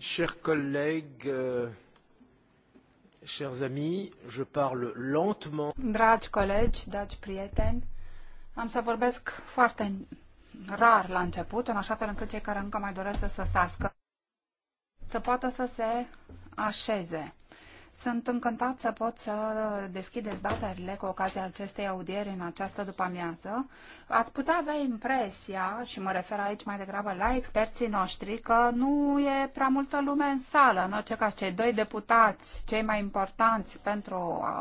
Chers collègues, euh, chers amis, je parle lentement. Dragi colegi, dragi prieteni, am să vorbesc foarte rar la început, în așa fel încât cei care încă mai doresc să sosească să poată să se așeze. Sunt încântat să pot să deschid dezbaterile cu ocazia acestei audieri în această după-amiază. Ați putea avea impresia, și mă refer aici mai degrabă la experții noștri, că nu e prea multă lume în sală. În orice caz, cei doi deputați, cei mai importanți pentru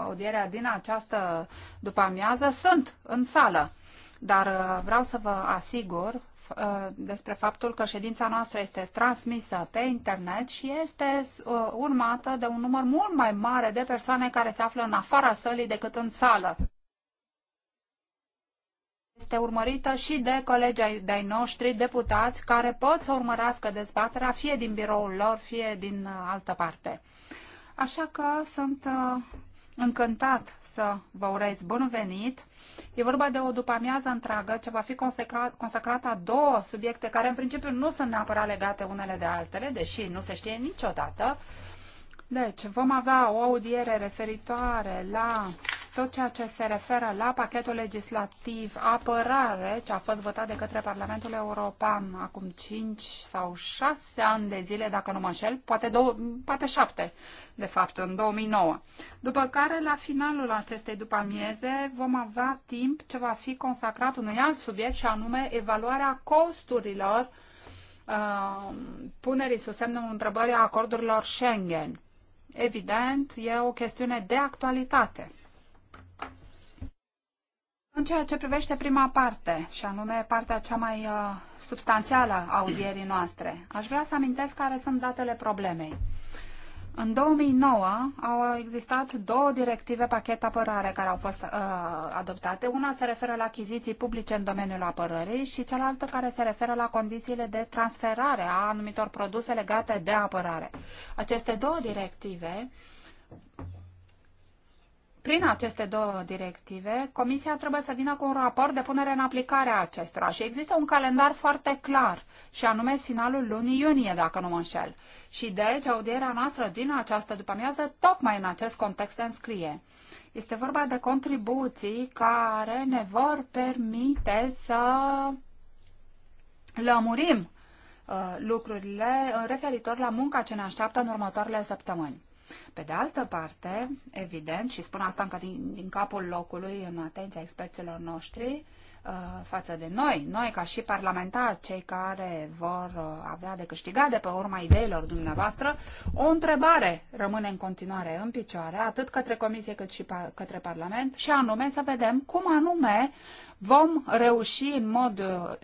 audierea din această după-amiază, sunt în sală. Dar uh, vreau să vă asigur Uh, despre faptul că ședința noastră este transmisă pe internet și este uh, urmată de un număr mult mai mare de persoane care se află în afara sălii decât în sală. Este urmărită și de colegii de-ai noștri deputați care pot să urmărească dezbaterea fie din biroul lor, fie din uh, altă parte. Așa că sunt încântat să vă urez bun venit. E vorba de o după-amiază întreagă ce va fi consacrat, consacrată a două subiecte care în principiu nu sunt neapărat legate unele de altele, deși nu se știe niciodată. Deci, vom avea o audiere referitoare la tot ceea ce se referă la pachetul legislativ apărare ce a fost votat de către Parlamentul European acum 5 sau 6 ani de zile, dacă nu mă înșel, poate, două, poate 7, de fapt, în 2009. După care, la finalul acestei după amieze, vom avea timp ce va fi consacrat unui alt subiect și anume evaluarea costurilor uh, punerii sub semnul întrebării acordurilor Schengen. Evident, e o chestiune de actualitate. În ceea ce privește prima parte, și anume partea cea mai uh, substanțială a audierii noastre, aș vrea să amintesc care sunt datele problemei. În 2009 au existat două directive pachet apărare care au fost uh, adoptate. Una se referă la achiziții publice în domeniul apărării și cealaltă care se referă la condițiile de transferare a anumitor produse legate de apărare. Aceste două directive prin aceste două directive, Comisia trebuie să vină cu un raport de punere în aplicare a acestora și există un calendar foarte clar, și anume finalul lunii iunie, dacă nu mă înșel. Și deci audierea noastră din această după-amiază tocmai în acest context se înscrie. Este vorba de contribuții care ne vor permite să lămurim uh, lucrurile uh, referitor la munca ce ne așteaptă în următoarele săptămâni. Pe de altă parte, evident, și spun asta încă din, din capul locului, în atenția experților noștri, uh, față de noi, noi ca și parlamentari, cei care vor uh, avea de câștigat de pe urma ideilor dumneavoastră, o întrebare rămâne în continuare în picioare, atât către Comisie cât și către Parlament, și anume să vedem cum anume vom reuși în mod, uh,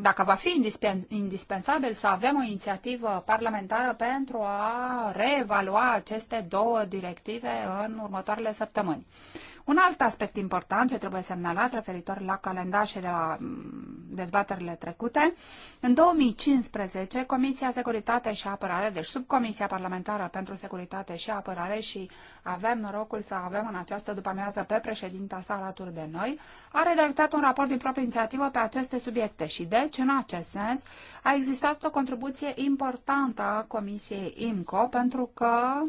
dacă va fi indispensabil, să avem o inițiativă parlamentară pentru a reevalua aceste două directive în următoarele săptămâni. Un alt aspect important ce trebuie semnalat referitor la calendar și la mm, dezbaterile trecute, în 2015 Comisia Securitate și Apărare, deci Subcomisia Parlamentară pentru Securitate și Apărare și avem norocul să avem în această după amiază pe președinta sa alături de noi, a redactat un raport din proprie inițiativă pe aceste subiecte și deci, în acest sens, a existat o contribuție importantă a Comisiei IMCO pentru că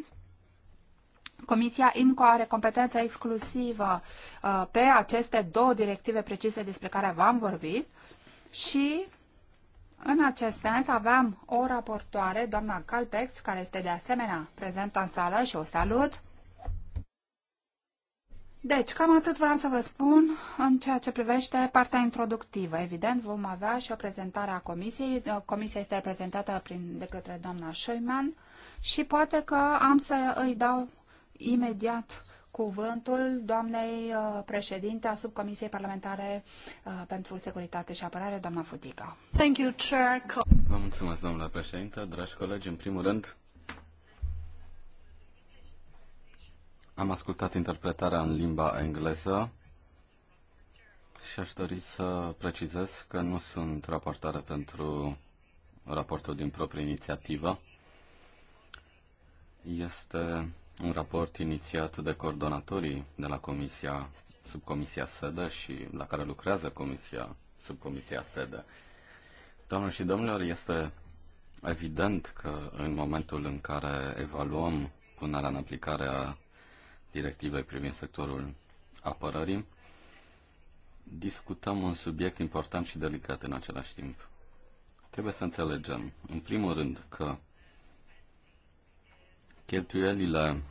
Comisia IMCO are competența exclusivă uh, pe aceste două directive precise despre care v-am vorbit și în acest sens aveam o raportoare, doamna Calpex, care este de asemenea prezentă în sală și o salut, deci, cam atât vreau să vă spun în ceea ce privește partea introductivă. Evident, vom avea și o prezentare a comisiei. Comisia este reprezentată prin, de către doamna Scheumann și poate că am să îi dau imediat cuvântul doamnei uh, președinte a Subcomisiei Parlamentare uh, pentru Securitate și Apărare, doamna Futiga. Thank you, Chair. Vă mulțumesc, doamna președinte, dragi colegi. În primul rând, Am ascultat interpretarea în limba engleză și aș dori să precizez că nu sunt raportare pentru raportul din proprie inițiativă. Este un raport inițiat de coordonatorii de la Comisia, subcomisia SEDE și la care lucrează Comisia, subcomisia SEDE. Doamnelor și domnilor, este evident că în momentul în care evaluăm punerea în aplicare a directivei privind sectorul apărării, discutăm un subiect important și delicat în același timp. Trebuie să înțelegem, în primul rând, că cheltuielile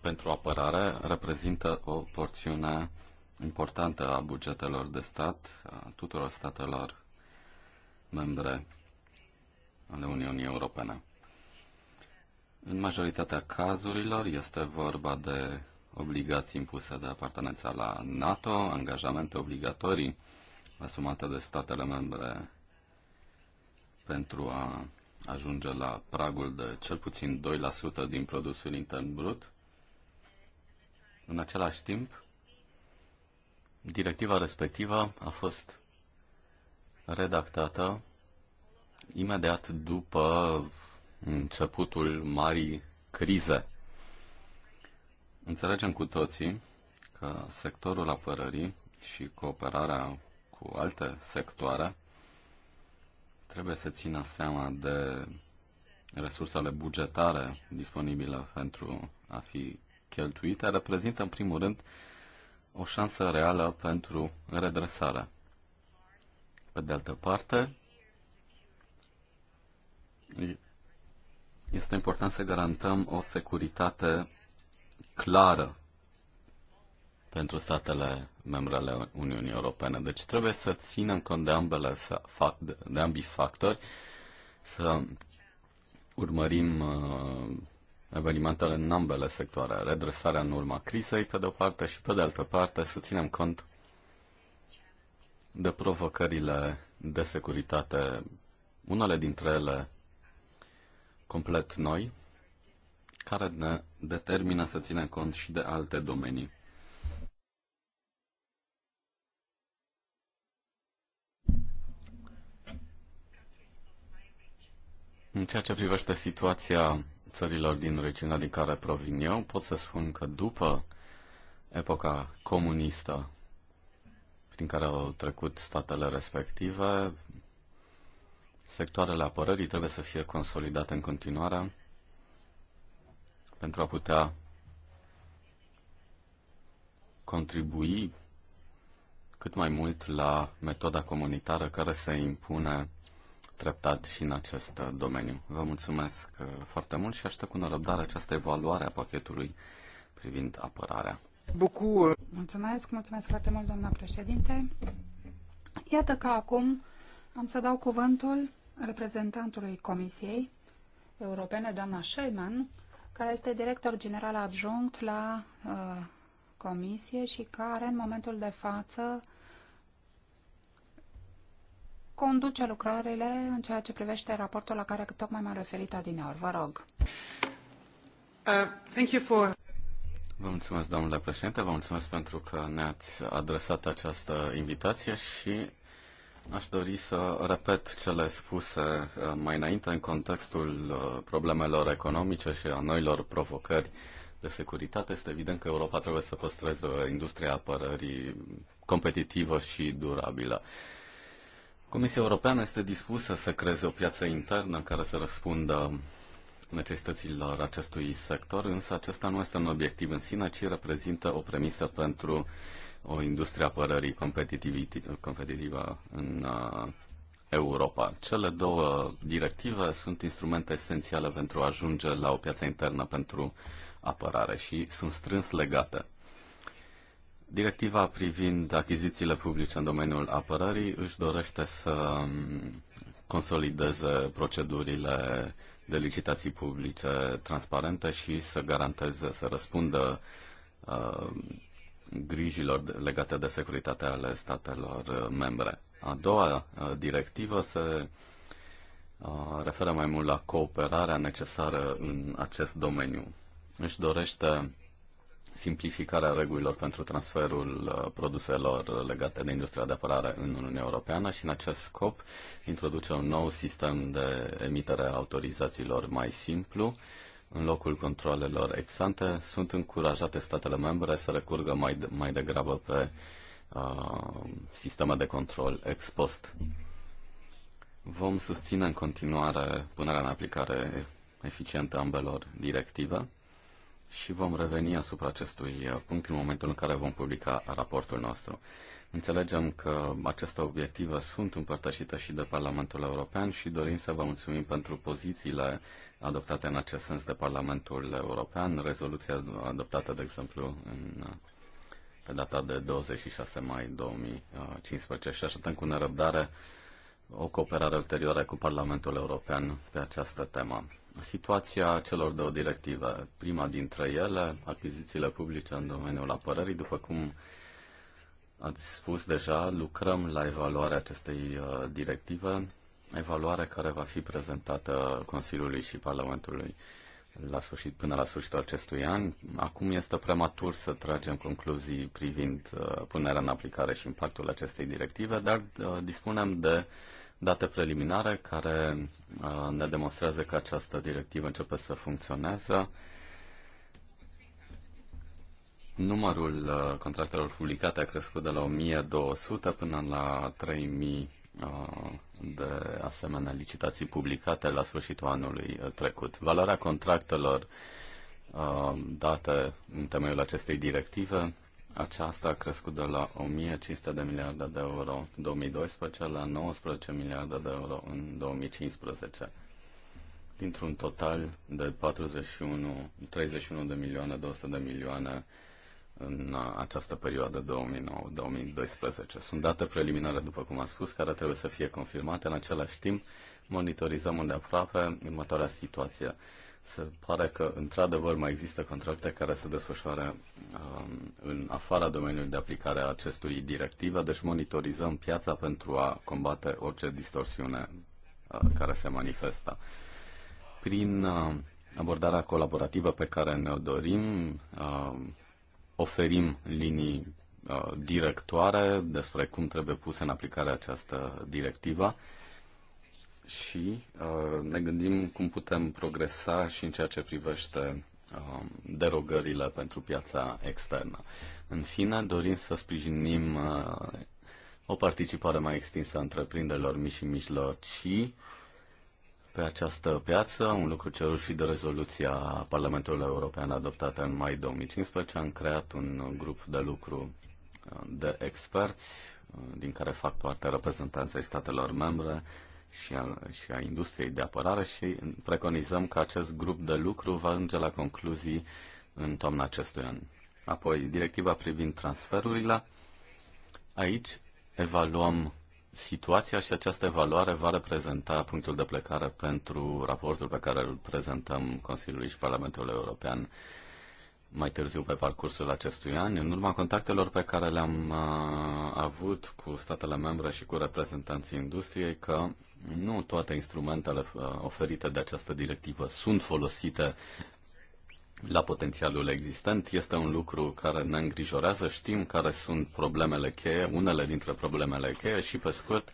pentru apărare reprezintă o porțiune importantă a bugetelor de stat, a tuturor statelor membre ale Uniunii Europene. În majoritatea cazurilor este vorba de obligații impuse de apartenența la NATO, angajamente obligatorii asumate de statele membre pentru a ajunge la pragul de cel puțin 2% din produsul intern brut. În același timp, directiva respectivă a fost redactată imediat după începutul marii crize Înțelegem cu toții că sectorul apărării și cooperarea cu alte sectoare trebuie să țină seama de resursele bugetare disponibile pentru a fi cheltuite, reprezintă în primul rând o șansă reală pentru redresare. Pe de altă parte, este important să garantăm o securitate clară pentru statele membre ale Uniunii Europene. Deci trebuie să ținem cont de, ambele de ambii factori, să urmărim uh, evenimentele în ambele sectoare, redresarea în urma crizei, pe de o parte, și pe de altă parte să ținem cont de provocările de securitate, unele dintre ele complet noi, care ne determină să ținem cont și de alte domenii. În ceea ce privește situația țărilor din regiunea din care provin eu, pot să spun că după epoca comunistă prin care au trecut statele respective, sectoarele apărării trebuie să fie consolidate în continuare pentru a putea contribui cât mai mult la metoda comunitară care se impune treptat și în acest domeniu. Vă mulțumesc uh, foarte mult și aștept cu nerăbdare această evaluare a pachetului privind apărarea. Bucur. Mulțumesc, mulțumesc foarte mult, doamna președinte. Iată că acum am să dau cuvântul reprezentantului Comisiei Europene, doamna Scheiman care este director general adjunct la uh, comisie și care în momentul de față conduce lucrările în ceea ce privește raportul la care tocmai m-am referit adineori. Vă rog. Uh, thank you for... Vă mulțumesc, domnule președinte, vă mulțumesc pentru că ne-ați adresat această invitație și Aș dori să repet cele spuse uh, mai înainte în contextul uh, problemelor economice și a noilor provocări de securitate. Este evident că Europa trebuie să păstreze o industrie apărării competitivă și durabilă. Comisia Europeană este dispusă să creeze o piață internă care să răspundă necesităților acestui sector, însă acesta nu este un obiectiv în sine, ci reprezintă o premisă pentru uh, o industrie apărării competitivă în uh, Europa. Cele două directive sunt instrumente esențiale pentru a ajunge la o piață internă pentru apărare și sunt strâns legate. Directiva privind achizițiile publice în domeniul apărării își dorește să um, consolideze procedurile de licitații publice transparente și să garanteze, să răspundă uh, grijilor legate de securitatea ale statelor uh, membre. A doua uh, directivă se uh, referă mai mult la cooperarea necesară în acest domeniu. Își dorește simplificarea regulilor pentru transferul produselor legate de industria de apărare în Uniunea Europeană și în acest scop introduce un nou sistem de emitere a autorizațiilor mai simplu, în locul controlelor exante, sunt încurajate statele membre să recurgă mai, mai degrabă pe uh, sisteme de control ex post. Vom susține în continuare punerea în aplicare eficientă ambelor directive și vom reveni asupra acestui uh, punct în momentul în care vom publica raportul nostru. Înțelegem că aceste obiective sunt împărtășite și de Parlamentul European și dorim să vă mulțumim pentru pozițiile uh, adoptate în acest sens de Parlamentul European, rezoluția adoptată, de exemplu, în, pe data de 26 mai 2015 și așteptăm cu nerăbdare o cooperare ulterioară cu Parlamentul European pe această temă. Situația celor două directive, prima dintre ele, achizițiile publice în domeniul apărării, după cum ați spus deja, lucrăm la evaluarea acestei uh, directive evaluare care va fi prezentată Consiliului și Parlamentului la sfârșit, până la sfârșitul acestui an. Acum este prematur să tragem concluzii privind uh, punerea în aplicare și impactul acestei directive, dar uh, dispunem de date preliminare care uh, ne demonstrează că această directivă începe să funcționeze. Numărul uh, contractelor publicate a crescut de la 1200 până la 3000 de asemenea licitații publicate la sfârșitul anului uh, trecut. Valoarea contractelor date în temeiul acestei directive, aceasta a crescut de la 1500 de miliarde de euro în 2012 la 19 miliarde de euro în 2015 dintr-un total de 41, 31 de milioane, 200 de milioane în uh, această perioadă 2009-2012. Sunt date preliminare, după cum am spus, care trebuie să fie confirmate. În același timp, monitorizăm îndeaproape următoarea situație. Se pare că, într-adevăr, mai există contracte care se desfășoară um, în afara domeniului de aplicare a acestui directive, deci monitorizăm piața pentru a combate orice distorsiune uh, care se manifestă. Prin uh, abordarea colaborativă pe care ne-o dorim, uh, oferim linii uh, directoare despre cum trebuie puse în aplicare această directivă și uh, ne gândim cum putem progresa și în ceea ce privește uh, derogările pentru piața externă. În fine, dorim să sprijinim o participare mai extinsă a întreprinderilor mici și mijlocii pe această piață, un lucru cerut și de rezoluția Parlamentului European adoptată în mai 2015. Am creat un grup de lucru uh, de experți, uh, din care fac parte reprezentanții statelor membre și a, și a industriei de apărare și preconizăm că acest grup de lucru va ajunge la concluzii în toamna acestui an. Apoi, directiva privind transferurile. Aici evaluăm situația și această evaluare va reprezenta punctul de plecare pentru raportul pe care îl prezentăm Consiliului și Parlamentului European mai târziu pe parcursul acestui an, în urma contactelor pe care le-am uh, avut cu statele membre și cu reprezentanții industriei, că nu toate instrumentele uh, oferite de această directivă sunt folosite la potențialul existent. Este un lucru care ne îngrijorează, știm care sunt problemele cheie, unele dintre problemele cheie și, pe scurt,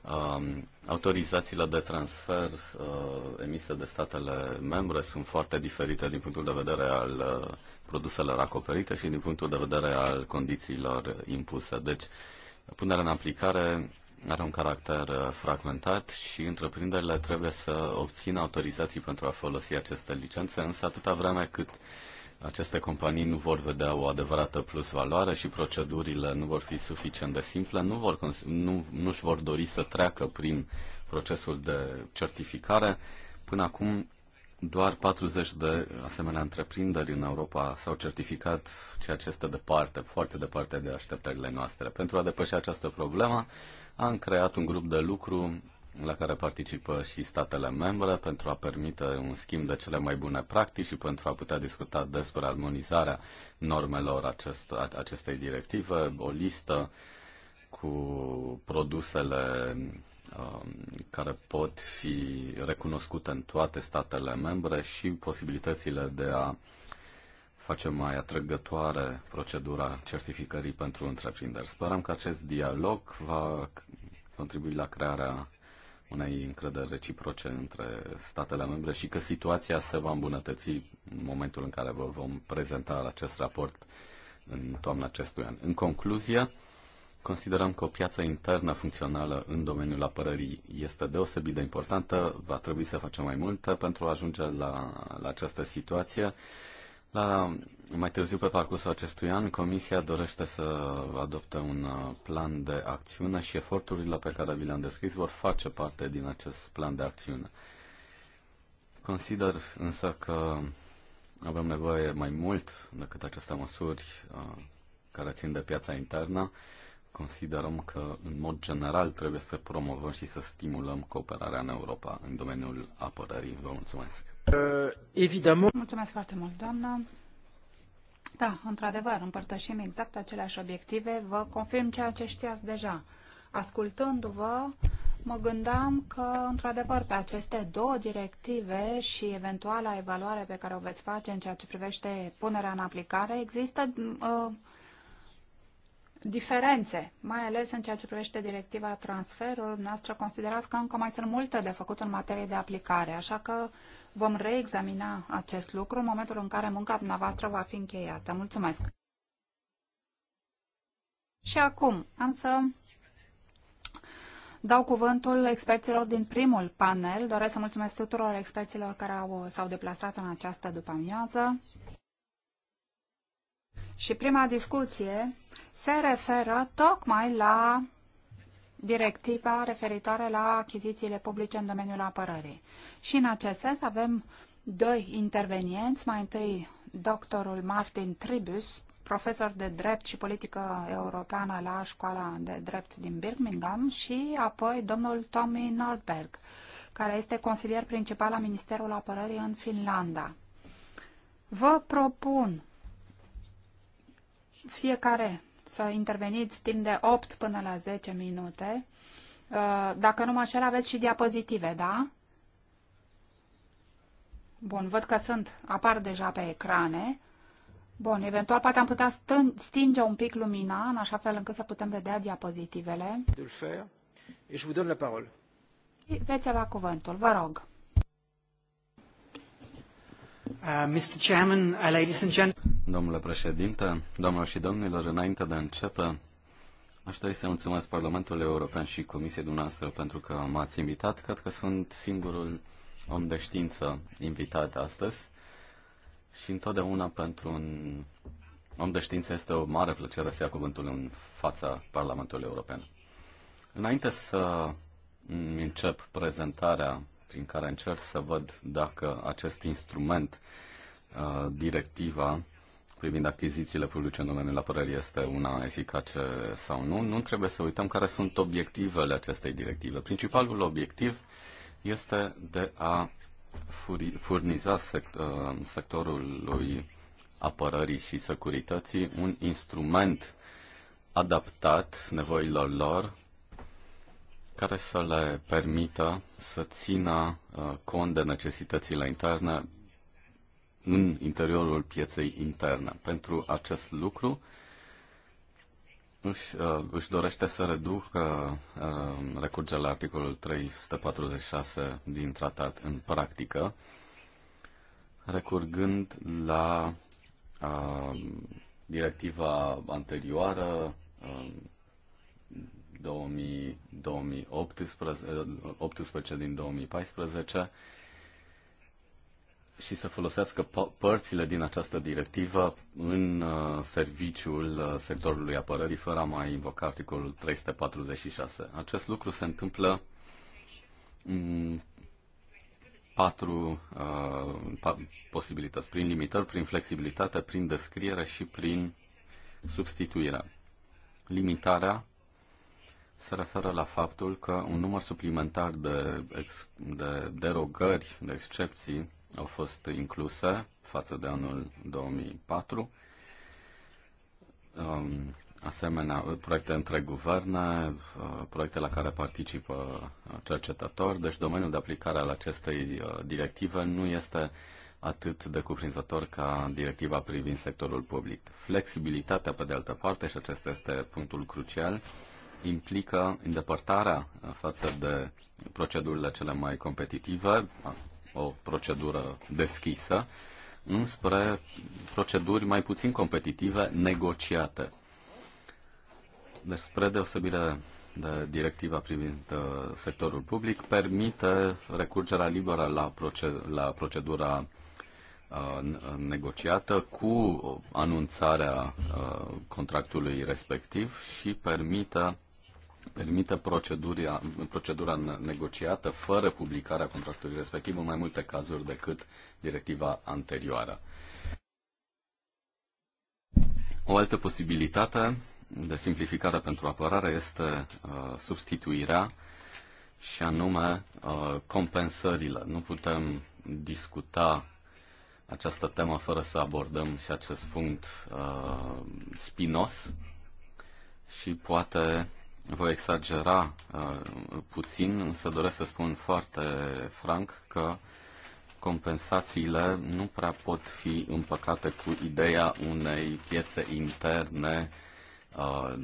um, autorizațiile de transfer uh, emise de statele membre sunt foarte diferite din punctul de vedere al uh, produselor acoperite și din punctul de vedere al condițiilor impuse. Deci, punerea în aplicare are un caracter uh, fragmentat și întreprinderile trebuie să obțină autorizații pentru a folosi aceste licențe, însă atâta vreme cât aceste companii nu vor vedea o adevărată plus valoare și procedurile nu vor fi suficient de simple, nu vor, nu, nu-și vor dori să treacă prin procesul de certificare. Până acum, doar 40 de asemenea întreprinderi în Europa s-au certificat, ceea ce este departe, foarte departe de așteptările noastre. Pentru a depăși această problemă, am creat un grup de lucru la care participă și statele membre pentru a permite un schimb de cele mai bune practici și pentru a putea discuta despre armonizarea normelor acest, acestei directive, o listă cu produsele um, care pot fi recunoscute în toate statele membre și posibilitățile de a facem mai atrăgătoare procedura certificării pentru întreprinderi. Sperăm că acest dialog va contribui la crearea unei încredere reciproce între statele membre și că situația se va îmbunătăți în momentul în care vă vom prezenta acest raport în toamna acestui an. În concluzie, considerăm că o piață internă funcțională în domeniul apărării este deosebit de importantă, va trebui să facem mai multe pentru a ajunge la, la această situație la da, mai târziu pe parcursul acestui an, Comisia dorește să adopte un uh, plan de acțiune și eforturile pe care vi le-am descris vor face parte din acest plan de acțiune. Consider însă că avem nevoie mai mult decât aceste măsuri uh, care țin de piața internă. Considerăm că, în mod general, trebuie să promovăm și să stimulăm cooperarea în Europa în domeniul apărării. Vă mulțumesc! Uh, Evident. Mulțumesc foarte mult, doamnă. Da, într-adevăr, împărtășim exact aceleași obiective. Vă confirm ceea ce știați deja. Ascultându-vă, mă gândeam că, într-adevăr, pe aceste două directive și eventuala evaluare pe care o veți face în ceea ce privește punerea în aplicare, există uh, diferențe, mai ales în ceea ce privește directiva transferului. noastră, considerați că încă mai sunt multe de făcut în materie de aplicare, așa că vom reexamina acest lucru în momentul în care munca dumneavoastră va fi încheiată. Mulțumesc! Și acum am să dau cuvântul experților din primul panel. Doresc să mulțumesc tuturor experților care au, s-au deplasat în această după amiază. Și prima discuție se referă tocmai la directiva referitoare la achizițiile publice în domeniul apărării. Și în acest sens avem doi intervenienți, mai întâi doctorul Martin Tribus, profesor de drept și politică europeană la școala de drept din Birmingham și apoi domnul Tommy Nordberg, care este consilier principal la Ministerul Apărării în Finlanda. Vă propun fiecare să interveniți timp de 8 până la 10 minute. Uh, dacă nu mă așa, aveți și diapozitive, da? Bun, văd că sunt, apar deja pe ecrane. Bun, eventual poate am putea stinge un pic lumina, în așa fel încât să putem vedea diapozitivele. Veți avea cuvântul, vă rog. Uh, Mr. Chairman, uh, ladies and gentlemen. Domnule președinte, domnilor și domnilor, înainte de a începe, aș dori să mulțumesc Parlamentului European și Comisiei dumneavoastră pentru că m-ați invitat. Cred că sunt singurul om de știință invitat astăzi și întotdeauna pentru un om de știință este o mare plăcere să ia cuvântul în fața Parlamentului European. Înainte să încep prezentarea prin care încerc să văd dacă acest instrument, uh, directiva, privind achizițiile publice în domeniul apărării este una eficace sau nu, nu trebuie să uităm care sunt obiectivele acestei directive. Principalul obiectiv este de a furniza sect- uh, sectorului apărării și securității un instrument adaptat nevoilor lor care să le permită să țină uh, cont de necesitățile interne în interiorul pieței interne. Pentru acest lucru își, uh, își dorește să reducă uh, recurge la articolul 346 din tratat în practică, recurgând la a, uh, directiva anterioară a, 2018 18 din 2014 și să folosească părțile din această directivă în uh, serviciul uh, sectorului apărării, fără a mai invoca articolul 346. Acest lucru se întâmplă în patru uh, posibilități, prin limitări, prin flexibilitate, prin descriere și prin substituire. Limitarea se referă la faptul că un număr suplimentar de, ex, de derogări, de excepții au fost incluse față de anul 2004. Um, asemenea, proiecte între guverne, uh, proiecte la care participă cercetători, deci domeniul de aplicare al acestei uh, directive nu este atât de cuprinzător ca directiva privind sectorul public. Flexibilitatea, pe de altă parte, și acesta este punctul crucial, implică îndepărtarea uh, față de procedurile cele mai competitive, o procedură deschisă înspre proceduri mai puțin competitive negociate. Deci, spre deosebire de directiva privind uh, sectorul public, permite recurgerea liberă la, proce- la procedura uh, negociată cu anunțarea uh, contractului respectiv și permite permite procedura, procedura negociată fără publicarea contractului respectiv în mai multe cazuri decât directiva anterioară. O altă posibilitate de simplificare pentru apărare este uh, substituirea și anume uh, compensările. Nu putem discuta această temă fără să abordăm și acest punct uh, spinos și poate voi exagera uh, puțin, însă doresc să spun foarte franc că compensațiile nu prea pot fi împăcate cu ideea unei piețe interne, uh,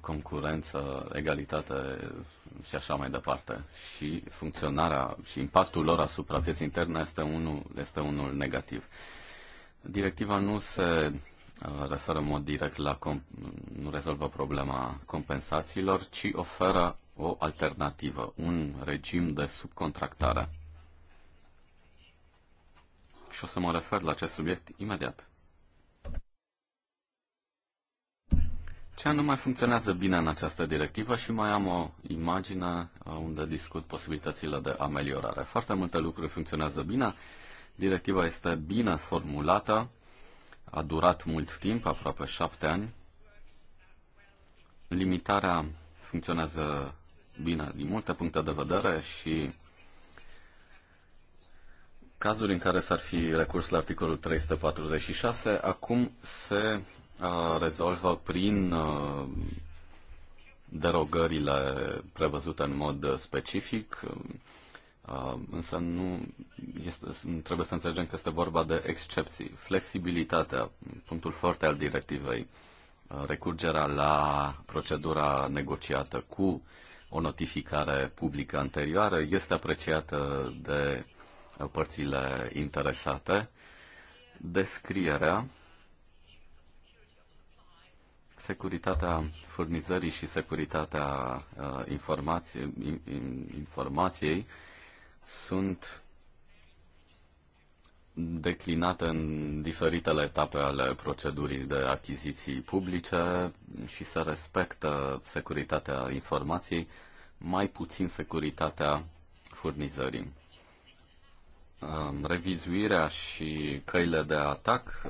concurență, egalitate și așa mai departe. Și funcționarea și impactul lor asupra pieței interne este unul, este unul negativ. Directiva nu se referă în mod direct la, nu rezolvă problema compensațiilor, ci oferă o alternativă, un regim de subcontractare. Și o să mă refer la acest subiect imediat. Ce mai funcționează bine în această directivă și mai am o imagine unde discut posibilitățile de ameliorare. Foarte multe lucruri funcționează bine, directiva este bine formulată, a durat mult timp, aproape șapte ani. Limitarea funcționează bine din multe puncte de vedere și cazuri în care s-ar fi recurs la articolul 346 acum se uh, rezolvă prin uh, derogările prevăzute în mod specific. Um, însă nu este, trebuie să înțelegem că este vorba de excepții. Flexibilitatea, punctul foarte al directivei, uh, recurgerea la procedura negociată cu o notificare publică anterioară este apreciată de părțile interesate. Descrierea, securitatea furnizării și securitatea uh, informației, informației sunt declinate în diferitele etape ale procedurii de achiziții publice și se respectă securitatea informației, mai puțin securitatea furnizării. Revizuirea și căile de atac,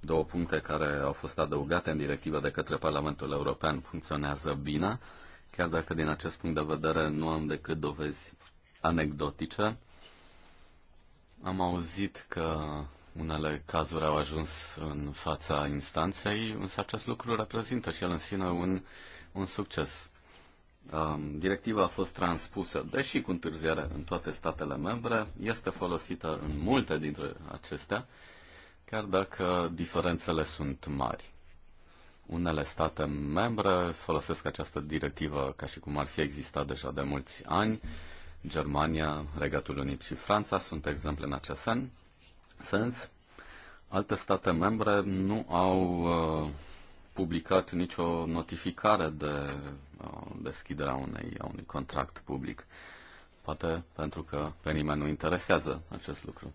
două puncte care au fost adăugate în directivă de către Parlamentul European, funcționează bine, chiar dacă din acest punct de vedere nu am decât dovezi anecdotice. Am auzit că unele cazuri au ajuns în fața instanței, însă acest lucru reprezintă și el în sine un, un succes. Um, directiva a fost transpusă, deși cu întârziere, în toate statele membre, este folosită în multe dintre acestea, chiar dacă diferențele sunt mari. Unele state membre folosesc această directivă ca și cum ar fi existat deja de mulți ani, Germania, Regatul Unit și Franța sunt exemple în acest sens. Alte state membre nu au uh, publicat nicio notificare de uh, deschiderea unei, a unui contract public. Poate pentru că pe nimeni nu interesează acest lucru.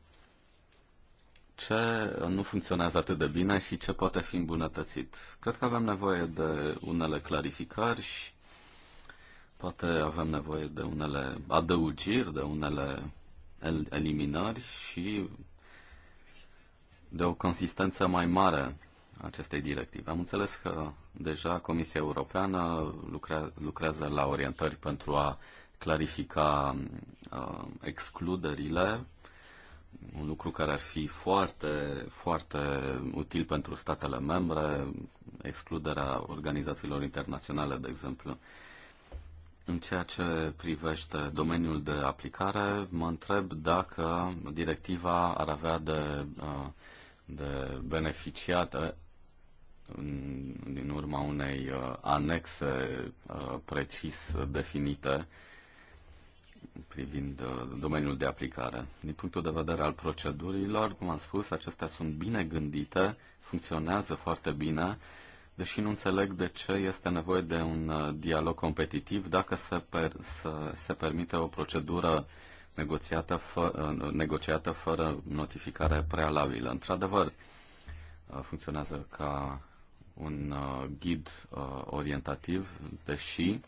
Ce uh, nu funcționează atât de bine și ce poate fi îmbunătățit? Cred că avem nevoie de unele clarificări și Poate avem nevoie de unele adăugiri, de unele eliminări și de o consistență mai mare acestei directive. Am înțeles că deja Comisia Europeană lucre- lucrează la orientări pentru a clarifica uh, excluderile, un lucru care ar fi foarte, foarte util pentru statele membre, excluderea organizațiilor internaționale, de exemplu. Uh, în ceea ce privește domeniul de aplicare, mă întreb dacă directiva ar avea de, uh, de beneficiat uh, din urma unei uh, anexe precis definite privind domeniul de aplicare. Din punctul de vedere al procedurilor, cum am spus, acestea sunt bine gândite, funcționează foarte bine deși nu înțeleg de ce este nevoie de un uh, dialog competitiv dacă se, per, să, se permite o procedură negociată, fă, uh, negociată fără notificare prealabilă. Într-adevăr, uh, funcționează ca un ghid orientativ, deși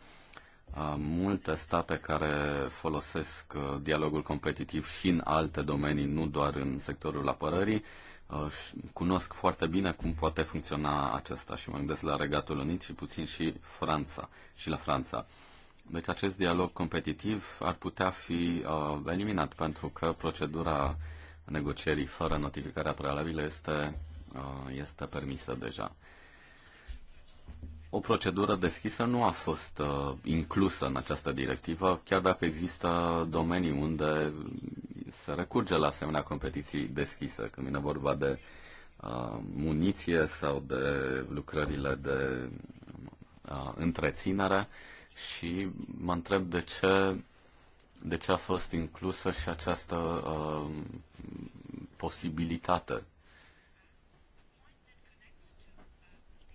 multe state care folosesc dialogul competitiv și în alte domenii, nu doar în sectorul apărării, cunosc foarte bine cum poate funcționa acesta și mă gândesc la Regatul Unit și puțin și Franța și la Franța. Deci acest dialog competitiv ar putea fi uh, eliminat pentru că procedura negocierii fără notificarea prealabilă este, uh, este permisă deja o procedură deschisă nu a fost uh, inclusă în această directivă, chiar dacă există domenii unde se recurge la asemenea competiții deschise, când vine vorba de uh, muniție sau de lucrările de uh, întreținere și mă întreb de ce, de ce a fost inclusă și această uh, posibilitate.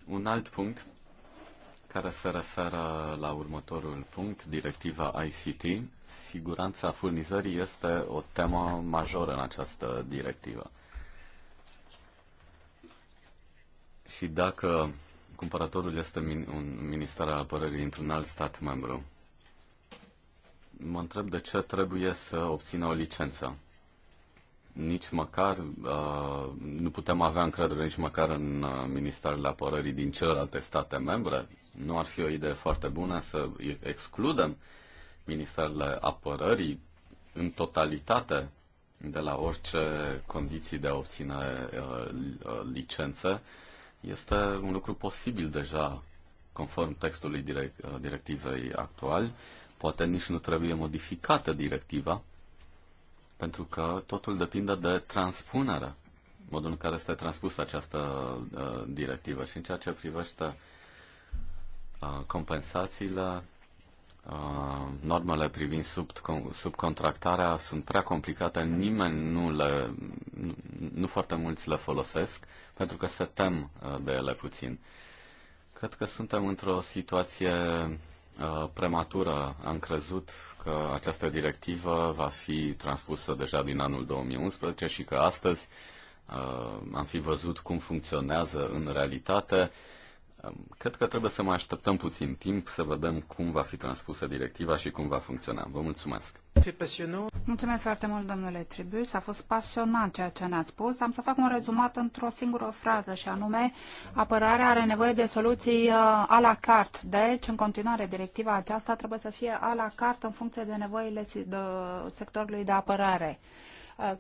Un alt punct care se referă la următorul punct, directiva ICT. Siguranța furnizării este o temă majoră în această directivă. Și dacă cumpărătorul este un minister al apărării dintr-un alt stat membru, mă întreb de ce trebuie să obțină o licență. Nici măcar uh, nu putem avea încredere nici măcar în uh, Ministerul Apărării din celelalte state membre. Nu ar fi o idee foarte bună să excludem Ministerele Apărării în totalitate de la orice condiții de a obține uh, uh, licență, Este un lucru posibil deja conform textului direct, uh, directivei actual. Poate nici nu trebuie modificată directiva, pentru că totul depinde de transpunere, modul în care este transpusă această uh, directivă. Și în ceea ce privește compensațiile, normele privind sub, subcontractarea sunt prea complicate, nimeni nu le, nu, nu foarte mulți le folosesc pentru că se tem de ele puțin. Cred că suntem într-o situație prematură. Am crezut că această directivă va fi transpusă deja din anul 2011 și că astăzi am fi văzut cum funcționează în realitate. Cred că trebuie să mai așteptăm puțin timp să vedem cum va fi transpusă directiva și cum va funcționa. Vă mulțumesc! Mulțumesc foarte mult, domnule Tribus. A fost pasionant ceea ce ne a spus. Am să fac un rezumat într-o singură frază și anume, apărarea are nevoie de soluții a uh, la carte. Deci, în continuare, directiva aceasta trebuie să fie a la carte în funcție de nevoile sectorului de apărare.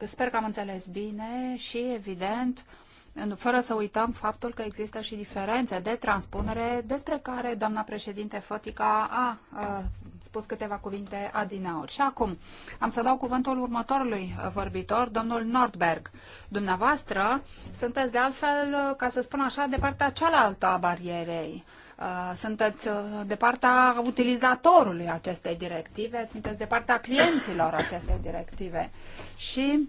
Uh, sper că am înțeles bine și, evident, uh, fără să uităm faptul că există și diferențe de transpunere despre care doamna președinte Fotica a, a spus câteva cuvinte adineori. Și acum am să dau cuvântul următorului vorbitor, domnul Nordberg. Dumneavoastră sunteți de altfel, ca să spun așa, de partea cealaltă a barierei. Sunteți de partea utilizatorului acestei directive, sunteți de partea clienților acestei directive. Și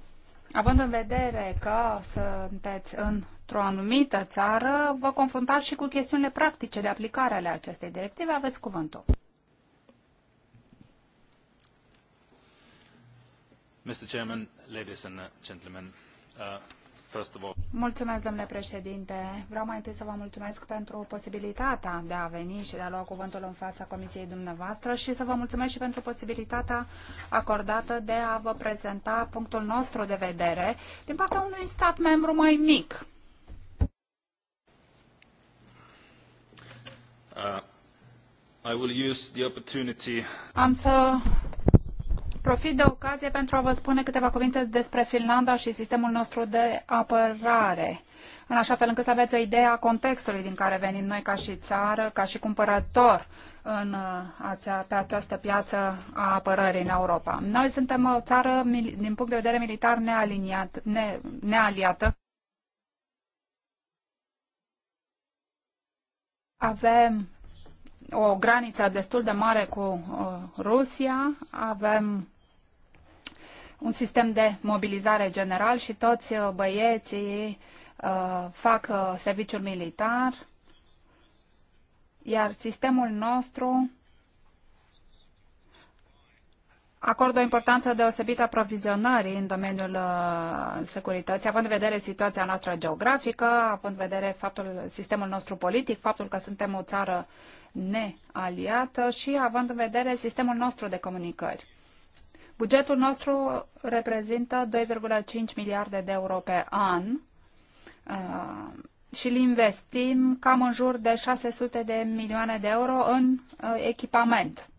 Având în vedere că sunteți într-o anumită țară, vă confruntați și cu chestiunile practice de aplicare ale acestei directive. Aveți cuvântul. Mr. Chairman, ladies and gentlemen, uh, Mulțumesc, domnule președinte. Vreau mai întâi să vă mulțumesc pentru posibilitatea de a veni și de a lua cuvântul în fața comisiei dumneavoastră și să vă mulțumesc și pentru posibilitatea acordată de a vă prezenta punctul nostru de vedere din partea unui stat membru mai mic. Uh, I will use the opportunity... Am să Profit de ocazie pentru a vă spune câteva cuvinte despre Finlanda și sistemul nostru de apărare, în așa fel încât să aveți o idee a contextului din care venim noi ca și țară, ca și cumpărător în uh, acea, pe această piață a apărării în Europa. Noi suntem o țară, din punct de vedere militar, nealiniat, ne, nealiată. Avem o graniță destul de mare cu uh, Rusia, avem un sistem de mobilizare general și toți uh, băieții uh, fac uh, serviciul militar, iar sistemul nostru acordă o importanță deosebită aprovizionării în domeniul uh, securității, având în vedere situația noastră geografică, având în vedere faptul, sistemul nostru politic, faptul că suntem o țară nealiată și având în vedere sistemul nostru de comunicări. Bugetul nostru reprezintă 2,5 miliarde de euro pe an uh, și îl investim cam în jur de 600 de milioane de euro în uh, echipament.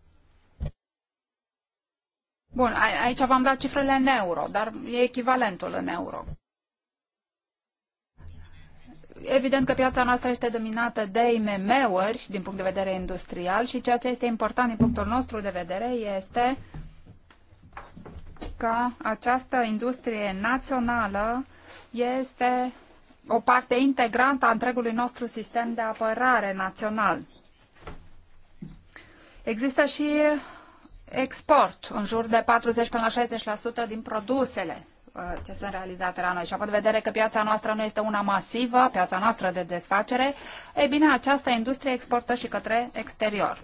Bun, aici v-am dat cifrele în euro, dar e echivalentul în euro. Evident că piața noastră este dominată de IMM-uri din punct de vedere industrial și ceea ce este important din punctul nostru de vedere este că această industrie națională este o parte integrantă a întregului nostru sistem de apărare național. Există și export, în jur de 40 până la 60% din produsele uh, ce sunt realizate la noi. Și având în vedere că piața noastră nu este una masivă, piața noastră de desfacere, ei bine, această industrie exportă și către exterior.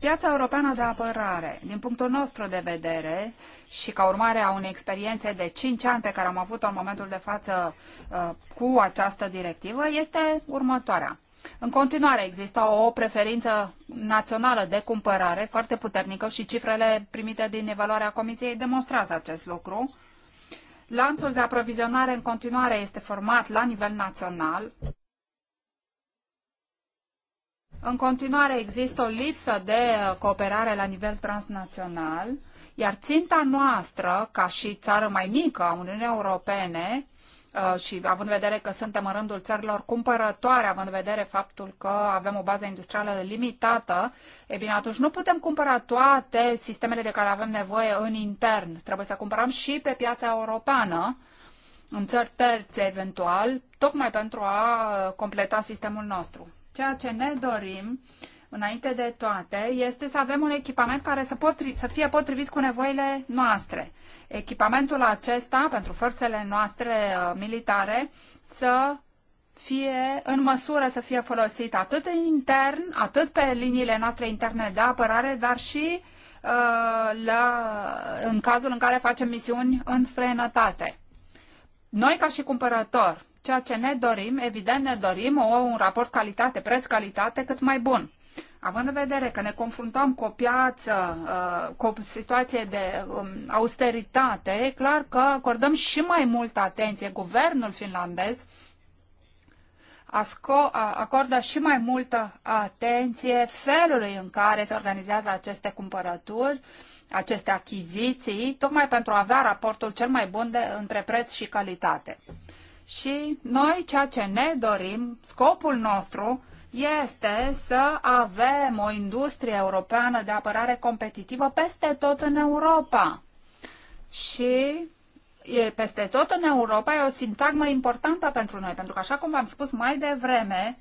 Piața europeană de apărare, din punctul nostru de vedere și ca urmare a unei experiențe de 5 ani pe care am avut-o în momentul de față uh, cu această directivă, este următoarea. În continuare există o preferință națională de cumpărare foarte puternică și cifrele primite din evaluarea Comisiei demonstrează acest lucru. Lanțul de aprovizionare în continuare este format la nivel național în continuare există o lipsă de cooperare la nivel transnațional, iar ținta noastră, ca și țară mai mică a Uniunii Europene, uh, și având în vedere că suntem în rândul țărilor cumpărătoare, având în vedere faptul că avem o bază industrială limitată, e bine, atunci nu putem cumpăra toate sistemele de care avem nevoie în intern. Trebuie să cumpărăm și pe piața europeană, în țări terțe eventual, tocmai pentru a uh, completa sistemul nostru. Ceea ce ne dorim, înainte de toate, este să avem un echipament care să, potri- să fie potrivit cu nevoile noastre. Echipamentul acesta, pentru forțele noastre uh, militare, să fie în măsură să fie folosit atât intern, atât pe liniile noastre interne de apărare, dar și uh, la, în cazul în care facem misiuni în străinătate. Noi, ca și cumpărător, Ceea ce ne dorim, evident ne dorim o, un raport calitate-preț-calitate cât mai bun. Având în vedere că ne confruntăm cu o piață, uh, cu o situație de um, austeritate, e clar că acordăm și mai multă atenție. Guvernul finlandez acordă și mai multă atenție felului în care se organizează aceste cumpărături, aceste achiziții, tocmai pentru a avea raportul cel mai bun de, între preț și calitate și noi ceea ce ne dorim, scopul nostru este să avem o industrie europeană de apărare competitivă peste tot în Europa. Și e, peste tot în Europa e o sintagmă importantă pentru noi, pentru că așa cum v-am spus mai devreme,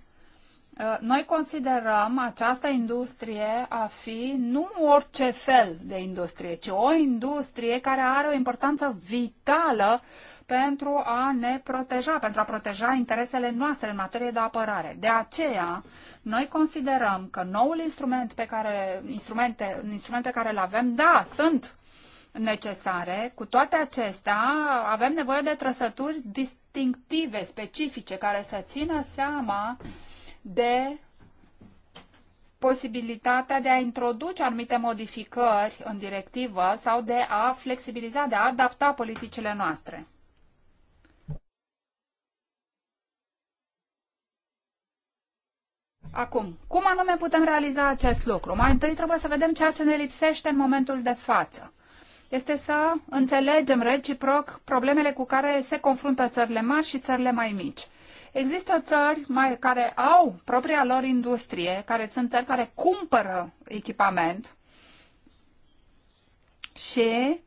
ă, noi considerăm această industrie a fi nu orice fel de industrie, ci o industrie care are o importanță vitală pentru a ne proteja, pentru a proteja interesele noastre în materie de apărare. De aceea, noi considerăm că noul instrument pe care, instrumente, instrument pe care îl avem, da, sunt necesare. Cu toate acestea, avem nevoie de trăsături distinctive, specifice, care să țină seama de posibilitatea de a introduce anumite modificări în directivă sau de a flexibiliza, de a adapta politicile noastre. Acum, cum anume putem realiza acest lucru? Mai întâi trebuie să vedem ceea ce ne lipsește în momentul de față. Este să înțelegem reciproc problemele cu care se confruntă țările mari și țările mai mici. Există țări mai, care au propria lor industrie, care sunt țări care cumpără echipament și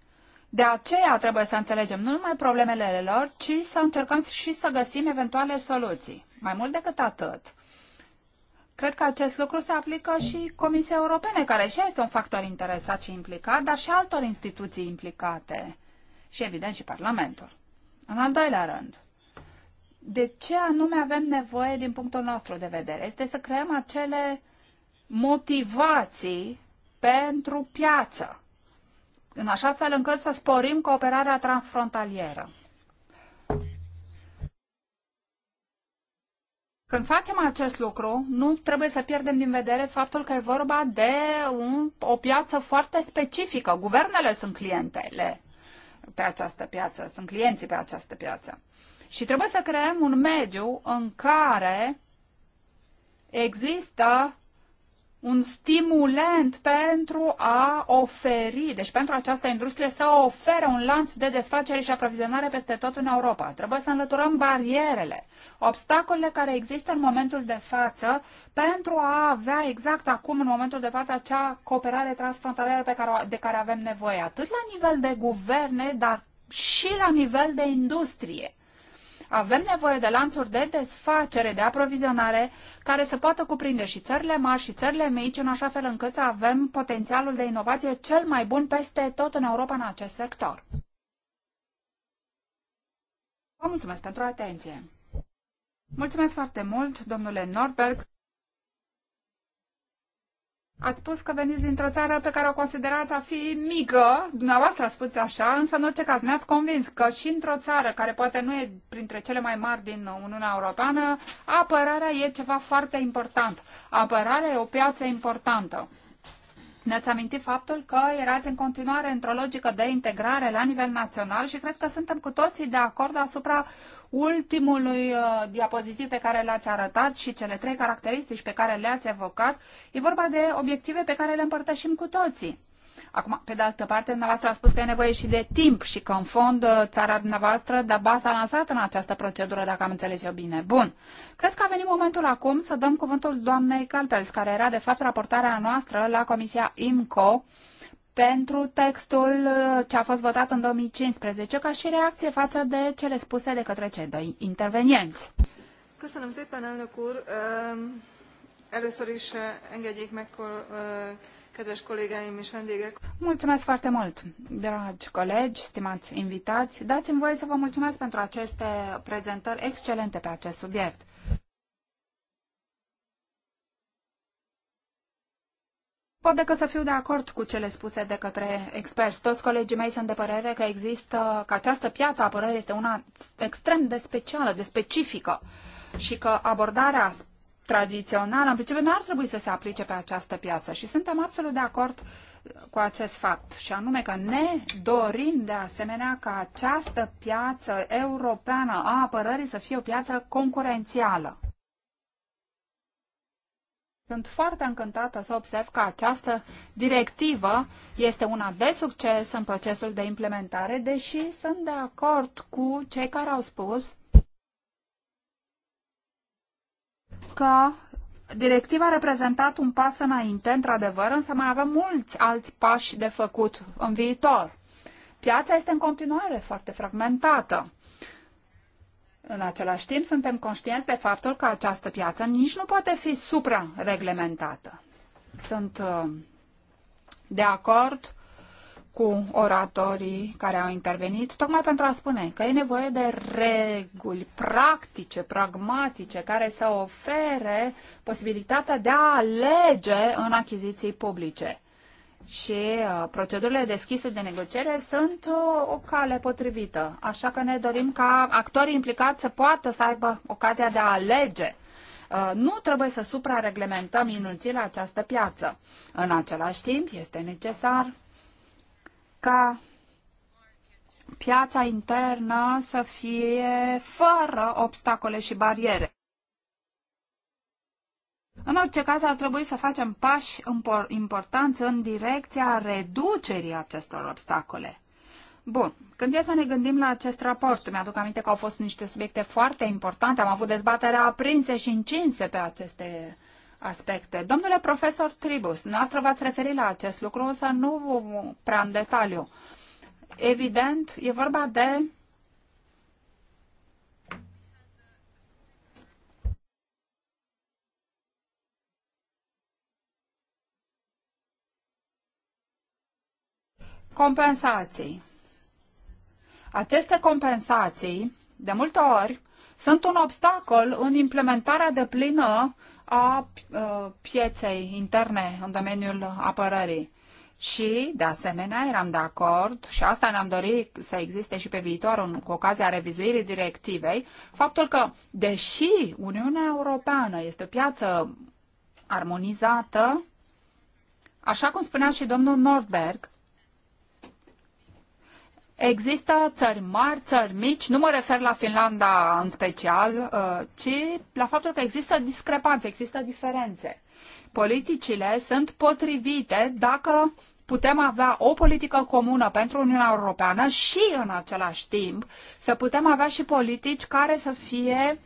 de aceea trebuie să înțelegem nu numai problemele lor, ci să încercăm și să găsim eventuale soluții. Mai mult decât atât, Cred că acest lucru se aplică și Comisiei Europene, care și este un factor interesat și implicat, dar și altor instituții implicate și, evident, și Parlamentul. În al doilea rând, de ce anume avem nevoie din punctul nostru de vedere? Este să creăm acele motivații pentru piață, în așa fel încât să sporim cooperarea transfrontalieră. Când facem acest lucru, nu trebuie să pierdem din vedere faptul că e vorba de un, o piață foarte specifică. Guvernele sunt clientele pe această piață, sunt clienții pe această piață. Și trebuie să creăm un mediu în care există un stimulent pentru a oferi, deci pentru această industrie să ofere un lanț de desfacere și aprovizionare peste tot în Europa. Trebuie să înlăturăm barierele, obstacolele care există în momentul de față pentru a avea exact acum, în momentul de față, acea cooperare transfrontalieră pe care, de care avem nevoie, atât la nivel de guverne, dar și la nivel de industrie. Avem nevoie de lanțuri de desfacere, de aprovizionare, care să poată cuprinde și țările mari și țările mici, în așa fel încât să avem potențialul de inovație cel mai bun peste tot în Europa în acest sector. Vă mulțumesc pentru atenție! Mulțumesc foarte mult, domnule Norberg! Ați spus că veniți dintr-o țară pe care o considerați a fi mică, dumneavoastră ați spus așa, însă în orice caz ne-ați convins că și într-o țară care poate nu e printre cele mai mari din Uniunea Europeană, apărarea e ceva foarte important. Apărarea e o piață importantă. Ne-ați amintit faptul că erați în continuare într-o logică de integrare la nivel național și cred că suntem cu toții de acord asupra ultimului uh, diapozitiv pe care l-ați arătat și cele trei caracteristici pe care le-ați evocat. E vorba de obiective pe care le împărtășim cu toții. Acum, pe de altă parte, dumneavoastră a spus că e nevoie și de timp și că în fond uh, țara dumneavoastră de s-a lansat în această procedură, dacă am înțeles eu bine. Bun. Cred că a venit momentul acum să dăm cuvântul doamnei Calpels, care era de fapt raportarea noastră la Comisia IMCO pentru textul uh, ce a fost votat în 2015 ca și reacție față de cele spuse de către cei doi intervenienți. Köszönöm szépen, elnök úr! Először is engedjék meg Kedves kollégáim és vendégek! Mulțumesc foarte mult, dragi colegi, stimați invitați! Dați-mi voie să vă mulțumesc pentru aceste prezentări excelente pe acest subiect. pot decât să fiu de acord cu cele spuse de către experți. Toți colegii mei sunt de părere că există, că această piață a părerii este una extrem de specială, de specifică și că abordarea tradițională, în principiu, n-ar trebui să se aplice pe această piață și suntem absolut de acord cu acest fapt și anume că ne dorim de asemenea ca această piață europeană a apărării să fie o piață concurențială. Sunt foarte încântată să observ că această directivă este una de succes în procesul de implementare, deși sunt de acord cu cei care au spus că directiva a reprezentat un pas înainte, într-adevăr, însă mai avem mulți alți pași de făcut în viitor. Piața este în continuare foarte fragmentată. În același timp, suntem conștienți de faptul că această piață nici nu poate fi supra-reglementată. Sunt uh, de acord cu oratorii care au intervenit, tocmai pentru a spune că e nevoie de reguli practice, pragmatice, care să ofere posibilitatea de a alege în achiziții publice. Și uh, procedurile deschise de negociere sunt uh, o cale potrivită. Așa că ne dorim ca actorii implicați să poată să aibă ocazia de a alege uh, nu trebuie să suprareglementăm inutil această piață. În același timp, este necesar ca piața internă să fie fără obstacole și bariere. În orice caz, ar trebui să facem pași importanți în direcția reducerii acestor obstacole. Bun, când e să ne gândim la acest raport, mi-aduc aminte că au fost niște subiecte foarte importante, am avut dezbaterea aprinse și încinse pe aceste aspecte. Domnule profesor Tribus, noastră v-ați referit la acest lucru, însă nu prea în detaliu. Evident, e vorba de compensații. Aceste compensații, de multe ori, sunt un obstacol în implementarea de plină a uh, pieței interne în domeniul apărării. Și, de asemenea, eram de acord, și asta ne-am dorit să existe și pe viitor, în, cu ocazia revizuirii directivei, faptul că, deși Uniunea Europeană este o piață armonizată, așa cum spunea și domnul Nordberg, Există țări mari, țări mici, nu mă refer la Finlanda în special, uh, ci la faptul că există discrepanțe, există diferențe. Politicile sunt potrivite dacă putem avea o politică comună pentru Uniunea Europeană și în același timp să putem avea și politici care să fie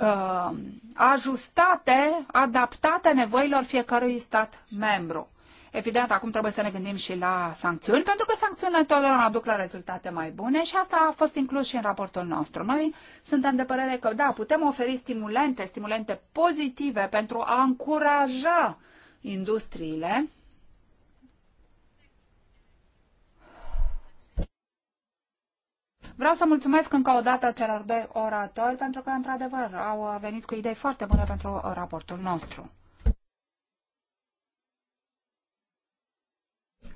uh, ajustate, adaptate nevoilor fiecărui stat membru. Evident, acum trebuie să ne gândim și la sancțiuni, pentru că sancțiunile întotdeauna aduc la rezultate mai bune și asta a fost inclus și în raportul nostru. Noi suntem de părere că, da, putem oferi stimulente, stimulente pozitive pentru a încuraja industriile Vreau să mulțumesc încă o dată celor doi oratori pentru că, într-adevăr, au venit cu idei foarte bune pentru raportul nostru.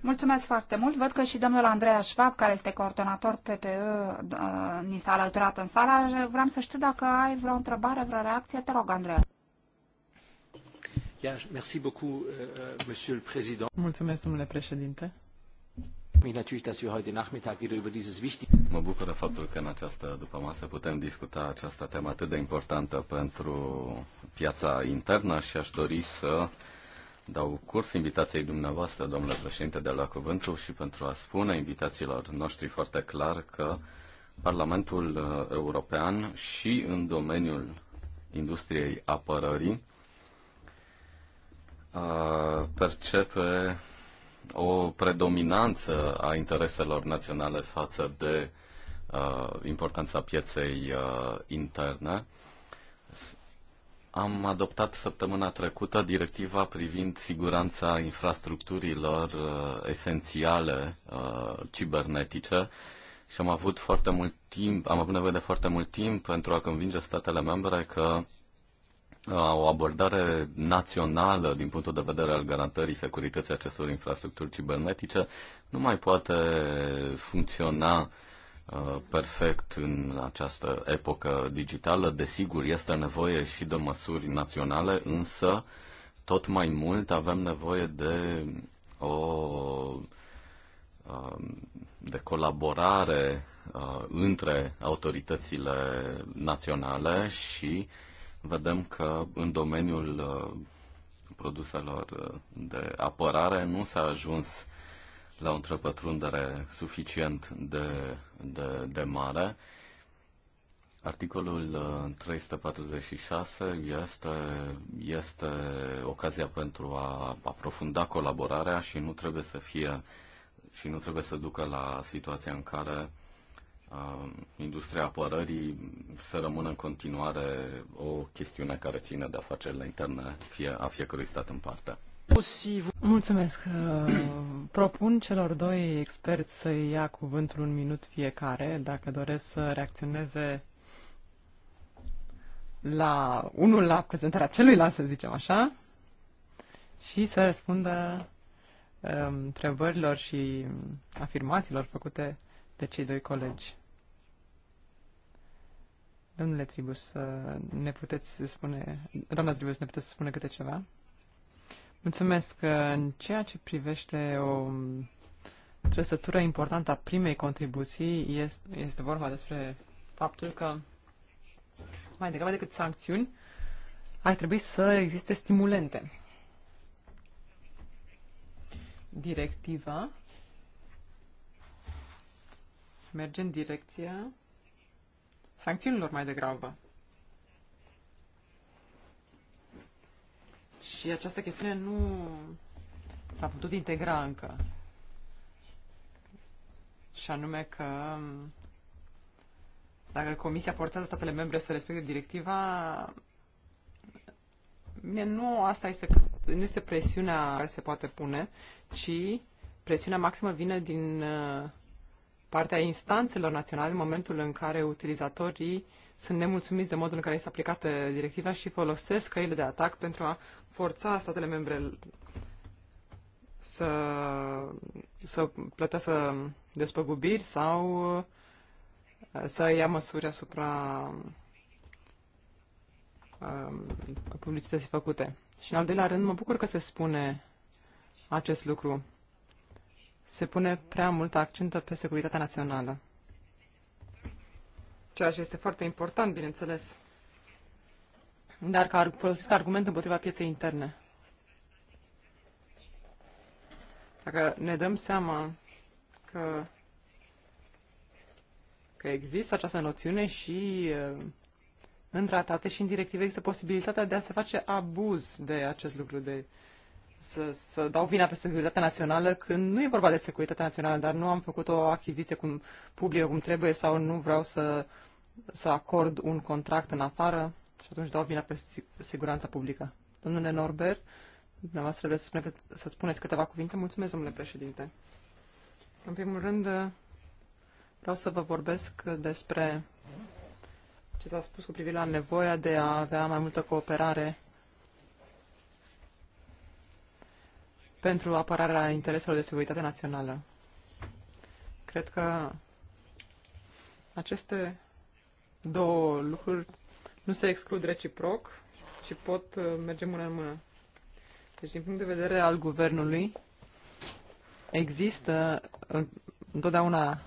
Mulțumesc foarte mult. Văd că și domnul Andreea Schwab, care este coordonator PPE, uh, ni s-a alăturat în sala. Vreau să știu dacă ai vreo întrebare, vreo reacție. Te rog, Andreea. Uh, uh, Mulțumesc, domnule președinte. Mă bucură faptul că în această dupămasă putem discuta această temă atât de importantă pentru piața internă și aș dori să dau curs invitației dumneavoastră, domnule președinte, de la cuvântul și pentru a spune invitațiilor noștri foarte clar că Parlamentul uh, European și în domeniul industriei apărării uh, percepe o predominanță a intereselor naționale față de uh, importanța pieței interne am adoptat săptămâna trecută directiva privind siguranța infrastructurilor uh, esențiale uh, cibernetice și am avut foarte mult timp, am avut nevoie de foarte mult timp pentru a convinge statele membre că uh, o abordare națională din punctul de vedere al garantării securității acestor infrastructuri cibernetice nu mai poate funcționa Uh, perfect în această epocă digitală. Desigur, este nevoie și de măsuri naționale, însă tot mai mult avem nevoie de o uh, de colaborare uh, între autoritățile naționale și vedem că în domeniul produselor de apărare nu s-a ajuns la o întrepătrundere suficient de, de, de mare. Articolul 346 uh, este, este ocazia pentru a aprofunda colaborarea și nu trebuie să fie și nu trebuie să ducă la situația în care uh, industria apărării să rămână în continuare o chestiune care ține de afacerile interne fie, a fiecărui stat în parte. Mulțumesc. Uh, propun celor doi experți să ia cuvântul un minut fiecare, dacă doresc să reacționeze la unul la prezentarea celuilalt, să zicem așa, și să răspundă um, întrebărilor și afirmațiilor făcute de cei doi colegi. Domnule Tribus, uh, ne puteți spune, doamna Tribus, ne puteți spune câte ceva? Mulțumesc. În ceea ce privește o trăsătură importantă a primei contribuții, este, este vorba despre faptul că, mai degrabă decât sancțiuni, ar trebui să existe stimulente. Directiva merge în direcția sancțiunilor mai degrabă. Și această chestiune nu s-a putut integra încă. Și anume că um, dacă Comisia forțează statele membre să respecte directiva, bine, nu asta este, nu este presiunea care se poate pune, ci presiunea maximă vine din uh, partea instanțelor naționale în momentul în care utilizatorii uh, sunt nemulțumiți de modul în care este aplicată directiva și folosesc căile de atac pentru a forța statele membre să, să plătească despăgubiri sau uh, să ia măsuri asupra um, publicității făcute. Și în al doilea rând, mă bucur că se spune acest lucru. Se pune prea mult accent pe securitatea națională ceea ce este foarte important, bineînțeles, dar că ar folosit argument împotriva pieței interne. Dacă ne dăm seama că, că există această noțiune și uh, în tratate și în directive există posibilitatea de a se face abuz de acest lucru, de să, să dau vina pe securitatea națională când nu e vorba de securitatea națională, dar nu am făcut o achiziție cum publică cum trebuie sau nu vreau să să acord un contract în afară și atunci dau vina pe siguranța publică. Domnule Norbert, dumneavoastră vreți să, spune, să spuneți câteva cuvinte? Mulțumesc, domnule președinte. În primul rând, vreau să vă vorbesc despre ce s-a spus cu privire la nevoia de a avea mai multă cooperare pentru apărarea intereselor de securitate națională. Cred că aceste două lucruri nu se exclud reciproc și pot uh, merge mână în mână. Deci, din punct de vedere al guvernului, există uh, întotdeauna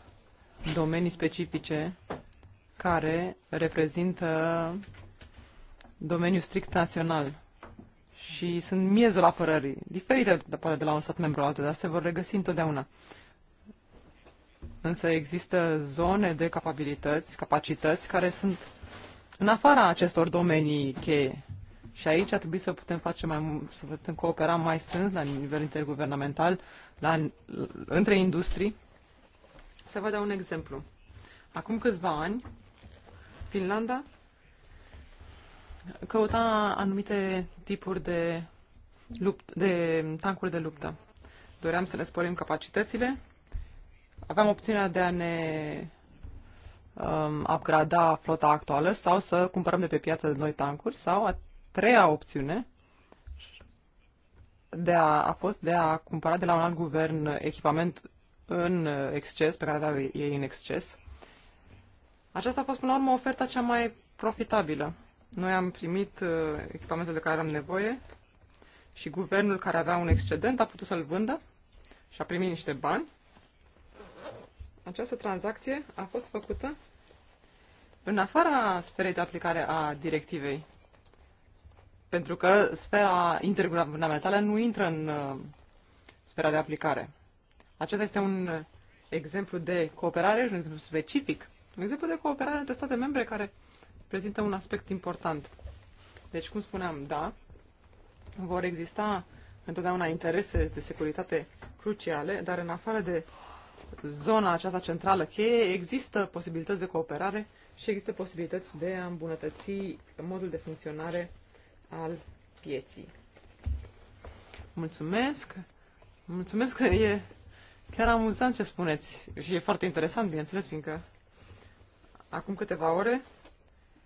domenii specifice care reprezintă domeniul strict național și sunt miezul apărării, diferite poate de la un stat membru altul, dar se vor regăsi întotdeauna. Însă există zone de capabilități, capacități care sunt în afara acestor domenii cheie. Și aici ar trebui să putem face mai să putem coopera mai strâns la nivel interguvernamental, la, între industrii. Să vă dau un exemplu. Acum câțiva ani, Finlanda căuta anumite tipuri de, lupt, de tancuri de luptă. Doream să le sporim capacitățile aveam opțiunea de a ne um, upgrada flota actuală sau să cumpărăm de pe piață noi tancuri sau a treia opțiune de a, a fost de a cumpăra de la un alt guvern echipament în exces, pe care aveau ei în exces. Aceasta a fost până la urmă oferta cea mai profitabilă. Noi am primit uh, echipamentul de care aveam nevoie și guvernul care avea un excedent a putut să-l vândă și a primit niște bani această tranzacție a fost făcută în afara sferei de aplicare a directivei. Pentru că sfera interguvernamentală nu intră în uh, sfera de aplicare. Acesta este un exemplu de cooperare un exemplu specific. Un exemplu de cooperare între state membre care prezintă un aspect important. Deci, cum spuneam, da, vor exista întotdeauna interese de securitate cruciale, dar în afară de zona aceasta centrală cheie există posibilități de cooperare și există posibilități de a îmbunătăți modul de funcționare al pieții. Mulțumesc! Mulțumesc că e chiar amuzant ce spuneți și e foarte interesant, bineînțeles, fiindcă acum câteva ore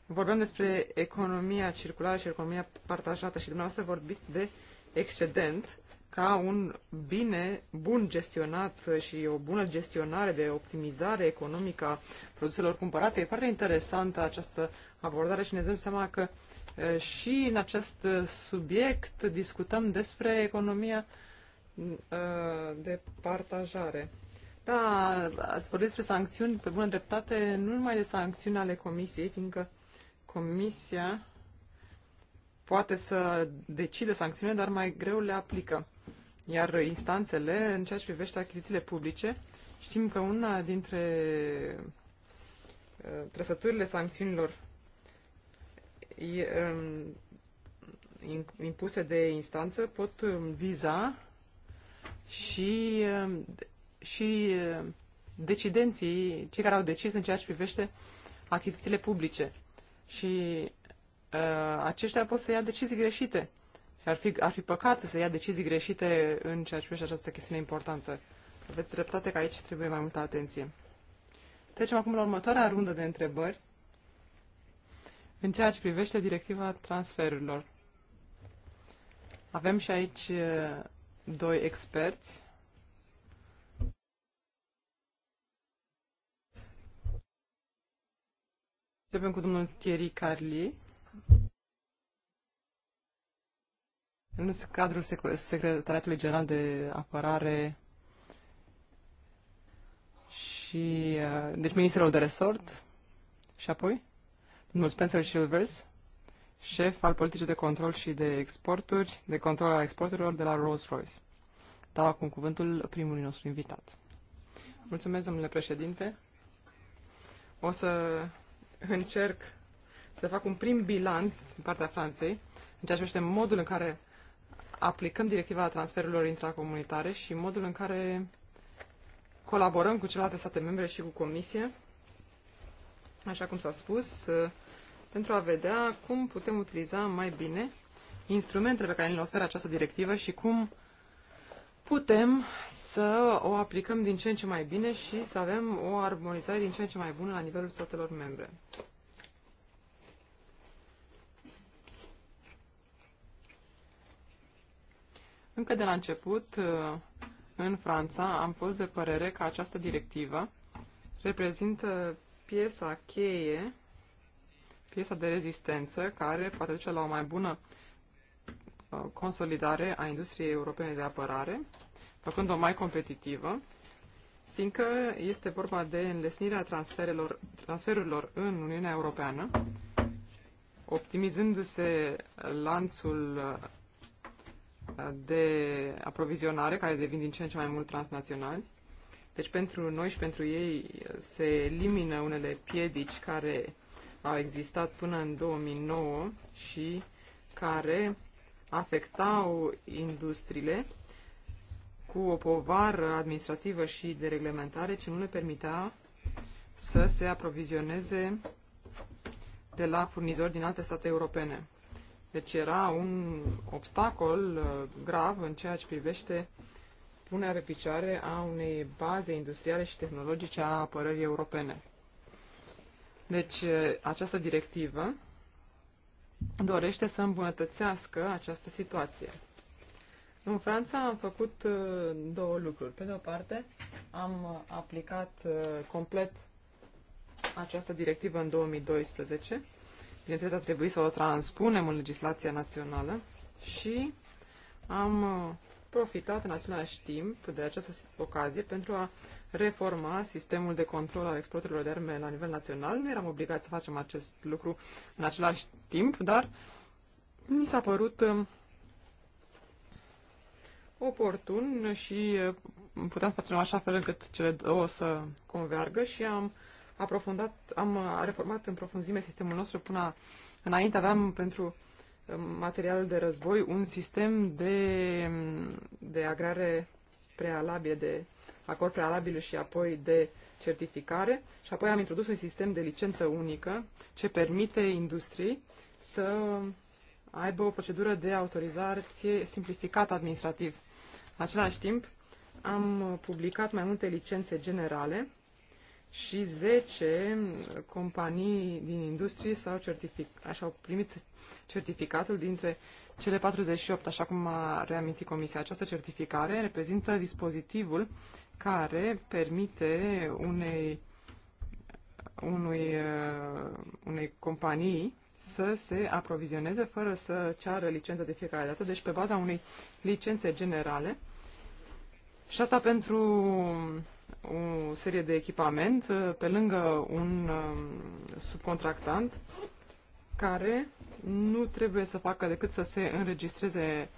vorbeam despre economia circulară și economia partajată și dumneavoastră vorbiți de excedent ca un bine bun gestionat și o bună gestionare de optimizare economică a produselor cumpărate. E foarte interesantă această abordare și ne dăm seama că și în acest subiect discutăm despre economia de partajare. Da, ați vorbit despre sancțiuni, pe bună dreptate, nu numai de sancțiuni ale comisiei, fiindcă comisia poate să decide sancțiunile, dar mai greu le aplică. Iar instanțele, în ceea ce privește achizițiile publice, știm că una dintre uh, trăsăturile sancțiunilor um, impuse de instanță pot um, viza și, um, și uh, decidenții, cei care au decis în ceea ce privește achizițiile publice. Și uh, aceștia pot să ia decizii greșite. Și ar fi, ar fi păcat să se ia decizii greșite în ceea ce privește această chestiune importantă. Aveți dreptate că aici trebuie mai multă atenție. Trecem acum la următoarea rundă de întrebări în ceea ce privește directiva transferurilor. Avem și aici eh, doi experți. Începem cu domnul Thierry Carli În cadrul Secretariatului General de Apărare și, uh, deci, ministrul de resort și apoi domnul Spencer Silvers, șef al politicii de control și de exporturi, de control al exporturilor de la Rolls-Royce. Dau acum cuvântul primului nostru invitat. Mulțumesc, domnule președinte. O să încerc să fac un prim bilanț din partea Franței în ceea ce modul în care aplicăm directiva transferurilor intracomunitare și modul în care colaborăm cu celelalte state membre și cu Comisie, așa cum s-a spus, pentru a vedea cum putem utiliza mai bine instrumentele pe care le oferă această directivă și cum putem să o aplicăm din ce în ce mai bine și să avem o armonizare din ce în ce mai bună la nivelul statelor membre. Încă de la început, uh, în Franța, am fost de părere că această directivă reprezintă piesa cheie, piesa de rezistență, care poate duce la o mai bună uh, consolidare a industriei europene de apărare, făcând-o mai competitivă, fiindcă este vorba de înlesnirea transferelor, transferurilor în Uniunea Europeană, optimizându-se lanțul uh, de aprovizionare, care devin din ce în ce mai mult transnaționali. Deci pentru noi și pentru ei se elimină unele piedici care au existat până în 2009 și care afectau industriile cu o povară administrativă și de reglementare ce nu le permitea să se aprovizioneze de la furnizori din alte state europene. Deci era un obstacol uh, grav în ceea ce privește punerea pe picioare a unei baze industriale și tehnologice a apărării europene. Deci, uh, această directivă dorește să îmbunătățească această situație. În Franța am făcut uh, două lucruri. Pe de o parte, am aplicat complet această directivă în 2012 bineînțeles, a trebuit să o transpunem în legislația națională și am uh, profitat în același timp de această ocazie pentru a reforma sistemul de control al exporturilor de arme la nivel național. Nu eram obligați să facem acest lucru în același timp, dar mi s-a părut um, oportun și uh, puteam să facem așa fel încât cele două să convergă și am aprofundat, am uh, reformat în profunzime sistemul nostru până înainte aveam pentru um, material de război un sistem de, um, de agrare prealabil, de acord prealabil și apoi de certificare și apoi am introdus un sistem de licență unică ce permite industriei să aibă o procedură de autorizare simplificată administrativ. În același timp, am publicat mai multe licențe generale și 10 companii din industrie s-au certific- au primit certificatul dintre cele 48, așa cum a reamintit Comisia. Această certificare reprezintă dispozitivul care permite unei, unui, uh, unei companii să se aprovizioneze fără să ceară licență de fiecare dată, deci pe baza unei licențe generale. Și asta pentru o serie de echipament uh, pe lângă un um, subcontractant care nu trebuie să facă decât să se înregistreze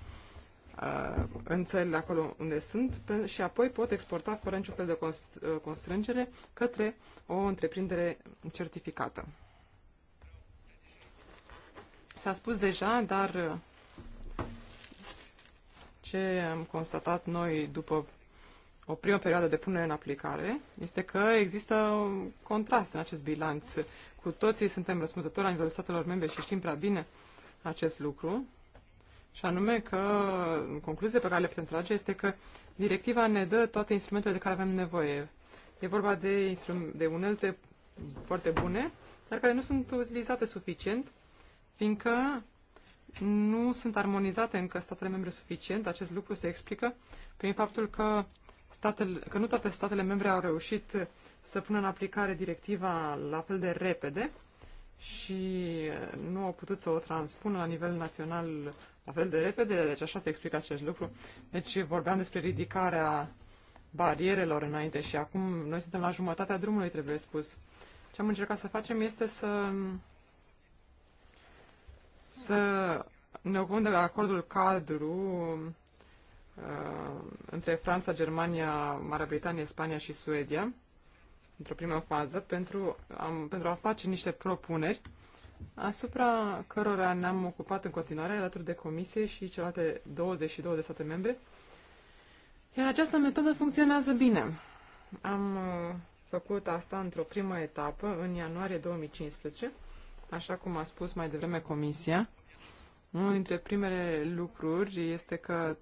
uh, în țările acolo unde sunt și apoi pot exporta fără niciun fel de uh, constrângere către o întreprindere certificată. S-a spus deja, dar ce am constatat noi după o primă perioadă de punere în aplicare este că există un contrast în acest bilanț. Cu toții suntem răspunzători la nivelul statelor membre și știm prea bine acest lucru. Și anume că concluzia pe care le putem trage este că directiva ne dă toate instrumentele de care avem nevoie. E vorba de, de unelte foarte bune, dar care nu sunt utilizate suficient, fiindcă nu sunt armonizate încă statele membre suficient. Acest lucru se explică prin faptul că statele, că nu toate statele membre au reușit să pună în aplicare directiva la fel de repede și nu au putut să o transpună la nivel național la fel de repede, deci așa se explică acest lucru. Deci vorbeam despre ridicarea barierelor înainte și acum noi suntem la jumătatea drumului, trebuie spus. Ce am încercat să facem este să să ne ocupăm de acordul cadru Uh, între Franța, Germania, Marea Britanie, Spania și Suedia, într-o primă fază, pentru, am, pentru a face niște propuneri asupra cărora ne-am ocupat în continuare alături de Comisie și celelalte 22 de state membre. Iar această metodă funcționează bine. Am uh, făcut asta într-o primă etapă, în ianuarie 2015, așa cum a spus mai devreme Comisia. Unul dintre primele lucruri este că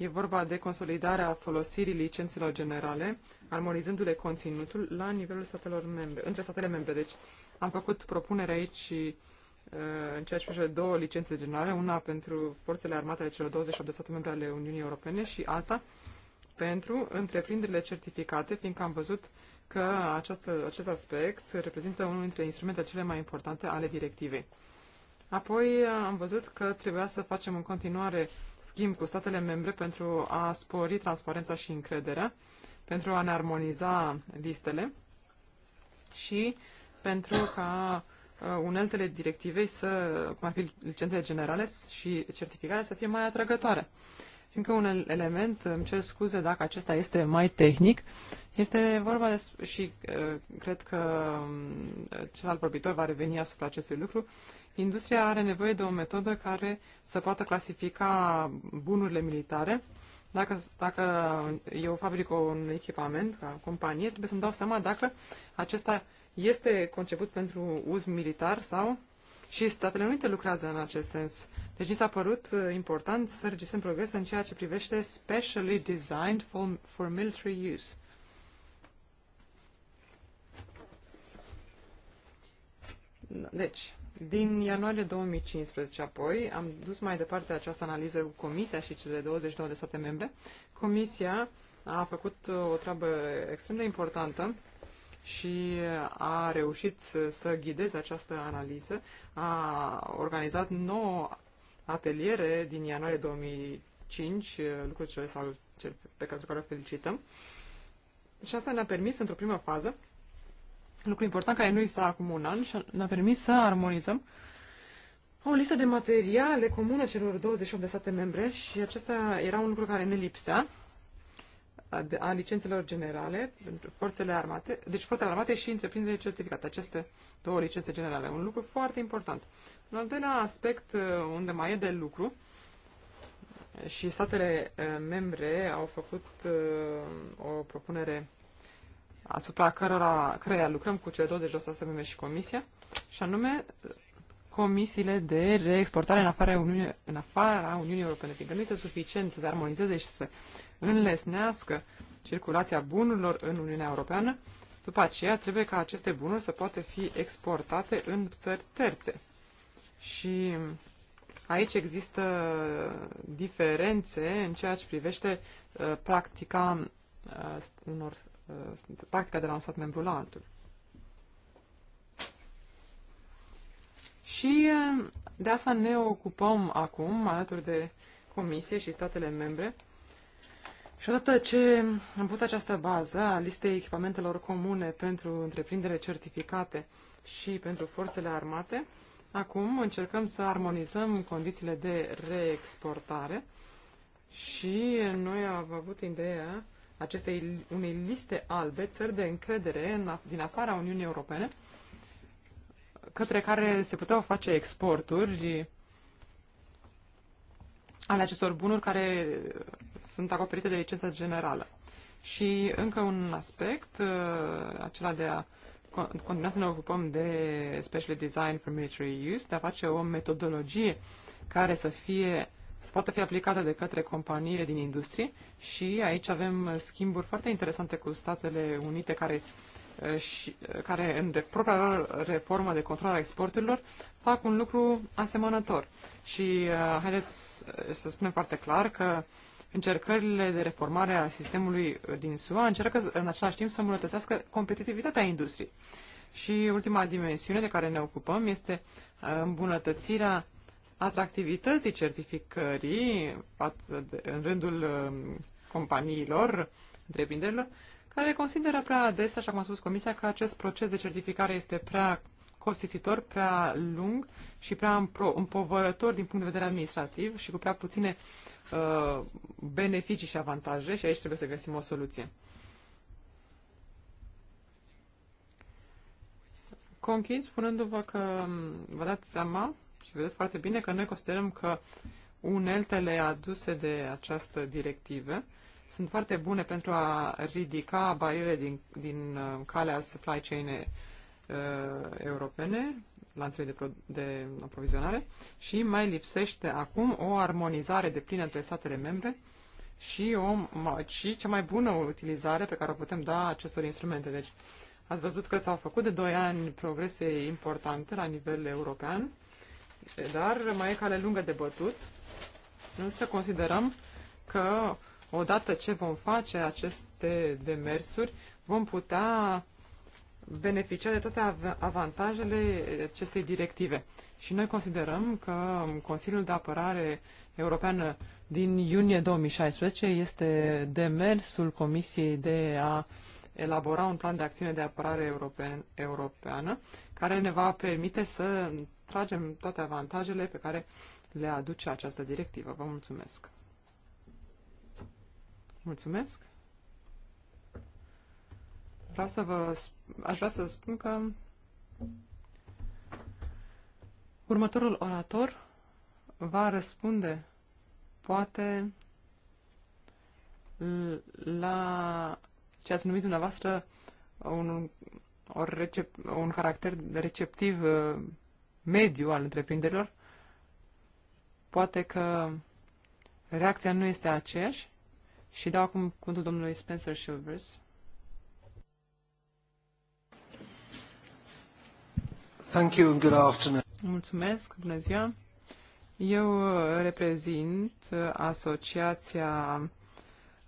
E vorba de consolidarea folosirii licențelor generale, armonizându-le conținutul la nivelul statelor membre, între statele membre. Deci am făcut propunere aici uh, în ceea ce privește două licențe generale, una pentru forțele armate ale celor 28 de state membre ale Uniunii Europene și alta pentru întreprinderile certificate, fiindcă am văzut că această, acest aspect reprezintă unul dintre instrumentele cele mai importante ale directivei. Apoi uh, am văzut că trebuia să facem în continuare schimb cu statele membre pentru a spori transparența și încrederea, pentru a ne armoniza listele și pentru ca uh, uneltele directivei să, cum ar fi licențele generale și certificarea, să fie mai atrăgătoare. Încă un element, îmi cer scuze dacă acesta este mai tehnic, este vorba de, și uh, cred că um, celălalt vorbitor va reveni asupra acestui lucru, Industria are nevoie de o metodă care să poată clasifica bunurile militare. Dacă, dacă eu fabric un echipament ca companie, trebuie să-mi dau seama dacă acesta este conceput pentru uz militar sau și Statele Unite lucrează în acest sens. Deci ni s-a părut uh, important să regisem progres în ceea ce privește specially designed for, for military use. Deci, din ianuarie 2015 apoi am dus mai departe această analiză cu Comisia și cele 22 de state membre. Comisia a făcut uh, o treabă extrem de importantă și a reușit să, să ghideze această analiză. A organizat 9 ateliere din ianuarie 2005, uh, lucruri pe care o felicităm. Și asta ne-a permis, într-o primă fază, lucru important care nu exista acum un an și ne-a permis să armonizăm o listă de materiale comune celor 28 de state membre și acesta era un lucru care ne lipsea a licențelor generale pentru forțele armate, deci forțele armate și întreprinderile certificate, aceste două licențe generale, un lucru foarte important. Un al doilea aspect uh, unde mai e de lucru și statele uh, membre au făcut uh, o propunere asupra cărora, căreia lucrăm cu cele 20 de membre și Comisia, și anume comisiile de reexportare în afara, Uniunii, în afara Uniunii Europene, fiindcă nu este suficient să armonizeze și să înlesnească circulația bunurilor în Uniunea Europeană, după aceea trebuie ca aceste bunuri să poată fi exportate în țări terțe. Și aici există diferențe în ceea ce privește uh, practica uh, unor tactica de la un stat membru la altul. Și de asta ne ocupăm acum, alături de Comisie și statele membre. Și odată ce am pus această bază a listei echipamentelor comune pentru întreprindere certificate și pentru forțele armate, acum încercăm să armonizăm condițiile de reexportare și noi am avut ideea acestei unei liste albe, țări de încredere în, din afara Uniunii Europene, către care se puteau face exporturi ale acestor bunuri care sunt acoperite de licența generală. Și încă un aspect, uh, acela de a continua să ne ocupăm de special design for military use, de a face o metodologie care să fie să poată fi aplicată de către companiile din industrie și aici avem schimburi foarte interesante cu Statele Unite care, eh, și, eh, care în propria lor reformă de control a exporturilor fac un lucru asemănător. Și eh, haideți să spunem foarte clar că încercările de reformare a sistemului din SUA încearcă în același timp să îmbunătățească competitivitatea industriei. Și ultima dimensiune de care ne ocupăm este îmbunătățirea atractivității certificării față de, în rândul um, companiilor, întreprinderilor, care consideră prea adesea, așa cum a spus Comisia, că acest proces de certificare este prea costisitor, prea lung și prea împovărător din punct de vedere administrativ și cu prea puține uh, beneficii și avantaje și aici trebuie să găsim o soluție. Conchid spunându-vă că um, vă dați seama și vedeți foarte bine că noi considerăm că uneltele aduse de această directivă sunt foarte bune pentru a ridica bariere din, din uh, calea supply chain uh, europene, lanțului de, pro- de aprovizionare, și mai lipsește acum o armonizare de plină între statele membre și, o, și cea mai bună utilizare pe care o putem da acestor instrumente. Deci, ați văzut că s-au făcut de 2 ani progrese importante la nivel european dar mai e cale lungă de bătut, însă considerăm că odată ce vom face aceste demersuri, vom putea beneficia de toate avantajele acestei directive. Și noi considerăm că Consiliul de Apărare Europeană din iunie 2016 este demersul Comisiei de a elabora un plan de acțiune de apărare europeană care ne va permite să tragem toate avantajele pe care le aduce această directivă. Vă mulțumesc! Mulțumesc! Vreau să vă, aș vrea să spun că următorul orator va răspunde poate la ce ați numit dumneavoastră un, o recep, un caracter receptiv uh, mediu al întreprinderilor, poate că reacția nu este aceeași și dau acum cuvântul domnului Spencer Silvers. Thank you and good afternoon. Mulțumesc, bună ziua. Eu uh, reprezint uh, Asociația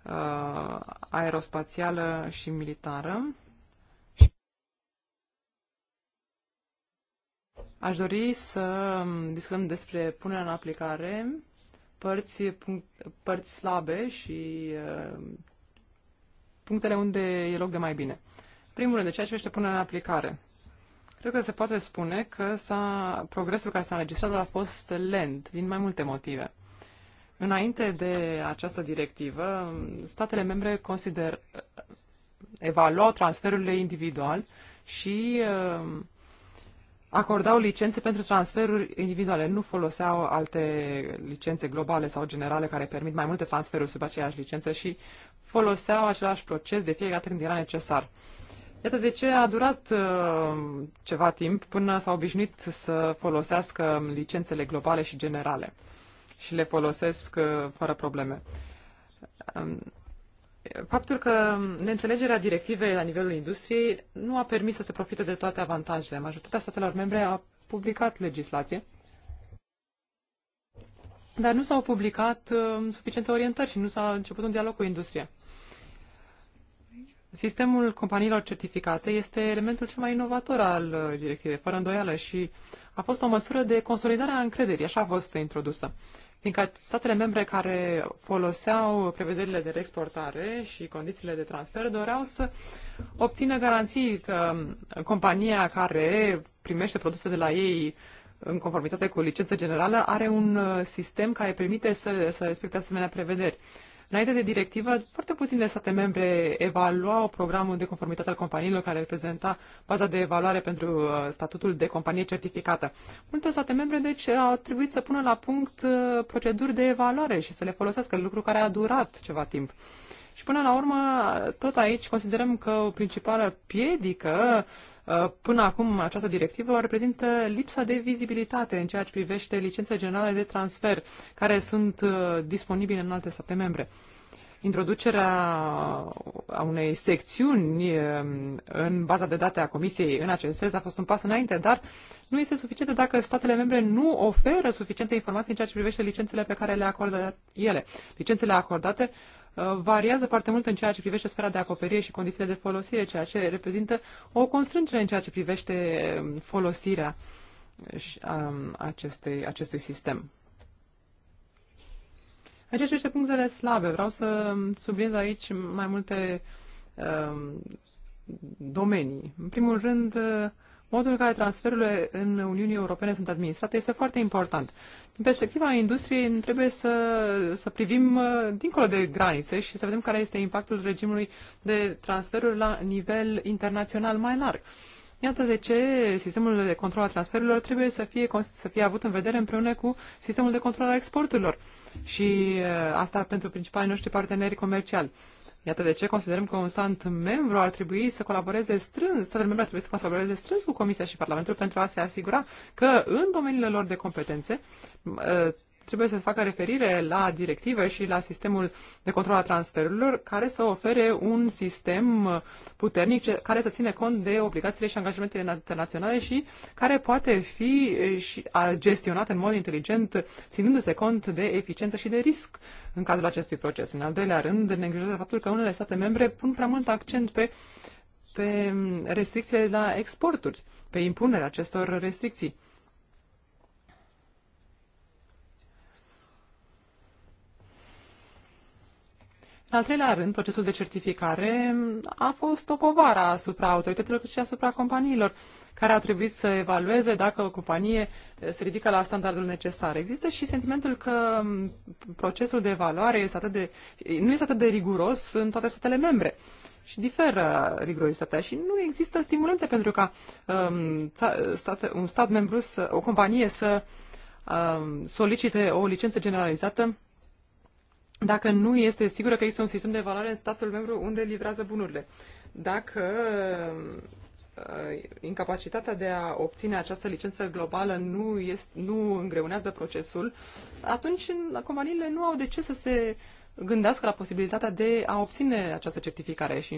uh, Aerospațială și Militară Aș dori să discutăm despre punerea în aplicare, părți, punct, părți slabe și uh, punctele unde e loc de mai bine. Primul rând, de ceea ce este punerea în aplicare. Cred că se poate spune că s-a, progresul care s-a înregistrat a fost lent, din mai multe motive. Înainte de această directivă, statele membre consider, evaluau transferurile individual și uh, acordau licențe pentru transferuri individuale, nu foloseau alte licențe globale sau generale care permit mai multe transferuri sub aceeași licență și foloseau același proces de fiecare dată când era necesar. Iată de ce a durat uh, ceva timp până s-au obișnuit să folosească licențele globale și generale și le folosesc uh, fără probleme. Um, faptul că neînțelegerea directivei la nivelul industriei nu a permis să se profite de toate avantajele. Majoritatea statelor membre a publicat legislație, dar nu s-au publicat uh, suficiente orientări și nu s-a început un dialog cu industria. Sistemul companiilor certificate este elementul cel mai inovator al uh, directivei, fără îndoială, și a fost o măsură de consolidare a încrederii, așa a fost introdusă fiindcă statele membre care foloseau prevederile de reexportare și condițiile de transfer doreau să obțină garanții că compania care primește produse de la ei în conformitate cu licența generală, are un uh, sistem care permite să, să respecte asemenea prevederi. Înainte de directivă, foarte puține state membre evaluau programul de conformitate al companiilor care reprezenta baza de evaluare pentru uh, statutul de companie certificată. Multe state membre, deci, au trebuit să pună la punct uh, proceduri de evaluare și să le folosească, lucru care a durat ceva timp. Și până la urmă, tot aici considerăm că o principală piedică uh, până acum această directivă reprezintă lipsa de vizibilitate în ceea ce privește licențele generale de transfer care sunt uh, disponibile în alte state membre introducerea uh, a unei secțiuni în baza de date a Comisiei în acest sens a fost un pas înainte, dar nu este suficientă dacă statele membre nu oferă suficiente informații în ceea ce privește licențele pe care le acordă ele. Licențele acordate Uh, variază foarte mult în ceea ce privește sfera de acoperire și condițiile de folosire, ceea ce reprezintă o constrângere în ceea ce privește um, folosirea uh, um, acestei, acestui sistem. Aceștia este punctele slabe. Vreau să subliniez aici mai multe uh, domenii. În primul rând, uh, modul în care transferurile în Uniunii Europene sunt administrate este foarte important. Din perspectiva industriei, trebuie să, să privim uh, dincolo de granițe și să vedem care este impactul regimului de transferuri la nivel internațional mai larg. Iată de ce sistemul de control al transferurilor trebuie să fie, să fie avut în vedere împreună cu sistemul de control al exporturilor și uh, asta pentru principalii noștri parteneri comerciali. Iată de ce considerăm că un stat membru ar trebui să colaboreze strâns, statele membre ar trebui să colaboreze strâns cu Comisia și Parlamentul pentru a se asigura că în domeniile lor de competențe ă, trebuie să facă referire la directive și la sistemul de control a transferurilor care să ofere un sistem puternic care să ține cont de obligațiile și angajamentele internaționale și care poate fi și gestionat în mod inteligent, ținându-se cont de eficiență și de risc în cazul acestui proces. În al doilea rând, ne îngrijorează faptul că unele state membre pun prea mult accent pe pe restricțiile la exporturi, pe impunerea acestor restricții În al treilea rând, procesul de certificare a fost o povară asupra autorităților și asupra companiilor care a trebuit să evalueze dacă o companie se ridică la standardul necesar. Există și sentimentul că procesul de evaluare este atât de, nu este atât de riguros în toate statele membre și diferă rigurozitatea și nu există stimulente pentru ca um, stat, un stat membru, să, o companie să um, solicite o licență generalizată dacă nu este sigură că există un sistem de valoare în statul membru unde livrează bunurile. Dacă uh, incapacitatea de a obține această licență globală nu, este, nu îngreunează procesul, atunci companiile nu au de ce să se gândească la posibilitatea de a obține această certificare și,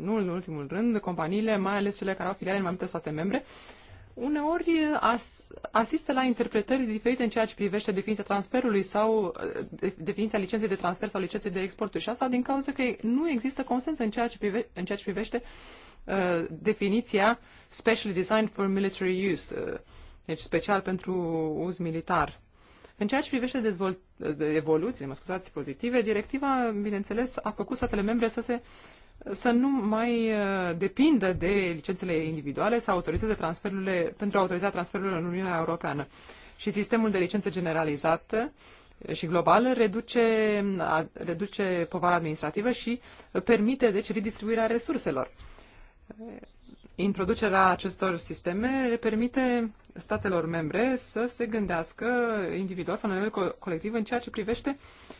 nu în ultimul rând, companiile, mai ales cele care au filiale în mai multe state membre, uneori as, asistă la interpretări diferite în ceea ce privește definiția transferului sau definiția licenței de transfer sau licenței de export. Și asta din cauza că nu există consens în ceea ce, prive, în ceea ce privește uh, definiția specially designed for military use, uh, deci special pentru uz militar. În ceea ce privește dezvolt, evoluțiile, mă scuzați, pozitive, directiva, bineînțeles, a făcut statele membre să se să nu mai uh, depindă de licențele individuale sau autorizeze transferurile, pentru a autoriza transferurile în Uniunea Europeană. Și sistemul de licențe generalizată și globală reduce, reduce povara administrativă și permite, deci, redistribuirea resurselor. Introducerea acestor sisteme le permite statelor membre să se gândească individual sau la nivel colectiv în ceea ce privește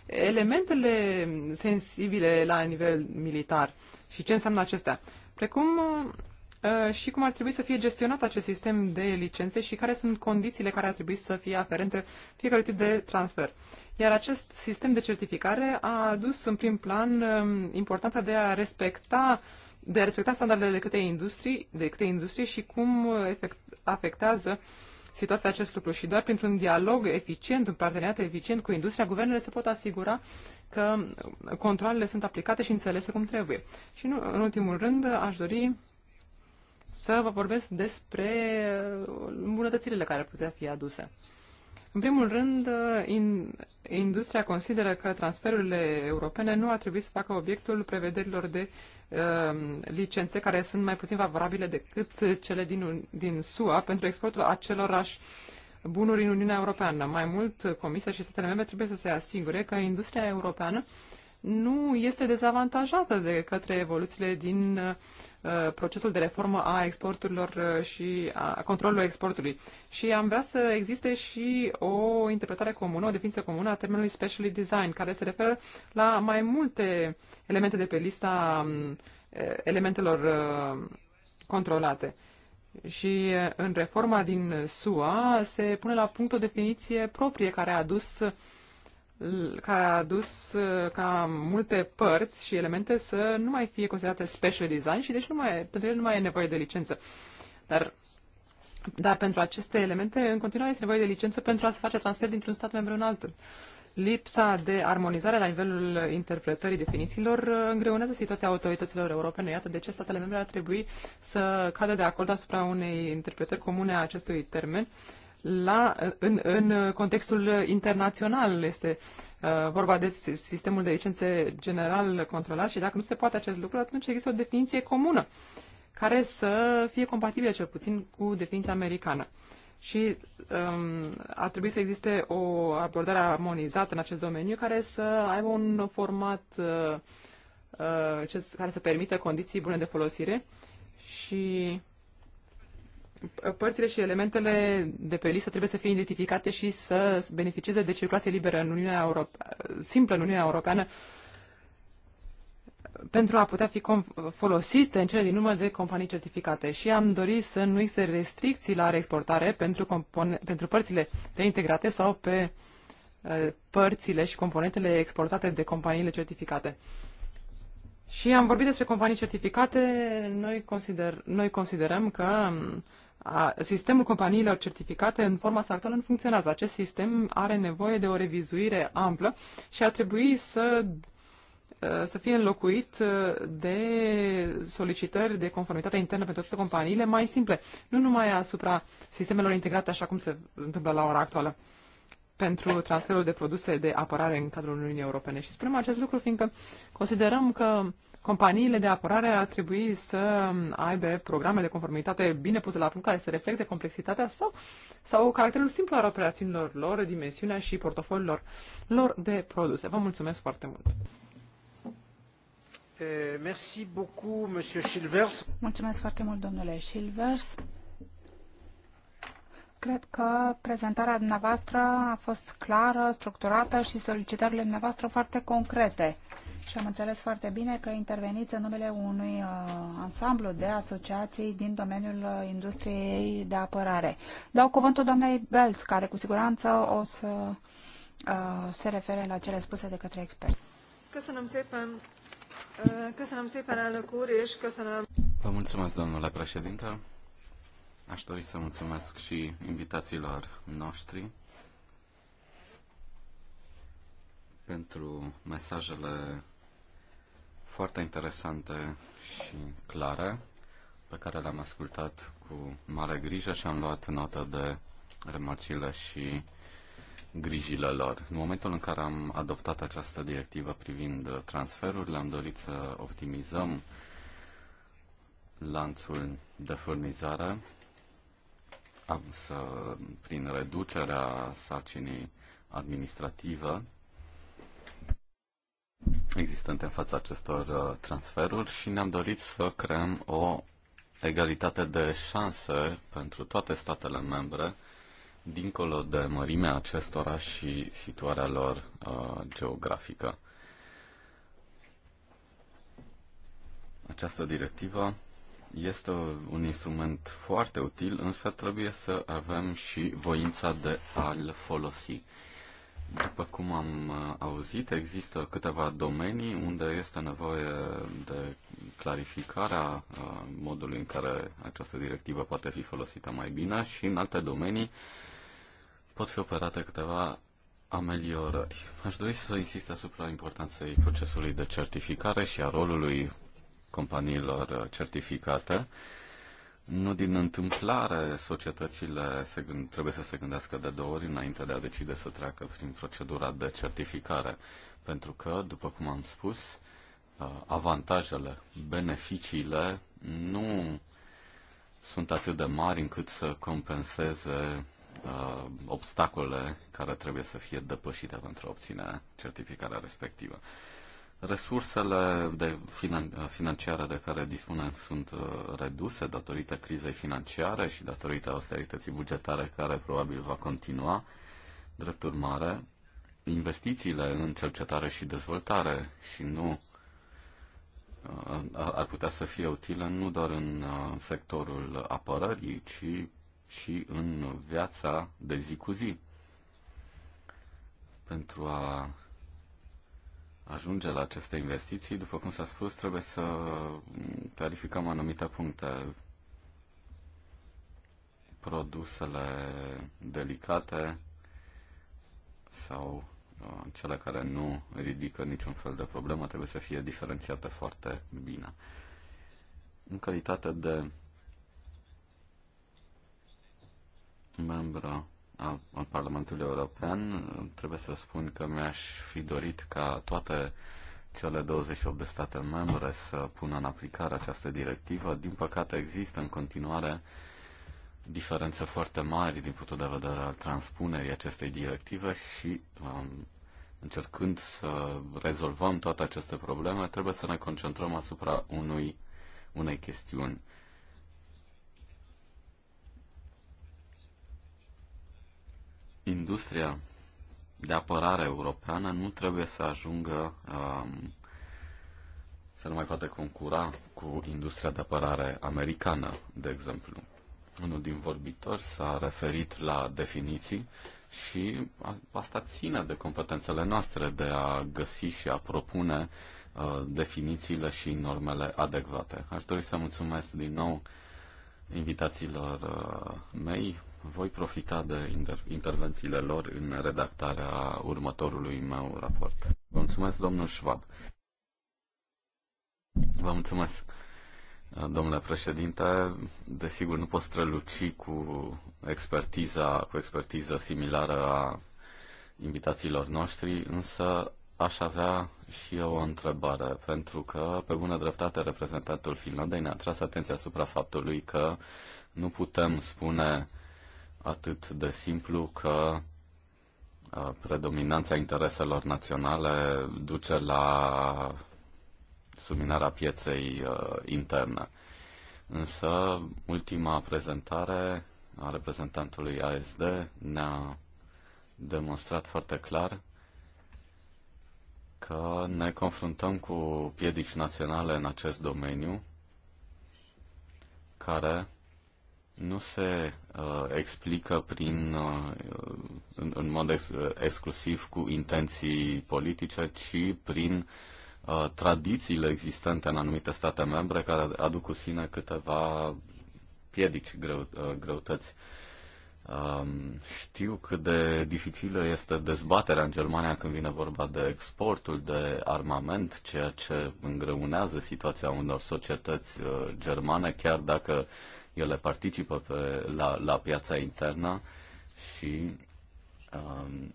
elementele sensibile la nivel militar și ce înseamnă acestea, precum uh, și cum ar trebui să fie gestionat acest sistem de licențe și care sunt condițiile care ar trebui să fie aferente fiecare tip de transfer. Iar acest sistem de certificare a adus în prim plan um, importanța de a respecta uh, de a respecta standardele de câte industrie, de câte industrie și cum efect, afectează situația acest lucru. Și doar printr-un dialog eficient, un parteneriat eficient cu industria, guvernele se pot asigura că controlele sunt aplicate și înțelese cum trebuie. Și nu, în ultimul rând aș dori să vă vorbesc despre îmbunătățirile care putea fi aduse. În primul rând, in, industria consideră că transferurile europene nu ar trebui să facă obiectul prevederilor de Uh, licențe care sunt mai puțin favorabile decât cele din, din SUA pentru exportul acelorași bunuri în Uniunea Europeană. Mai mult, Comisia și statele membre trebuie să se asigure că industria europeană nu este dezavantajată de către evoluțiile din uh, procesul de reformă a exporturilor uh, și a controlului exportului. Și am vrea să existe și o interpretare comună, o definiție comună a termenului specially design, care se referă la mai multe elemente de pe lista um, elementelor uh, controlate. Și în reforma din SUA se pune la punct o definiție proprie care a adus care a adus uh, ca multe părți și elemente să nu mai fie considerate special design și deci nu mai, pentru ele nu mai e nevoie de licență. Dar, dar pentru aceste elemente în continuare este nevoie de licență pentru a se face transfer dintr-un stat membru în altul. Lipsa de armonizare la nivelul interpretării definițiilor uh, îngreunează situația autorităților europene. Iată de ce statele membre ar trebui să cadă de acord asupra unei interpretări comune a acestui termen la, în, în contextul internațional. Este uh, vorba de sistemul de licențe general controlat și dacă nu se poate acest lucru, atunci există o definiție comună care să fie compatibilă cel puțin cu definiția americană. Și um, ar trebui să existe o abordare armonizată în acest domeniu care să aibă un format uh, uh, care să permită condiții bune de folosire și părțile și elementele de pe listă trebuie să fie identificate și să beneficieze de circulație liberă în Uniunea Europeană, simplă în Uniunea Europeană, pentru a putea fi folosite în cele din urmă de companii certificate. Și am dorit să nu existe restricții la reexportare pentru, pentru părțile reintegrate sau pe uh, părțile și componentele exportate de companiile certificate. Și am vorbit despre companii certificate. Noi, consider, noi considerăm că um, a, sistemul companiilor certificate în forma sa actuală nu funcționează. Acest sistem are nevoie de o revizuire amplă și ar trebui să să fie înlocuit de solicitări de conformitate internă pentru toate companiile mai simple, nu numai asupra sistemelor integrate așa cum se întâmplă la ora actuală pentru transferul de produse de apărare în cadrul Uniunii Europene. Și spunem acest lucru fiindcă considerăm că companiile de apărare ar trebui să aibă programe de conformitate bine puse la punct care să reflecte complexitatea sau, sau caracterul simplu al operațiunilor lor, dimensiunea și portofoliilor lor de produse. Vă mulțumesc foarte mult! Eh, mulțumesc foarte mult, domnule Silvers. Cred că prezentarea dumneavoastră a fost clară, structurată și solicitările dumneavoastră foarte concrete. Și am înțeles foarte bine că interveniți în numele unui uh, ansamblu de asociații din domeniul uh, industriei de apărare. Dau cuvântul doamnei Belț, care cu siguranță o să uh, se refere la cele spuse de către expert. Căsănăm szépen, căsănăm uh, szépen, elnök úr, és Vă mulțumesc, domnule președinte. Aș dori să mulțumesc și invitațiilor noștri pentru mesajele foarte interesante și clare pe care le-am ascultat cu mare grijă și am luat notă de remarcile și grijile lor. În momentul în care am adoptat această directivă privind transferurile, am dorit să optimizăm lanțul de furnizare să, prin reducerea sarcinii administrative existente în fața acestor uh, transferuri și ne-am dorit să creăm o egalitate de șanse pentru toate statele membre, dincolo de mărimea acestora și situarea lor uh, geografică. Această directivă este un instrument foarte util, însă trebuie să avem și voința de a-l folosi. După cum am uh, auzit, există câteva domenii unde este nevoie de clarificarea uh, modului în care această directivă poate fi folosită mai bine și în alte domenii pot fi operate câteva ameliorări. Aș dori să insist asupra importanței procesului de certificare și a rolului companiilor certificate. Nu din întâmplare, societățile se gând, trebuie să se gândească de două ori înainte de a decide să treacă prin procedura de certificare. Pentru că, după cum am spus, uh, avantajele, beneficiile nu sunt atât de mari încât să compenseze uh, obstacole care trebuie să fie depășite pentru a obține certificarea respectivă. Resursele de finan- financiare de care dispunem sunt uh, reduse datorită crizei financiare și datorită austerității bugetare care probabil va continua. Drept urmare, investițiile în cercetare și dezvoltare și nu uh, ar putea să fie utile nu doar în uh, sectorul apărării, ci și în viața de zi cu zi. Pentru a ajunge la aceste investiții, după cum s-a spus, trebuie să clarificăm anumite puncte. Produsele delicate sau uh, cele care nu ridică niciun fel de problemă trebuie să fie diferențiate foarte bine. În calitate de membră în Parlamentul European, trebuie să spun că mi-aș fi dorit ca toate cele 28 de state membre să pună în aplicare această directivă. Din păcate există în continuare diferențe foarte mari din punctul de vedere al transpunerii acestei directive și um, încercând să rezolvăm toate aceste probleme, trebuie să ne concentrăm asupra unui, unei chestiuni. Industria de apărare europeană nu trebuie să ajungă um, să nu mai poată concura cu industria de apărare americană, de exemplu. Unul din vorbitori s-a referit la definiții și asta ține de competențele noastre de a găsi și a propune uh, definițiile și normele adecvate. Aș dori să mulțumesc din nou invitațiilor uh, mei, voi profita de inter- intervențiile lor în redactarea următorului meu raport. Vă mulțumesc, domnul Schwab. Vă mulțumesc, domnule președinte. Desigur, nu pot străluci cu expertiza, cu expertiza similară a invitațiilor noștri, însă aș avea și eu o întrebare, pentru că, pe bună dreptate, reprezentantul Finlandei ne-a tras atenția asupra faptului că nu putem spune atât de simplu că uh, predominanța intereselor naționale duce la subminarea pieței uh, interne. Însă, ultima prezentare a reprezentantului ASD ne-a demonstrat foarte clar că ne confruntăm cu piedici naționale în acest domeniu care nu se Uh, explică prin, uh, în, în mod ex, exclusiv cu intenții politice, ci prin uh, tradițiile existente în anumite state membre care aduc cu sine câteva piedici, greu, greutăți. Um, știu cât de dificilă este dezbaterea în Germania când vine vorba de exportul de armament, ceea ce îngreunează situația unor societăți germane, chiar dacă uh, ele participă pe, la, la piața internă și um,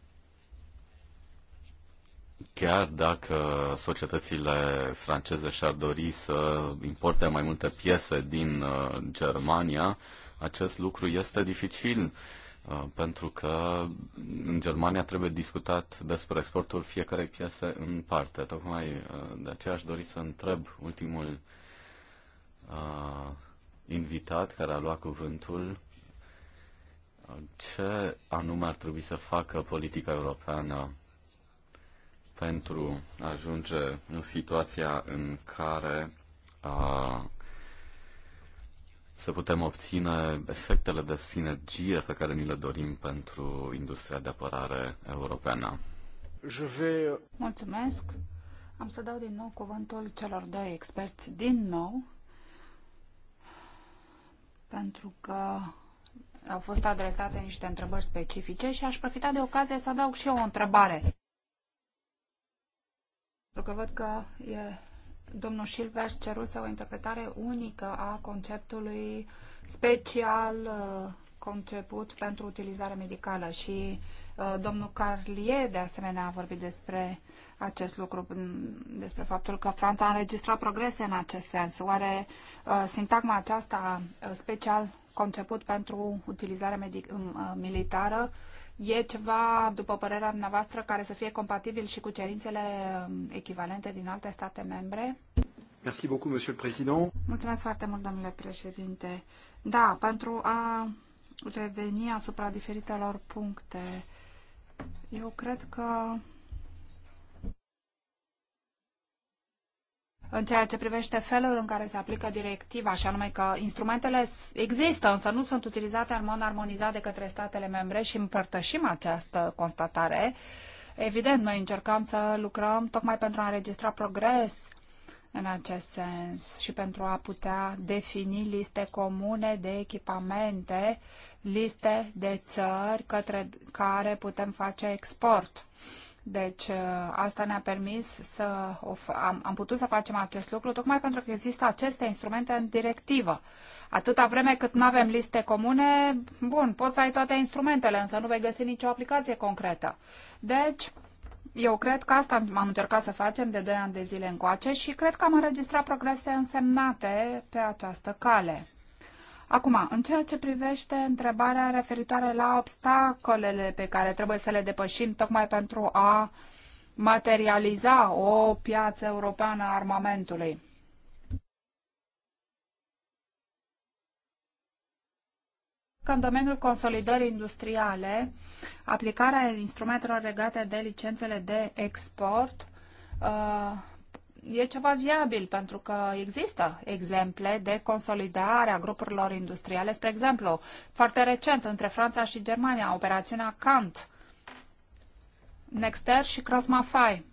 chiar dacă societățile franceze și-ar dori să importe mai multe piese din uh, Germania, acest lucru este dificil uh, pentru că în Germania trebuie discutat despre exportul fiecarei piese în parte. Tocmai uh, de aceea aș dori să întreb ultimul uh, invitat care a luat cuvântul ce anume ar trebui să facă politica europeană pentru a ajunge în situația în care a, să putem obține efectele de sinergie pe care ni le dorim pentru industria de apărare europeană. Uh, Mulțumesc! Am să dau din nou cuvântul celor doi experți din nou pentru că au fost adresate niște întrebări specifice și aș profita de ocazie să adaug și eu o întrebare. Pentru că văd că e, domnul Silvers ceruse o interpretare unică a conceptului special uh, conceput pentru utilizare medicală și uh, domnul Carlier de asemenea a vorbit despre acest lucru despre faptul că Franța a înregistrat progrese în acest sens. Oare uh, sintagma aceasta uh, special conceput pentru utilizare uh, militară e ceva, după părerea dumneavoastră, care să fie compatibil și cu cerințele um, echivalente din alte state membre? Merci beaucoup, Monsieur le Président. Mulțumesc foarte mult, domnule președinte. Da, pentru a reveni asupra diferitelor puncte, eu cred că în ceea ce privește felul în care se aplică directiva, și anume că instrumentele există, însă nu sunt utilizate în mod armonizat de către statele membre și împărtășim această constatare. Evident, noi încercăm să lucrăm tocmai pentru a înregistra progres în acest sens și pentru a putea defini liste comune de echipamente, liste de țări către care putem face export. Uh, deci uh, asta ne-a permis să am, am putut să facem acest lucru tocmai pentru că există aceste instrumente în directivă. Atâta vreme cât nu avem liste comune, bun, poți să ai toate instrumentele, însă nu vei găsi nicio aplicație concretă. Deci, eu cred că asta am încercat să facem de 2 ani de zile încoace și cred că am înregistrat progrese însemnate pe această cale. Acum, în ceea ce privește întrebarea referitoare la obstacolele pe care trebuie să le depășim tocmai pentru a materializa o piață europeană a armamentului. în domeniul consolidării industriale, aplicarea instrumentelor legate de licențele de export uh, e ceva viabil, pentru că există exemple de consolidare a grupurilor industriale. Spre exemplu, foarte recent, între Franța și Germania, operațiunea Kant, Nexter și Crossmafai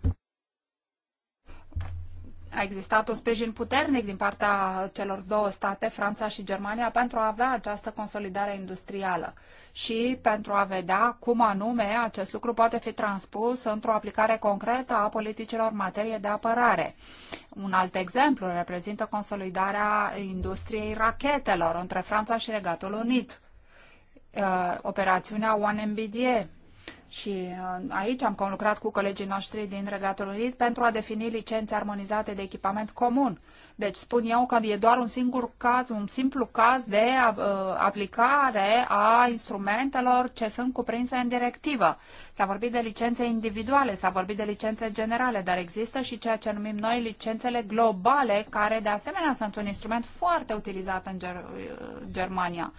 a existat un sprijin puternic din partea celor două state, Franța și Germania, pentru a avea această consolidare industrială și pentru a vedea cum anume acest lucru poate fi transpus într-o aplicare concretă a politicilor în materie de apărare. Un alt exemplu reprezintă consolidarea industriei rachetelor între Franța și Regatul Unit, uh, operațiunea One MBDA, și uh, aici am conlucrat cu colegii noștri din Regatul Unit pentru a defini licențe armonizate de echipament comun deci spun eu că e doar un singur caz, un simplu caz de uh, aplicare a instrumentelor ce sunt cuprinse în directivă. S-a vorbit de licențe individuale, s-a vorbit de licențe generale, dar există și ceea ce numim noi licențele globale, care de asemenea sunt un instrument foarte utilizat în Ger uh, Germania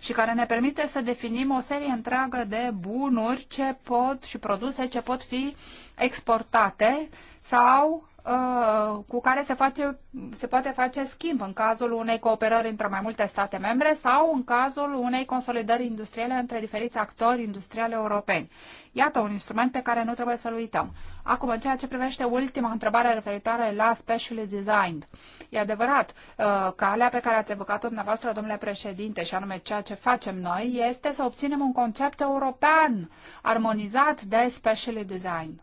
și care ne permite să definim o serie întreagă de bunuri ce pot și produse ce pot fi exportate sau Uh, cu care se, face, se poate face schimb în cazul unei cooperări între mai multe state membre sau în cazul unei consolidări industriale între diferiți actori industriale europeni. Iată un instrument pe care nu trebuie să-l uităm. Acum, în ceea ce privește ultima întrebare referitoare la specially designed, e adevărat, uh, alea pe care ați evocat-o dumneavoastră, domnule președinte, și anume ceea ce facem noi, este să obținem un concept european armonizat de specially designed.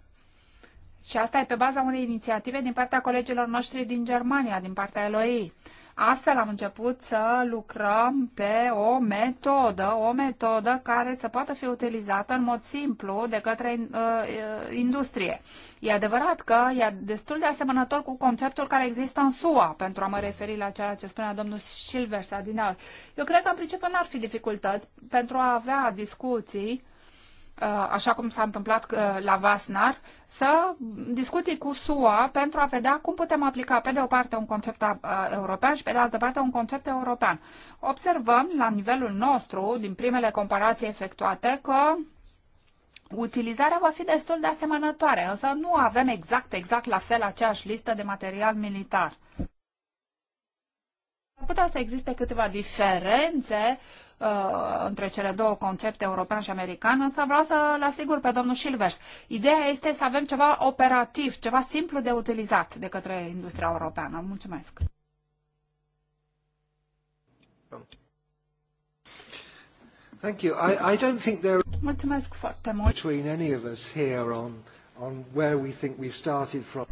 Și asta e pe baza unei inițiative din partea colegilor noștri din Germania, din partea LOI. Astfel am început să lucrăm pe o metodă, o metodă care să poată fi utilizată în mod simplu de către uh, uh industrie. E adevărat că e destul de asemănător cu conceptul care există în SUA, pentru a mă referi la ceea ce spunea domnul Silver adineauri. Eu cred că în principiu n-ar fi dificultăți pentru a avea discuții Uh, așa cum s-a întâmplat uh, la Vasnar, să discuții cu SUA pentru a vedea cum putem aplica pe de o parte un concept uh, european și pe de altă parte un concept european. Observăm la nivelul nostru, din primele comparații efectuate, că Utilizarea va fi destul de asemănătoare, însă nu avem exact, exact la fel aceeași listă de material militar. Ar putea să existe câteva diferențe Uh, între cele două concepte, european și american, însă vreau să le asigur pe domnul Silvers. Ideea este să avem ceva operativ, ceva simplu de utilizat de către industria europeană. Mulțumesc! Thank you. I, I don't think there Mulțumesc foarte mult. Between any of us here on on where we think we've started from.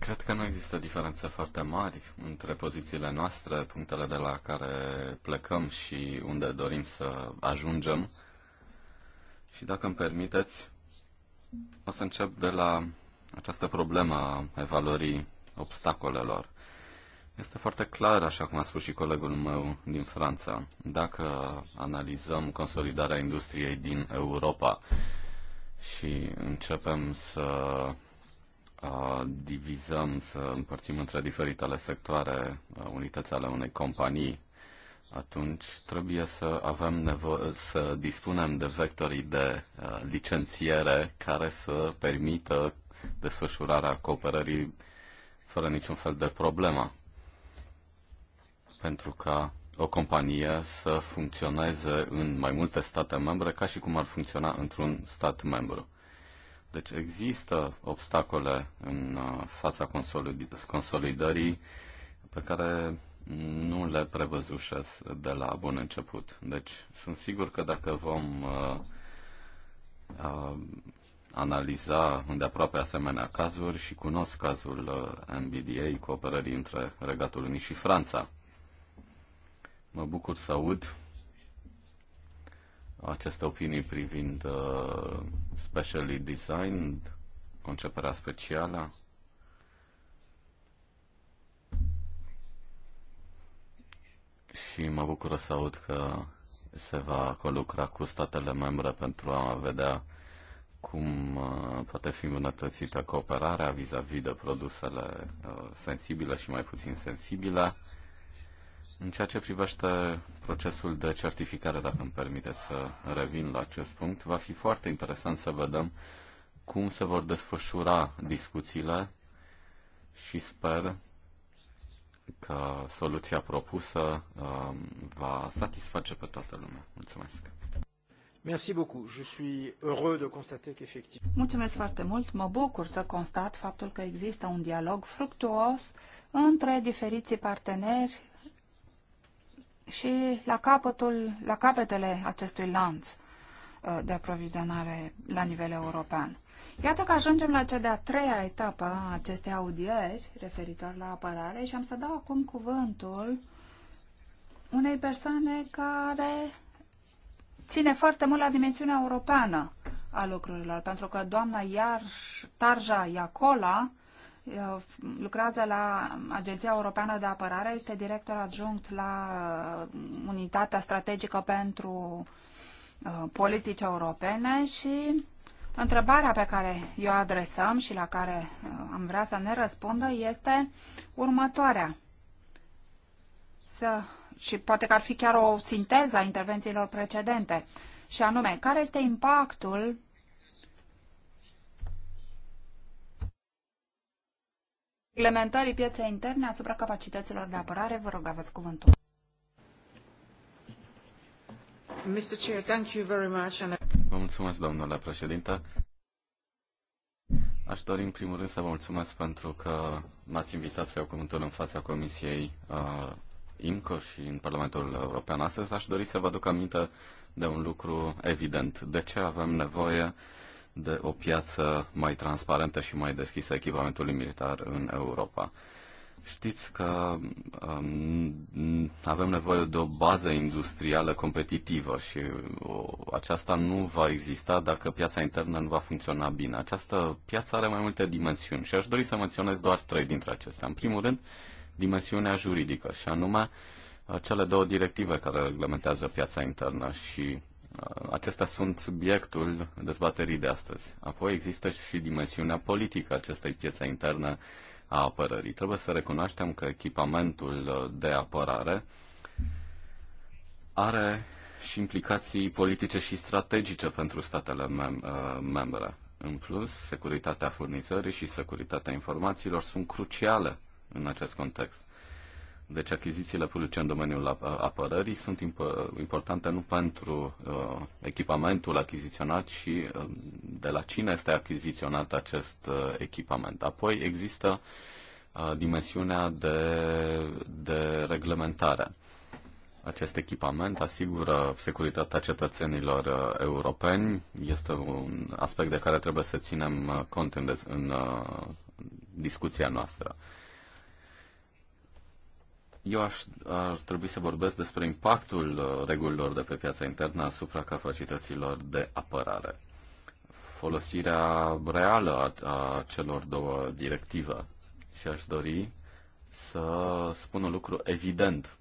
Cred că nu există diferențe foarte mari între pozițiile noastre, punctele de la care plecăm și unde dorim să ajungem. Și dacă îmi permiteți, o să încep de la această problemă a evaluării obstacolelor. Este foarte clar, așa cum a spus și colegul meu din Franța, dacă analizăm consolidarea industriei din Europa și începem să divizăm, să împărțim între diferitele sectoare unități ale unei companii, atunci trebuie să avem nevoie să dispunem de vectorii de licențiere care să permită desfășurarea cooperării fără niciun fel de problemă. Pentru ca o companie să funcționeze în mai multe state membre ca și cum ar funcționa într-un stat membru. Deci există obstacole în uh, fața consolidării pe care nu le prevăzușesc de la bun început. Deci sunt sigur că dacă vom uh, uh, analiza îndeaproape asemenea cazuri și cunosc cazul uh, MBDA, cooperării între Regatul Unit și Franța. Mă bucur să aud aceste opinii privind uh, specially designed, conceperea specială. Și mă bucur să aud că se va colucra cu statele membre pentru a vedea cum uh, poate fi îmbunătățită cooperarea vis-a-vis -vis de produsele uh, sensibile și mai puțin sensibile. În ceea ce privește procesul de certificare, dacă îmi permite să revin la acest punct, va fi foarte interesant să vedem cum se vor desfășura discuțiile și sper că soluția propusă um, va satisface pe toată lumea. Mulțumesc! Merci beaucoup. Je suis heureux de constater qu'effectivement. Mulțumesc foarte mult. Mă bucur să constat faptul că există un dialog fructuos între diferiții parteneri și la, capătul, la capetele acestui lanț uh, de aprovizionare la nivel european. Iată că ajungem la cea de-a treia etapă a acestei audieri referitor la apărare și am să dau acum cuvântul unei persoane care ține foarte mult la dimensiunea europeană a lucrurilor, pentru că doamna Iar, Tarja Iacola Uh, lucrează la Agenția Europeană de Apărare, este director adjunct la uh, Unitatea Strategică pentru uh, Politici Europene și întrebarea pe care eu o adresăm și la care am vrea să ne răspundă este următoarea. Să, și poate că ar fi chiar o sinteză a intervențiilor precedente. Și anume, care este impactul reglementării pieței interne asupra capacităților de apărare. Vă rog, aveți cuvântul. Mr. Chair, thank you very much. Vă mulțumesc, domnule președinte. Aș dori în primul rând să vă mulțumesc pentru că m-ați invitat să iau cuvântul în fața Comisiei uh, IMCO și în Parlamentul European astăzi. Aș dori să vă aduc aminte de un lucru evident. De ce avem nevoie uh, de o piață mai transparentă și mai deschisă echipamentului militar în Europa. Știți că um, avem nevoie de o bază industrială competitivă și o, aceasta nu va exista dacă piața internă nu va funcționa bine. Această piață are mai multe dimensiuni și aș dori să menționez doar trei dintre acestea. În primul rând, dimensiunea juridică și anume cele două directive care reglementează piața internă și acestea sunt subiectul dezbaterii de astăzi. Apoi există și dimensiunea politică acestei piețe interne a apărării. Trebuie să recunoaștem că echipamentul de apărare are și implicații politice și strategice pentru statele mem- uh, membre. În plus, securitatea furnizării și securitatea informațiilor sunt cruciale în acest context. Deci achizițiile publice în domeniul apărării sunt importante nu pentru uh, echipamentul achiziționat, și uh, de la cine este achiziționat acest uh, echipament. Apoi există uh, dimensiunea de, de reglementare. Acest echipament asigură securitatea cetățenilor uh, europeni. Este un aspect de care trebuie să ținem uh, cont în, în uh, discuția noastră. Uh, eu aș, ar trebui să vorbesc despre impactul uh, regulilor de pe piața internă asupra capacităților de apărare. Folosirea reală a, a celor două directive. Și aș dori să spun un lucru evident.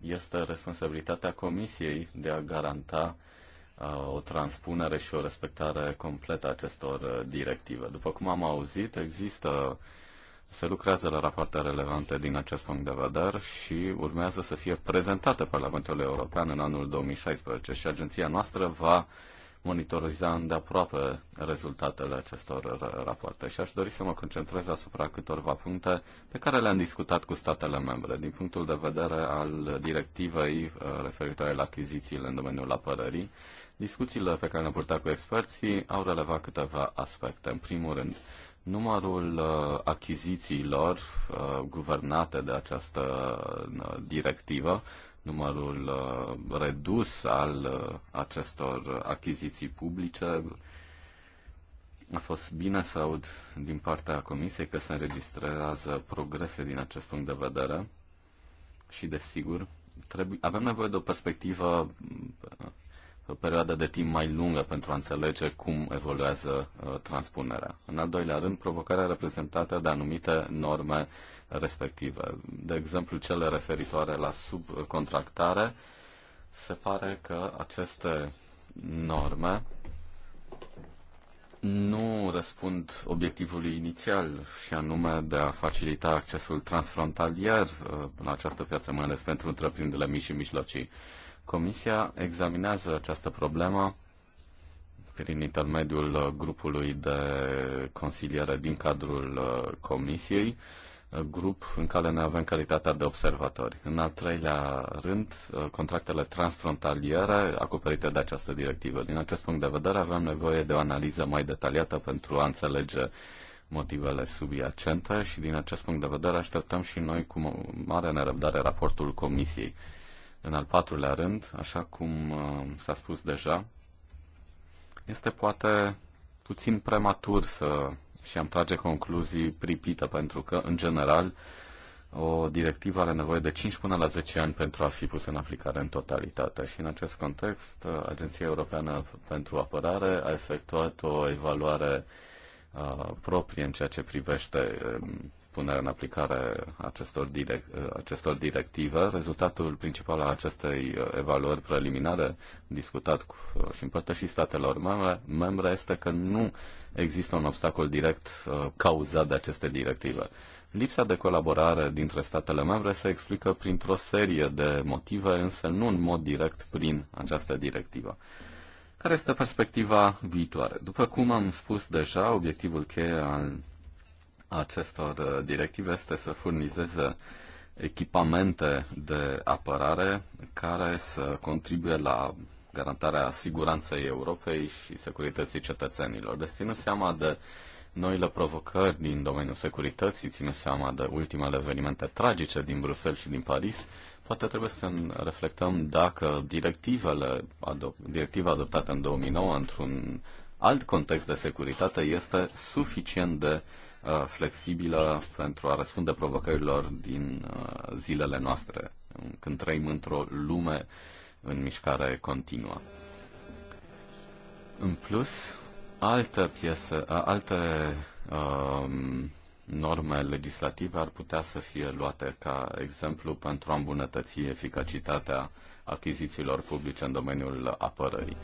Este responsabilitatea Comisiei de a garanta uh, o transpunere și o respectare completă a acestor uh, directive. După cum am auzit, există uh, se lucrează la rapoarte relevante din acest punct de vedere și urmează să fie prezentate Parlamentului European în anul 2016 și agenția noastră va monitoriza îndeaproape rezultatele acestor rapoarte și aș dori să mă concentrez asupra câtorva puncte pe care le-am discutat cu statele membre din punctul de vedere al directivei uh, referitoare la achizițiile în domeniul apărării. Discuțiile pe care le-am purtat cu experții au relevat câteva aspecte. În primul rând, Numărul uh, achizițiilor uh, guvernate de această uh, directivă, numărul redus al acestor achiziții publice, a fost bine să aud din partea Comisiei că se înregistrează progrese din acest punct de vedere și, desigur, trebuie, avem nevoie de o perspectivă perioadă de timp mai lungă pentru a înțelege cum evoluează uh, transpunerea. În al doilea rând, provocarea reprezentată de anumite norme respective. De exemplu, cele referitoare la subcontractare, se pare că aceste norme nu răspund obiectivului inițial și anume de a facilita accesul transfrontalier în uh, această piață, mai ales pentru întreprinderile mici și mijlocii. Comisia examinează această problemă prin intermediul grupului de consiliere din cadrul uh, Comisiei, uh, grup în care ne avem calitatea de observatori. În al treilea rând, uh, contractele transfrontaliere acoperite de această directivă. Din acest punct de vedere, avem nevoie de o analiză mai detaliată pentru a înțelege motivele subiacente și din acest punct de vedere așteptăm și noi cu mare nerăbdare raportul Comisiei în al patrulea rând, așa cum uh, s-a spus deja, este poate puțin prematur să și am trage concluzii pripită, pentru că, în general, o directivă are nevoie de 5 până la 10 ani pentru a fi pusă în aplicare în totalitate. Și în acest context, uh, Agenția Europeană pentru Apărare a efectuat o evaluare Uh, proprie în ceea ce privește um, punerea în aplicare acestor, direct, uh, acestor directive. Rezultatul principal al acestei uh, evaluări preliminare, discutat cu, și împărtășit statelor membre, membre, este că nu există un obstacol direct cauzat de aceste directive. Lipsa de colaborare dintre statele membre se explică printr-o serie de motive, însă nu în mod direct prin această directivă. Care este perspectiva viitoare? După cum am spus deja, obiectivul cheie al acestor uh, directive este să furnizeze echipamente de apărare care să contribuie la garantarea siguranței Europei și securității cetățenilor. Deci ținând seama de noile provocări din domeniul securității, ținând seama de ultimele evenimente tragice din Bruxelles și din Paris, poate trebuie să reflectăm dacă directivele adop- directiva adoptată în 2009 într-un alt context de securitate este suficient de uh, flexibilă pentru a răspunde provocărilor din uh, zilele noastre, când trăim într-o lume în mișcare continuă. În plus, alte piese, uh, alte um, norme legislative ar putea să fie luate ca exemplu pentru a îmbunătăți eficacitatea achizițiilor publice în domeniul apărării.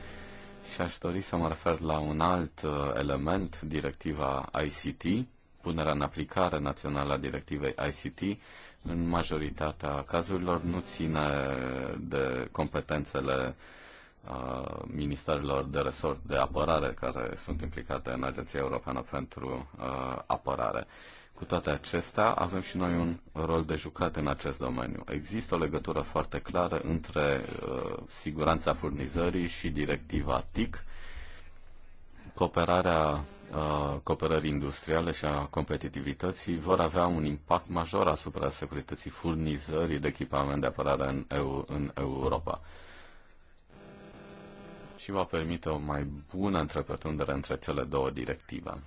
Și aș dori să mă refer la un alt uh, element, directiva ICT, punerea în aplicare națională a directivei ICT, în majoritatea cazurilor nu ține de competențele uh, ministerilor de resort de apărare care sunt implicate în Agenția Europeană pentru uh, Apărare. Cu toate acestea, avem și noi un rol de jucat în acest domeniu. Există o legătură foarte clară între uh, siguranța furnizării și directiva TIC, cooperarea cooperării industriale și a competitivității vor avea un impact major asupra securității furnizării de echipament de apărare în, EU, în Europa. Uh, și va permite o mai bună întrepătrundere între cele două directive.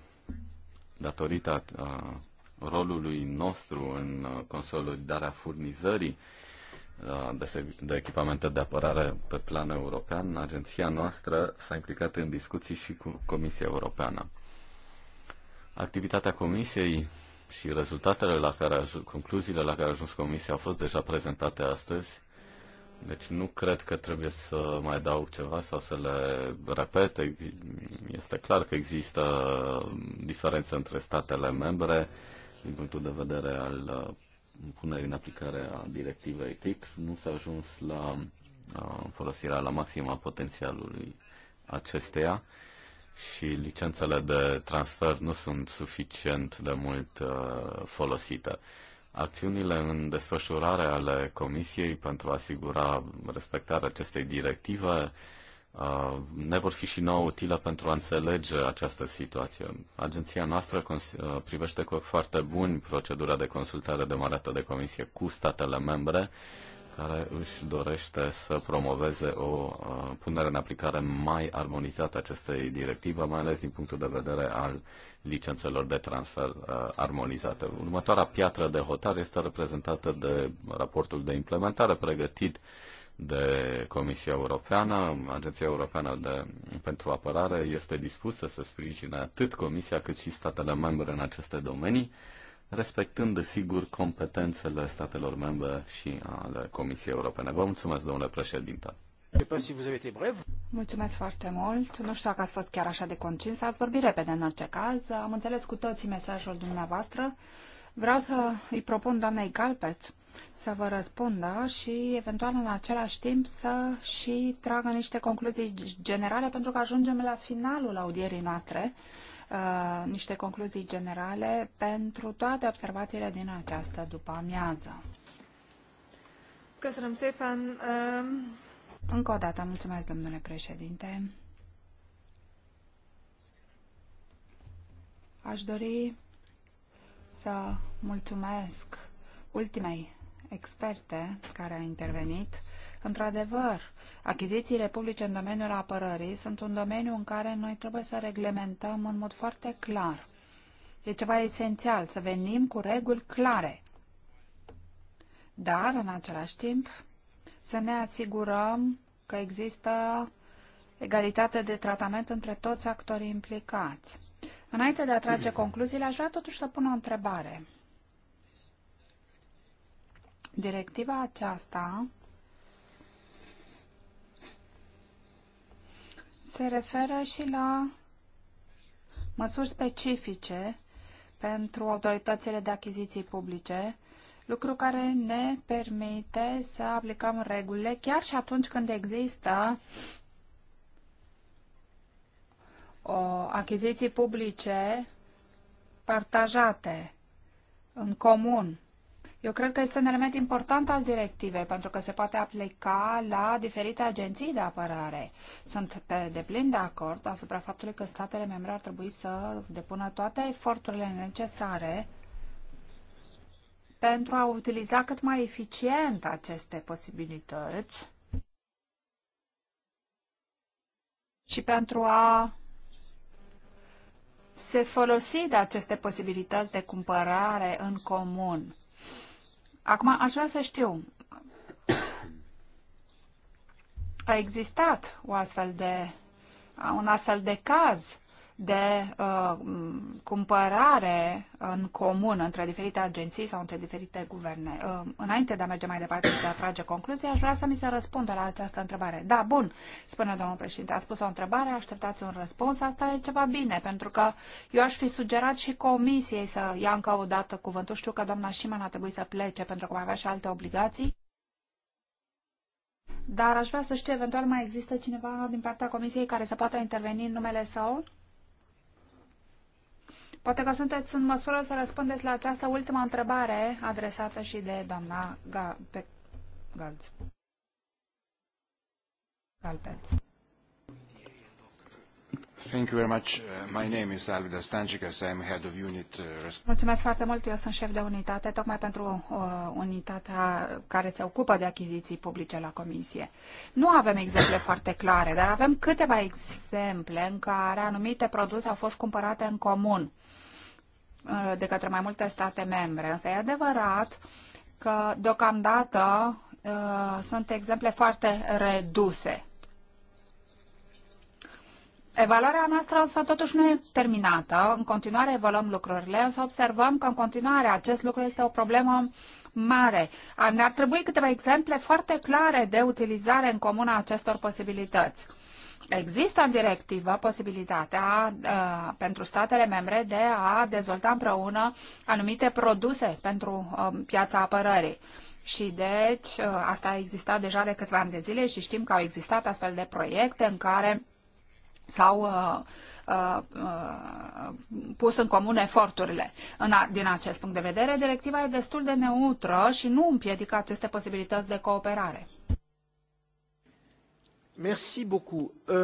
Datorită rolului nostru în consolidarea furnizării de, de echipamente de apărare pe plan european, agenția noastră s-a implicat în discuții și cu Comisia Europeană. Activitatea Comisiei și rezultatele la care concluziile la care a ajuns Comisia au fost deja prezentate astăzi deci nu cred că trebuie să mai dau ceva sau să le repet. Este clar că există diferențe între statele membre din punctul de vedere al uh, punerii în aplicare a directivei TIC. Nu s-a ajuns la uh, folosirea la maximă a potențialului acesteia și licențele de transfer nu sunt suficient de mult uh, folosite. Acțiunile în desfășurare ale Comisiei pentru a asigura respectarea acestei directive uh, ne vor fi și nouă utile pentru a înțelege această situație. Agenția noastră uh, privește cu foarte buni procedura de consultare demarată de Comisie cu statele membre care își dorește să promoveze o uh, punere în aplicare mai armonizată acestei directive, mai ales din punctul de vedere al uh, licențelor de transfer uh, armonizate. Următoarea piatră de hotar este reprezentată de raportul de implementare pregătit de Comisia Europeană. Agenția Europeană de, pentru Apărare este dispusă să sprijine atât Comisia cât și statele membre în aceste domenii, respectând, desigur, competențele statelor membre și ale Comisiei Europene. Vă mulțumesc, domnule președinte. Mulțumesc foarte mult. Nu știu dacă ați fost chiar așa de concis. Ați vorbit repede în orice caz. Am înțeles cu toții mesajul dumneavoastră. Vreau să îi propun doamnei Galpet să vă răspundă și eventual în același timp să și tragă niște concluzii generale pentru că ajungem la finalul audierii noastre, uh, niște concluzii generale pentru toate observațiile din această după amiază. Köszönöm szépen. Um, încă o dată, mulțumesc, domnule președinte. Aș dori să mulțumesc ultimei experte care a intervenit. Într-adevăr, achizițiile publice în domeniul apărării sunt un domeniu în care noi trebuie să reglementăm în mod foarte clar. E ceva esențial, să venim cu reguli clare. Dar, în același timp, să ne asigurăm că există egalitate de tratament între toți actorii implicați. Înainte de a trage concluziile, aș vrea totuși să pun o întrebare. Directiva aceasta se referă și la măsuri specifice pentru autoritățile de achiziții publice lucru care ne permite să aplicăm regulile chiar și atunci când există o achiziții publice partajate, în comun. Eu cred că este un element important al directivei, pentru că se poate aplica la diferite agenții de apărare. Sunt pe deplin de acord asupra faptului că statele membre ar trebui să depună toate eforturile necesare pentru a utiliza cât mai eficient aceste posibilități și pentru a se folosi de aceste posibilități de cumpărare în comun. Acum, aș vrea să știu, a existat o astfel de, un astfel de caz de uh, cumpărare în comun între diferite agenții sau între diferite guverne. Uh, înainte de a merge mai departe și de a trage concluzii, aș vrea să mi se răspundă la această întrebare. Da, bun, spune domnul președinte, a spus o întrebare, așteptați un răspuns, asta e ceva bine, pentru că eu aș fi sugerat și comisiei să ia încă o dată cuvântul. Știu că doamna Șiman a trebuit să plece pentru că mai avea și alte obligații. Dar aș vrea să știu, eventual mai există cineva din partea comisiei care să poată interveni în numele său? Poate că sunteți în măsură să răspundeți la această ultimă întrebare adresată și de doamna Ga Pe Galț. Galpeț. Thank you very much. Uh, my name is Alvida I am head of unit. Uh, Mulțumesc foarte mult. Eu sunt șef de unitate, tocmai pentru uh, unitatea care se ocupă de achiziții publice la Comisie. Nu avem exemple foarte clare, dar avem câteva exemple în care anumite produse au fost cumpărate în comun Uh, de către mai multe state membre. Însă e adevărat că deocamdată uh, sunt exemple foarte reduse. Evaluarea noastră însă totuși nu e terminată. În continuare evaluăm lucrurile, însă observăm că în continuare acest lucru este o problemă mare. Ne-ar trebui câteva exemple foarte clare de utilizare în comun a acestor posibilități. Există în directivă posibilitatea uh, pentru statele membre de a dezvolta împreună anumite produse pentru uh, piața apărării. Și deci uh, asta a existat deja de câțiva ani de zile și știm că au existat astfel de proiecte în care s-au uh, uh, uh, pus în comun eforturile. În a, din acest punct de vedere, directiva e destul de neutră și nu împiedică aceste posibilități de cooperare. Merci beaucoup. Uh,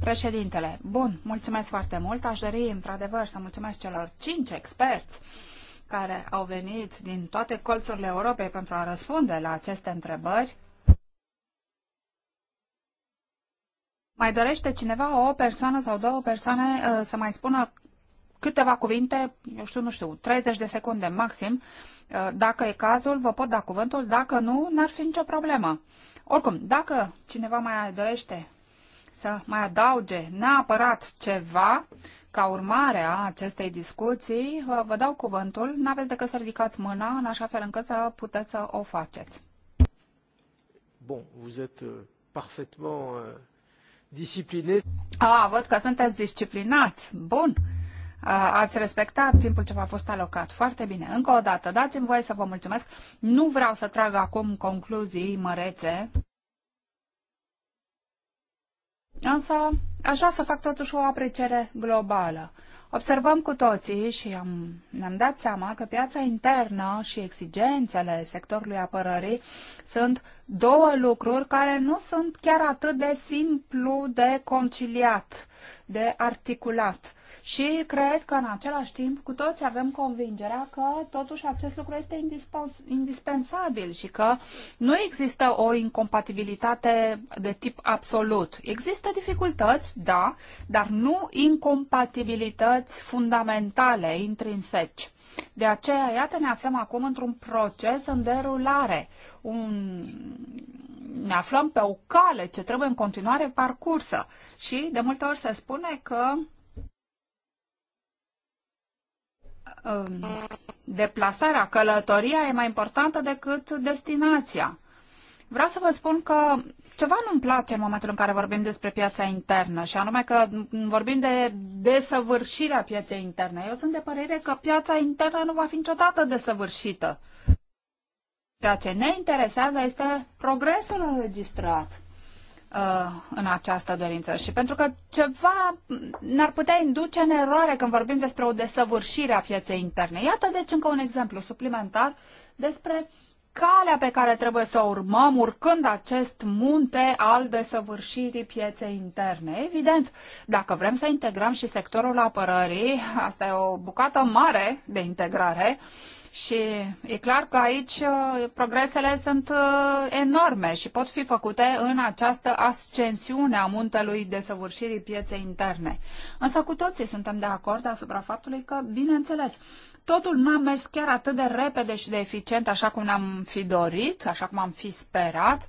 președintele, bun, mulțumesc foarte mult. Aș dori, într-adevăr, să mulțumesc celor cinci experți care au venit din toate colțurile Europei pentru a răspunde la aceste întrebări. Mai dorește cineva o persoană sau două persoane uh, să mai spună câteva cuvinte, eu știu, nu știu, 30 de secunde maxim. Uh, dacă e cazul, vă pot da cuvântul, dacă nu, n-ar fi nicio problemă. Oricum, dacă cineva mai dorește să mai adauge neapărat ceva ca urmare a acestei discuții, vă dau cuvântul, n-aveți decât să ridicați mâna în așa fel încât să puteți să o faceți. Bun, vous êtes euh, parfaitement euh, discipliné. A, văd că sunteți disciplinați. Bun ați respectat timpul ce v-a fost alocat. Foarte bine. Încă o dată, dați-mi voie să vă mulțumesc. Nu vreau să trag acum concluzii mărețe. Însă aș vrea să fac totuși o apreciere globală. Observăm cu toții și am, ne-am dat seama că piața internă și exigențele sectorului apărării sunt două lucruri care nu sunt chiar atât de simplu de conciliat, de articulat. Și cred că în același timp cu toți avem convingerea că totuși acest lucru este indispensabil și că nu există o incompatibilitate de tip absolut. Există dificultăți, da, dar nu incompatibilități fundamentale, intrinseci. De aceea, iată, ne aflăm acum într-un proces în derulare. Un... Ne aflăm pe o cale ce trebuie în continuare parcursă. Și de multe ori se spune că Um, deplasarea, călătoria e mai importantă decât destinația. Vreau să vă spun că ceva nu-mi place în momentul în care vorbim despre piața internă și anume că vorbim de desăvârșirea pieței interne. Eu sunt de părere că piața internă nu va fi niciodată desăvârșită. Ceea ce ne interesează este progresul înregistrat. Uh, în această dorință și pentru că ceva n ar putea induce în eroare când vorbim despre o desăvârșire a pieței interne. Iată deci încă un exemplu suplimentar despre calea pe care trebuie să o urmăm urcând acest munte al desăvârșirii pieței interne. Evident, dacă vrem să integrăm și sectorul apărării, asta e o bucată mare de integrare, uh, și e clar că aici uh, progresele sunt uh, enorme și pot fi făcute în această ascensiune a muntelui de săvârșirii pieței interne. Însă cu toții suntem de acord asupra faptului că, bineînțeles, totul nu a mers chiar atât de repede și de eficient așa cum ne-am fi dorit, așa cum am fi sperat,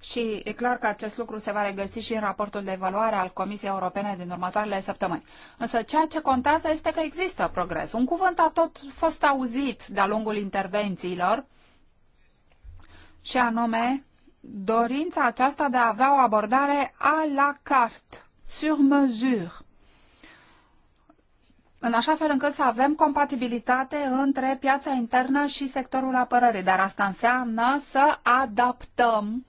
și e clar că acest lucru se va regăsi și în raportul de evaluare al Comisiei Europene din următoarele săptămâni. Însă ceea ce contează este că există progres. Un cuvânt a tot fost auzit de-a lungul intervențiilor și anume dorința aceasta de a avea o abordare a la carte, sur mesure, în așa fel încât să avem compatibilitate între piața internă și sectorul apărării. Dar asta înseamnă să adaptăm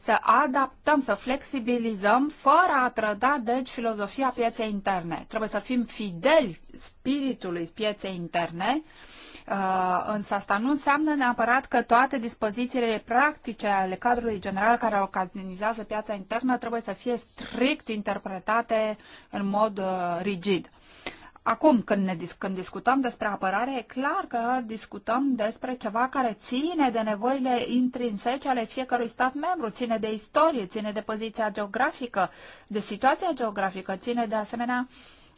să adaptăm, să flexibilizăm, fără a trăda, deci, filozofia pieței interne. Trebuie să fim fideli spiritului pieței interne, uh, însă asta nu înseamnă neapărat că toate dispozițiile practice ale cadrului general care organizează piața internă trebuie să fie strict interpretate în mod uh, rigid. Acum, când, ne când discutăm despre apărare, e clar că discutăm despre ceva care ține de nevoile intrinsece ale fiecărui stat membru, ține de istorie, ține de poziția geografică, de situația geografică, ține de asemenea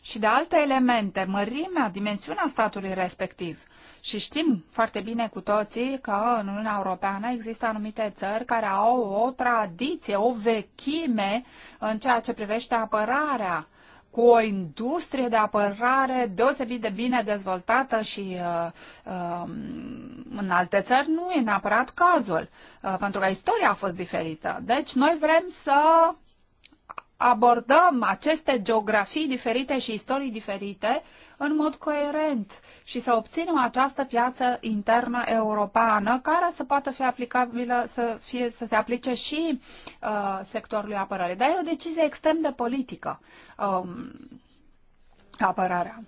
și de alte elemente, mărimea, dimensiunea statului respectiv. Și știm foarte bine cu toții că în Uniunea Europeană există anumite țări care au o tradiție, o vechime în ceea ce privește apărarea cu o industrie de apărare deosebit de bine dezvoltată și uh, uh, în alte țări nu e neapărat cazul, uh, pentru că istoria a fost diferită. Deci noi vrem să abordăm aceste geografii diferite și istorii diferite în mod coerent și să obținem această piață internă europeană care să poată fi aplicabilă, să, fie, să se aplice și uh, sectorului apărării. Dar e o decizie extrem de politică, um, apărarea.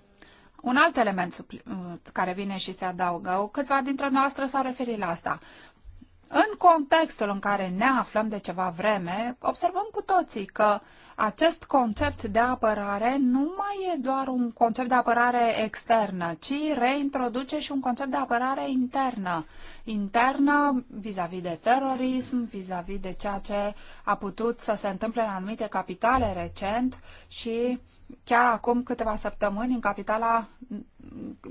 Un alt element uh, care vine și se adaugă, câțiva dintre noastre s-au referit la asta. În contextul în care ne aflăm de ceva vreme, observăm cu toții că uh, acest concept de apărare nu mai e doar un concept de apărare externă, ci reintroduce și un concept de apărare internă. Internă vis-a-vis -vis de terorism, vis-a-vis -vis de ceea ce a putut să se întâmple în anumite capitale recent și uh, chiar acum câteva săptămâni în capitala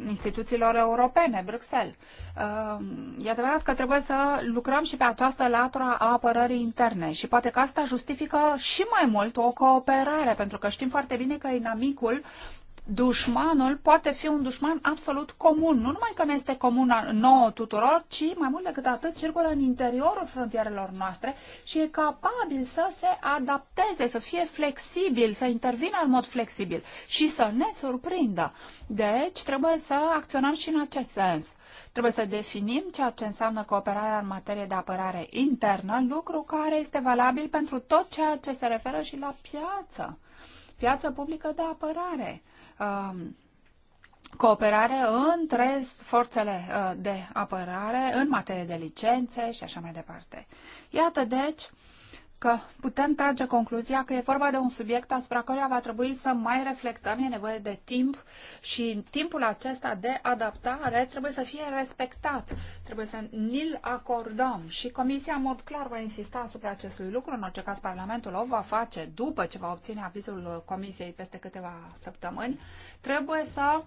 instituțiilor europene, Bruxelles. Uh, e adevărat că trebuie să lucrăm și pe această latura a apărării interne și poate că asta justifică și mai mult o cooperare, pentru că știm foarte bine că inamicul dușmanul poate fi un dușman absolut comun. Nu numai că nu este comun nouă tuturor, ci mai mult decât atât circulă în interiorul frontierelor noastre și e capabil să se adapteze, să fie flexibil, să intervină în mod flexibil și să ne surprindă. Deci trebuie să acționăm și în acest sens. Trebuie să definim ceea ce înseamnă cooperarea în materie de apărare internă, lucru care este valabil pentru tot ceea ce se referă și la piață piață publică de apărare. Um, cooperare între forțele uh, de apărare în materie de licențe și așa mai departe. Iată, deci, că putem trage concluzia că e vorba de un subiect asupra căruia va trebui să mai reflectăm, e nevoie de timp și timpul acesta de adaptare trebuie să fie respectat, trebuie să ni-l acordăm și Comisia în mod clar va insista asupra acestui lucru, în orice caz Parlamentul o va face după ce va obține avizul Comisiei peste câteva săptămâni, trebuie să uh,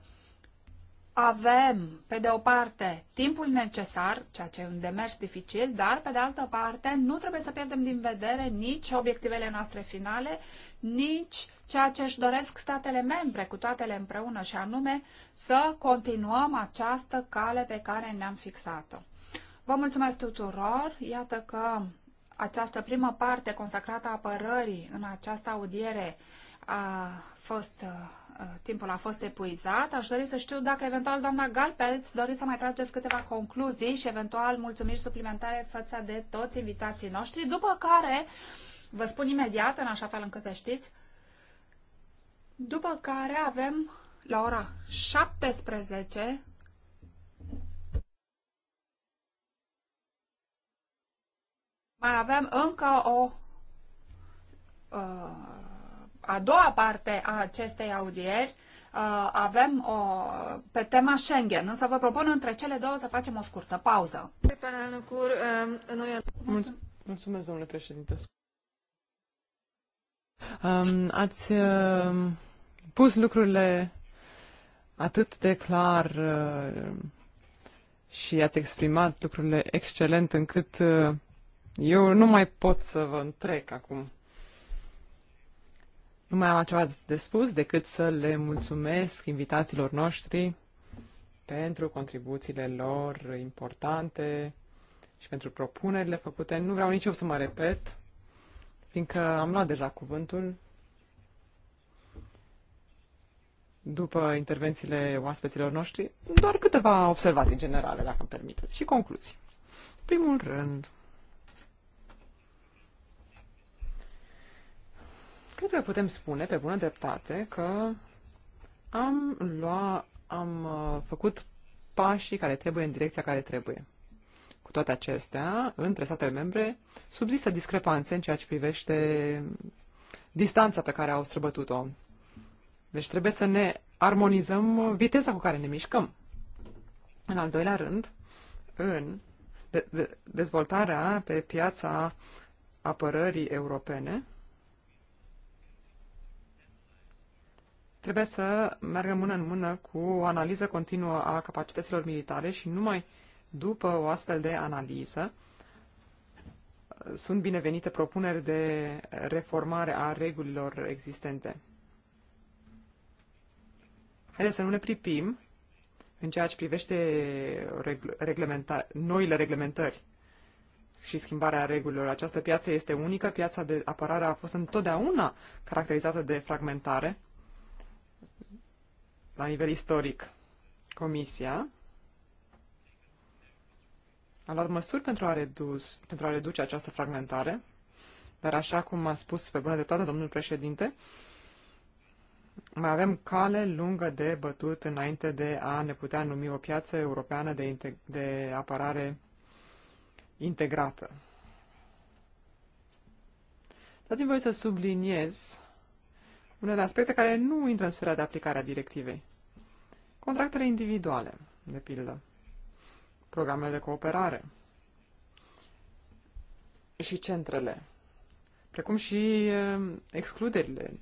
avem, pe de o parte, timpul necesar, ceea ce e un demers dificil, dar, pe de altă parte, nu trebuie să pierdem din vedere nici obiectivele noastre finale, nici ceea ce își doresc statele membre, cu toatele împreună, și anume să continuăm această cale pe care ne-am fixat-o. Vă mulțumesc tuturor! Iată că această primă parte consacrată a apărării în această audiere a fost uh, Uh, timpul a fost epuizat. Aș dori să știu dacă eventual doamna Galpelț dori să mai trageți câteva concluzii și eventual mulțumiri suplimentare față de toți invitații noștri, după care vă spun imediat, în așa fel încât să știți, după care avem la ora 17 mai avem încă o uh, a doua parte a acestei audieri uh, avem o, pe tema Schengen, însă vă propun între cele două să facem o scurtă pauză. Mulțumesc, domnule președinte. Um, ați uh, pus lucrurile atât de clar uh, și ați exprimat lucrurile excelent încât uh, eu nu mai pot să vă întrec acum. Nu mai am altceva de spus decât să le mulțumesc invitațiilor noștri pentru contribuțiile lor importante și pentru propunerile făcute. Nu vreau nici eu să mă repet, fiindcă am luat deja cuvântul după intervențiile oaspeților noștri, doar câteva observații generale, dacă îmi permiteți, și concluzii. Primul rând, Cred că putem spune, pe bună dreptate, că am luat, am uh, făcut pașii care trebuie în direcția care trebuie. Cu toate acestea, între statele membre subzistă discrepanțe în ceea ce privește distanța pe care au străbătut-o. Deci trebuie să ne armonizăm viteza cu care ne mișcăm. În al doilea rând, în de- de- dezvoltarea pe piața apărării europene, trebuie să meargă mână în mână cu o analiză continuă a capacităților militare și numai după o astfel de analiză sunt binevenite propuneri de reformare a regulilor existente. Haideți să nu ne pripim în ceea ce privește reglementa- noile reglementări și schimbarea regulilor. Această piață este unică, piața de apărare a fost întotdeauna caracterizată de fragmentare la nivel istoric. Comisia a luat măsuri pentru a, redus, pentru a reduce această fragmentare, dar așa cum a spus pe bună dreptate domnul președinte, mai avem cale lungă de bătut înainte de a ne putea numi o piață europeană de, integ- de apărare integrată. Dați-mi voi să subliniez unele aspecte care nu intră în sfera de aplicare a directivei. Contractele individuale, de pildă, programele de cooperare și centrele, precum și excluderile,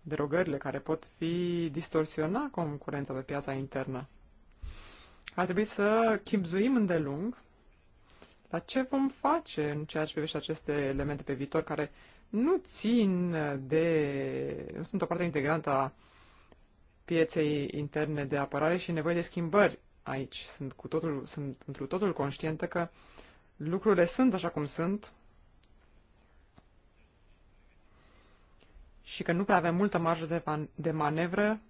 derogările care pot fi distorsiona concurența pe piața internă. Ar trebui să chipzuim îndelung la ce vom face în ceea ce privește aceste elemente pe viitor care nu țin de, nu sunt o parte integrantă a pieței interne de apărare și nevoie de schimbări aici. Sunt cu totul, sunt întru totul conștientă că lucrurile sunt așa cum sunt și că nu prea avem multă marjă de, man- de manevră.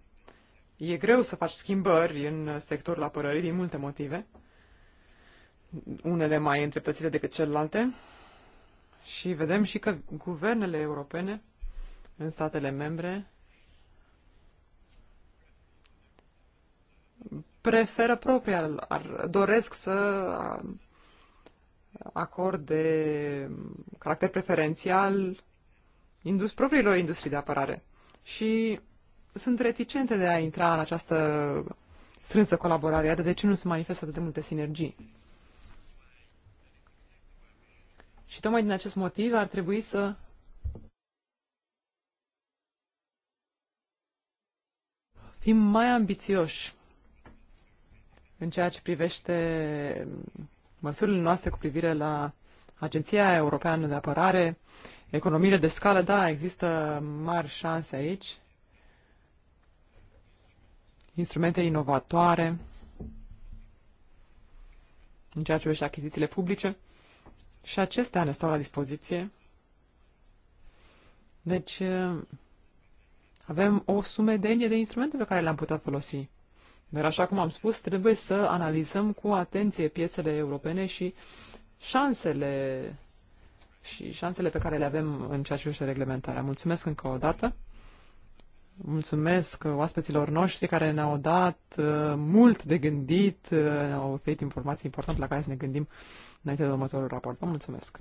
E greu să faci schimbări în sectorul apărării din multe motive, unele mai întreptățite decât celelalte. Și vedem și că guvernele europene în statele membre preferă propria, ar, doresc să acorde caracter preferențial indus, propriilor industrii de apărare. Și sunt reticente de a intra în această strânsă colaborare. Iată de ce nu se manifestă atât de multe sinergii. Și tocmai din acest motiv ar trebui să fim mai ambițioși în ceea ce privește măsurile noastre cu privire la Agenția Europeană de Apărare, economiile de scală, da, există mari șanse aici, instrumente inovatoare în ceea ce privește achizițiile publice. Și acestea ne stau la dispoziție. Deci avem o sumedenie de instrumente pe care le-am putea folosi. Dar așa cum am spus, trebuie să analizăm cu atenție piețele europene și șansele și șansele pe care le avem în ceea ce privește reglementarea. Mulțumesc încă o dată mulțumesc oaspeților noștri care ne-au dat uh, mult de gândit, uh, ne-au oferit informații importante la care să ne gândim înainte de următorul raport. Vă mulțumesc!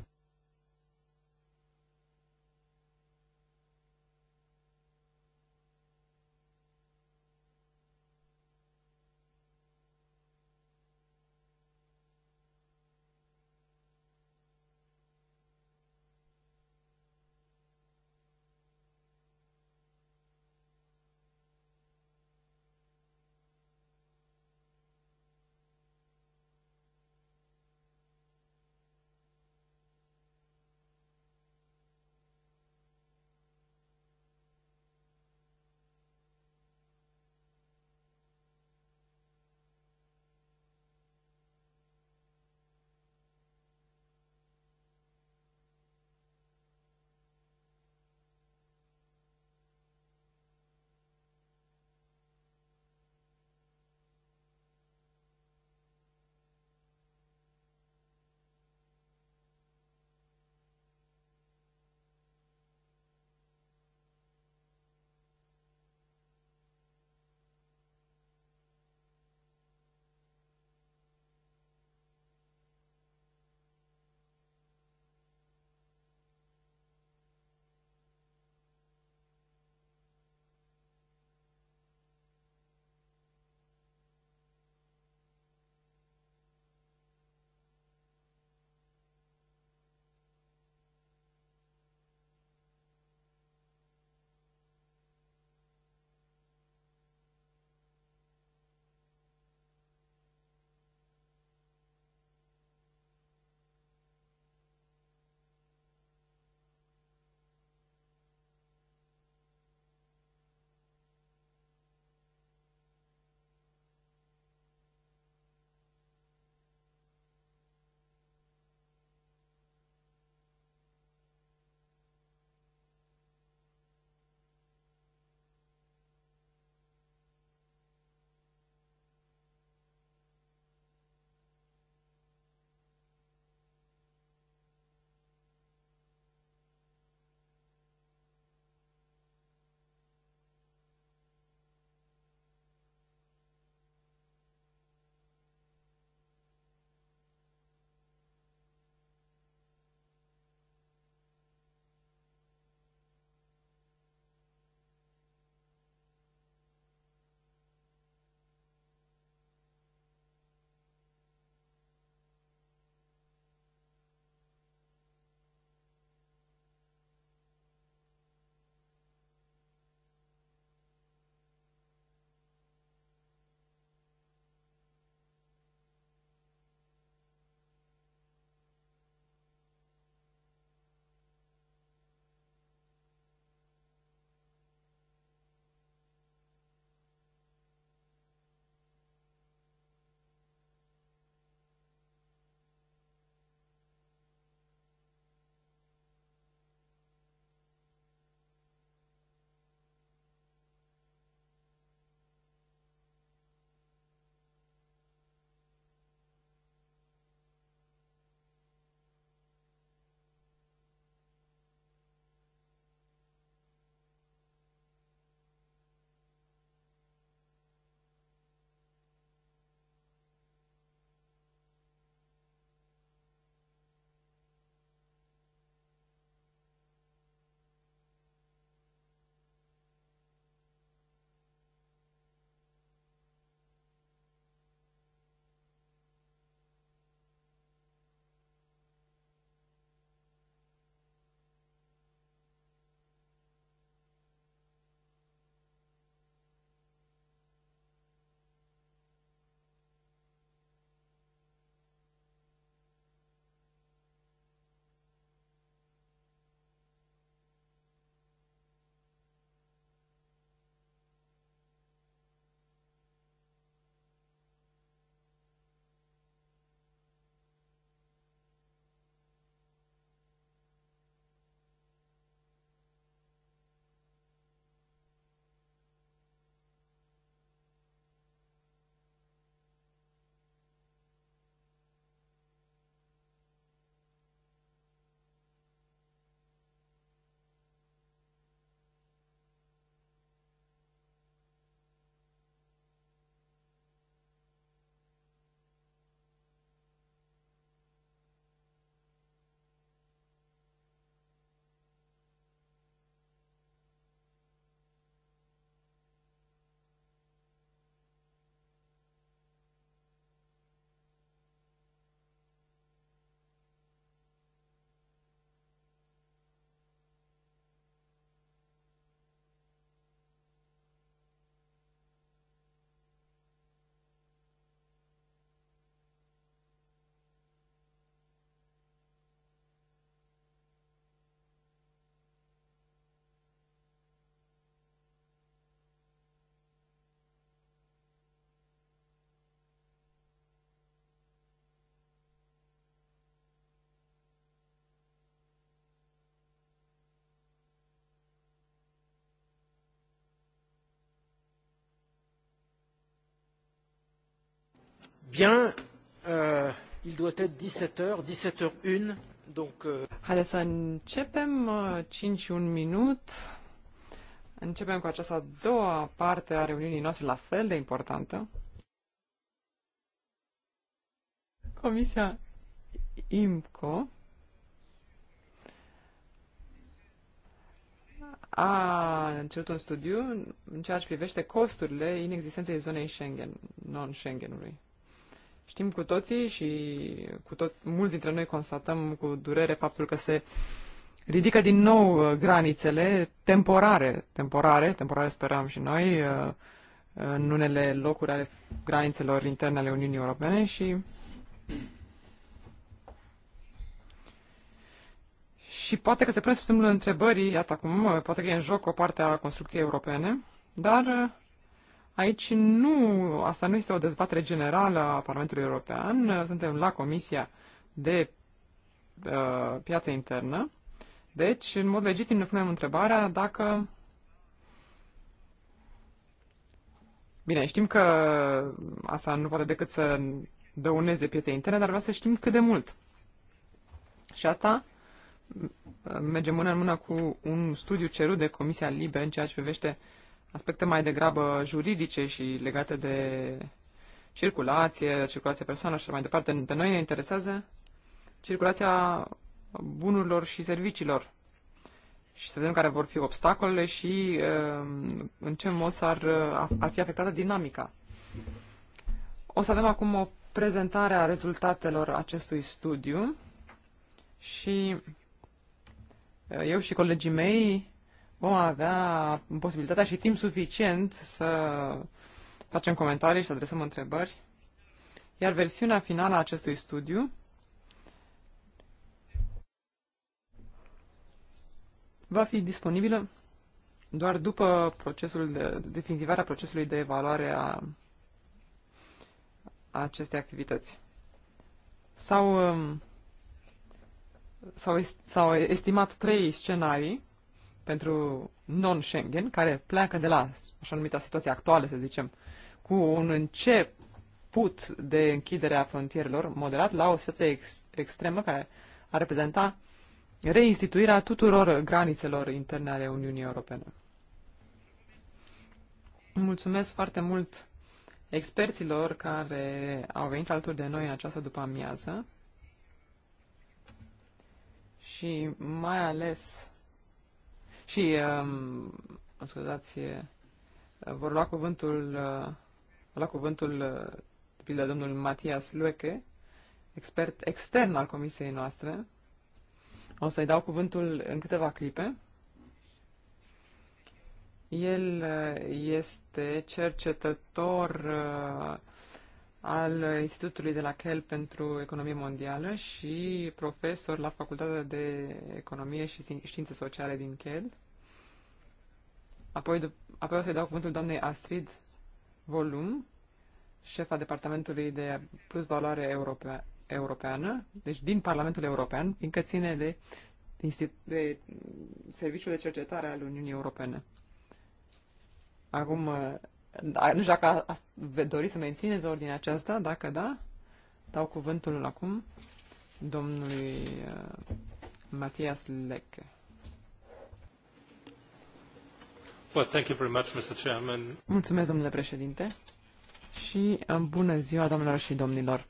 Bien, uh, il doit être 17h, 17h01, donc... Uh... Haideți să începem, 5 uh, un minut. Începem cu această doua parte a reuniunii noastre, la fel de importantă. Comisia IMCO a început un studiu în ceea ce privește costurile inexistenței zonei Schengen, non-Schengenului. Știm cu toții și cu tot, mulți dintre noi constatăm cu durere faptul că se ridică din nou uh, granițele temporare, temporare, temporare speram și noi, uh, în unele locuri ale granițelor interne ale Uniunii Europene și Și poate că se pune sub semnul întrebării, iată acum, uh, poate că e în joc o parte a construcției europene, dar Aici nu, asta nu este o dezbatere generală a Parlamentului European, suntem la Comisia de uh, Piață Internă, deci, în mod legitim, ne punem întrebarea dacă Bine, știm că asta nu poate decât să dăuneze piața interne, dar vreau să știm cât de mult. Și asta merge mână în mână cu un studiu cerut de Comisia Libe în ceea ce privește aspecte mai degrabă juridice și legate de circulație, circulația persoanelor și mai departe. Pe noi ne interesează circulația bunurilor și serviciilor și să vedem care vor fi obstacolele și um, în ce mod s-ar, uh, ar fi afectată dinamica. O să avem acum o prezentare a rezultatelor acestui studiu și uh, eu și colegii mei vom avea posibilitatea și timp suficient să facem comentarii și să adresăm întrebări. Iar versiunea finală a acestui studiu va fi disponibilă doar după procesul de, definitivarea procesului de evaluare a, a acestei activități. sau sau um, sau s-au estimat trei scenarii pentru non-Schengen, care pleacă de la așa numita situație actuală, să zicem, cu un început de închidere a frontierelor moderat la o situație ex- extremă care ar reprezenta reinstituirea tuturor granițelor interne ale Uniunii Europene. Mulțumesc foarte mult experților care au venit alături de noi în această după amiază și mai ales și, um, scuzați, vor lua cuvântul, uh, lua cuvântul, uh, de pildă, domnul Matias Lueche, expert extern al comisiei noastre. O să-i dau cuvântul în câteva clipe. El uh, este cercetător uh, al Institutului de la Kell pentru Economie Mondială și profesor la Facultatea de Economie și Științe Sociale din Kell. Apoi, apoi o să-i dau cuvântul doamnei Astrid Volum, șefa Departamentului de Plus Valoare Europea, Europeană, deci din Parlamentul European, fiindcă ține de, de Serviciul de Cercetare al Uniunii Europene. Acum da, nu știu dacă doriți să mențineți ordinea aceasta, dacă da, dau cuvântul acum domnului uh, Matthias Lecke. Well, thank you very much, Mr. Chairman. Mulțumesc, domnule președinte, și uh, bună ziua, domnilor și domnilor.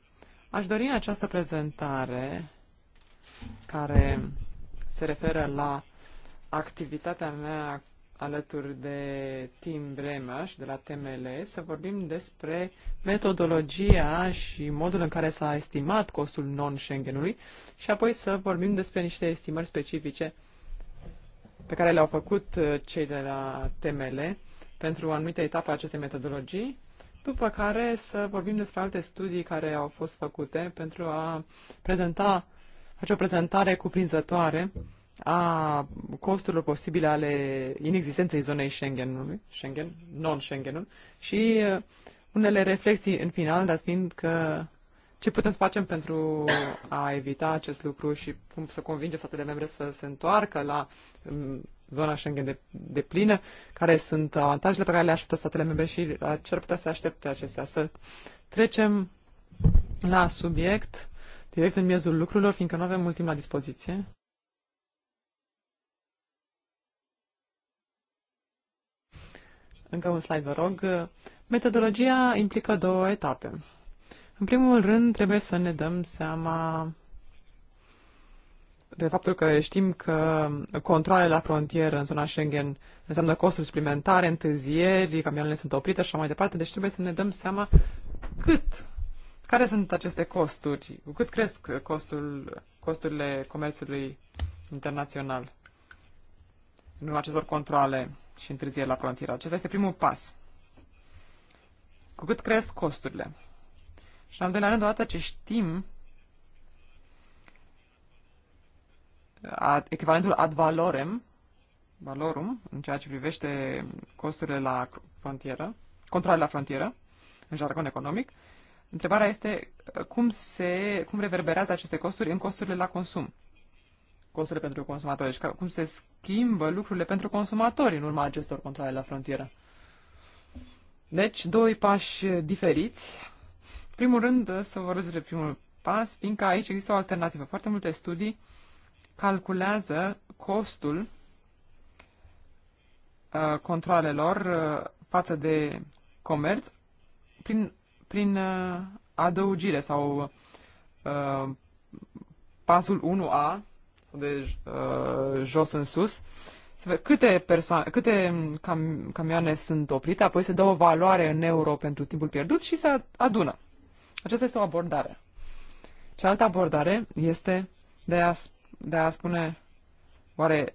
Aș dori în această prezentare, care se referă la activitatea mea alături de Tim Bremaș de la TML să vorbim despre metodologia și modul în care s-a estimat costul non-Schengenului și apoi să vorbim despre niște estimări specifice pe care le-au făcut uh, cei de la TML pentru anumite etape acestei metodologii, după care să vorbim despre alte studii care au fost făcute pentru a prezenta, face o prezentare cuprinzătoare a costurilor posibile ale inexistenței zonei Schengenului, Schengen, non-Schengenul, și uh, unele reflexii în final, dar fiind că ce putem să facem pentru a evita acest lucru și cum să convingem statele membre să se întoarcă la um, zona Schengen de, de plină, care sunt avantajele pe care le așteptă statele membre și la ce ar putea să aștepte acestea. Să trecem la subiect, direct în miezul lucrurilor, fiindcă nu avem mult timp la dispoziție. Încă un slide, vă rog. Metodologia implică două etape. În primul rând, trebuie să ne dăm seama de faptul că știm că controlele la frontieră în zona Schengen înseamnă costuri suplimentare, întârzieri, camioanele sunt oprite și așa mai departe, deci trebuie să ne dăm seama cât, care sunt aceste costuri, cu cât cresc costul, costurile comerțului internațional în urma acestor controle și întârzieri la frontieră. Acesta este primul pas. Cu cât cresc costurile. Și în al doilea rând, odată ce știm echivalentul ad valorem, valorum, în ceea ce privește costurile la frontieră, controlele la frontieră, în jargon economic, întrebarea este cum, se, cum reverberează aceste costuri în costurile la consum costurile pentru consumatori și deci cum se schimbă lucrurile pentru consumatori în urma acestor controle la frontieră. Deci, doi pași diferiți. Primul rând, să vorbesc despre primul pas, fiindcă aici există o alternativă. Foarte multe studii calculează costul uh, controlelor uh, față de comerț prin, prin uh, adăugire sau uh, pasul 1A de uh, jos în sus, să vedem câte, persoane, câte mm, cam, camioane sunt oprite, apoi se dă o valoare în euro pentru timpul pierdut și se adună. Aceasta este o abordare. Cealaltă abordare este de a, de a spune, oare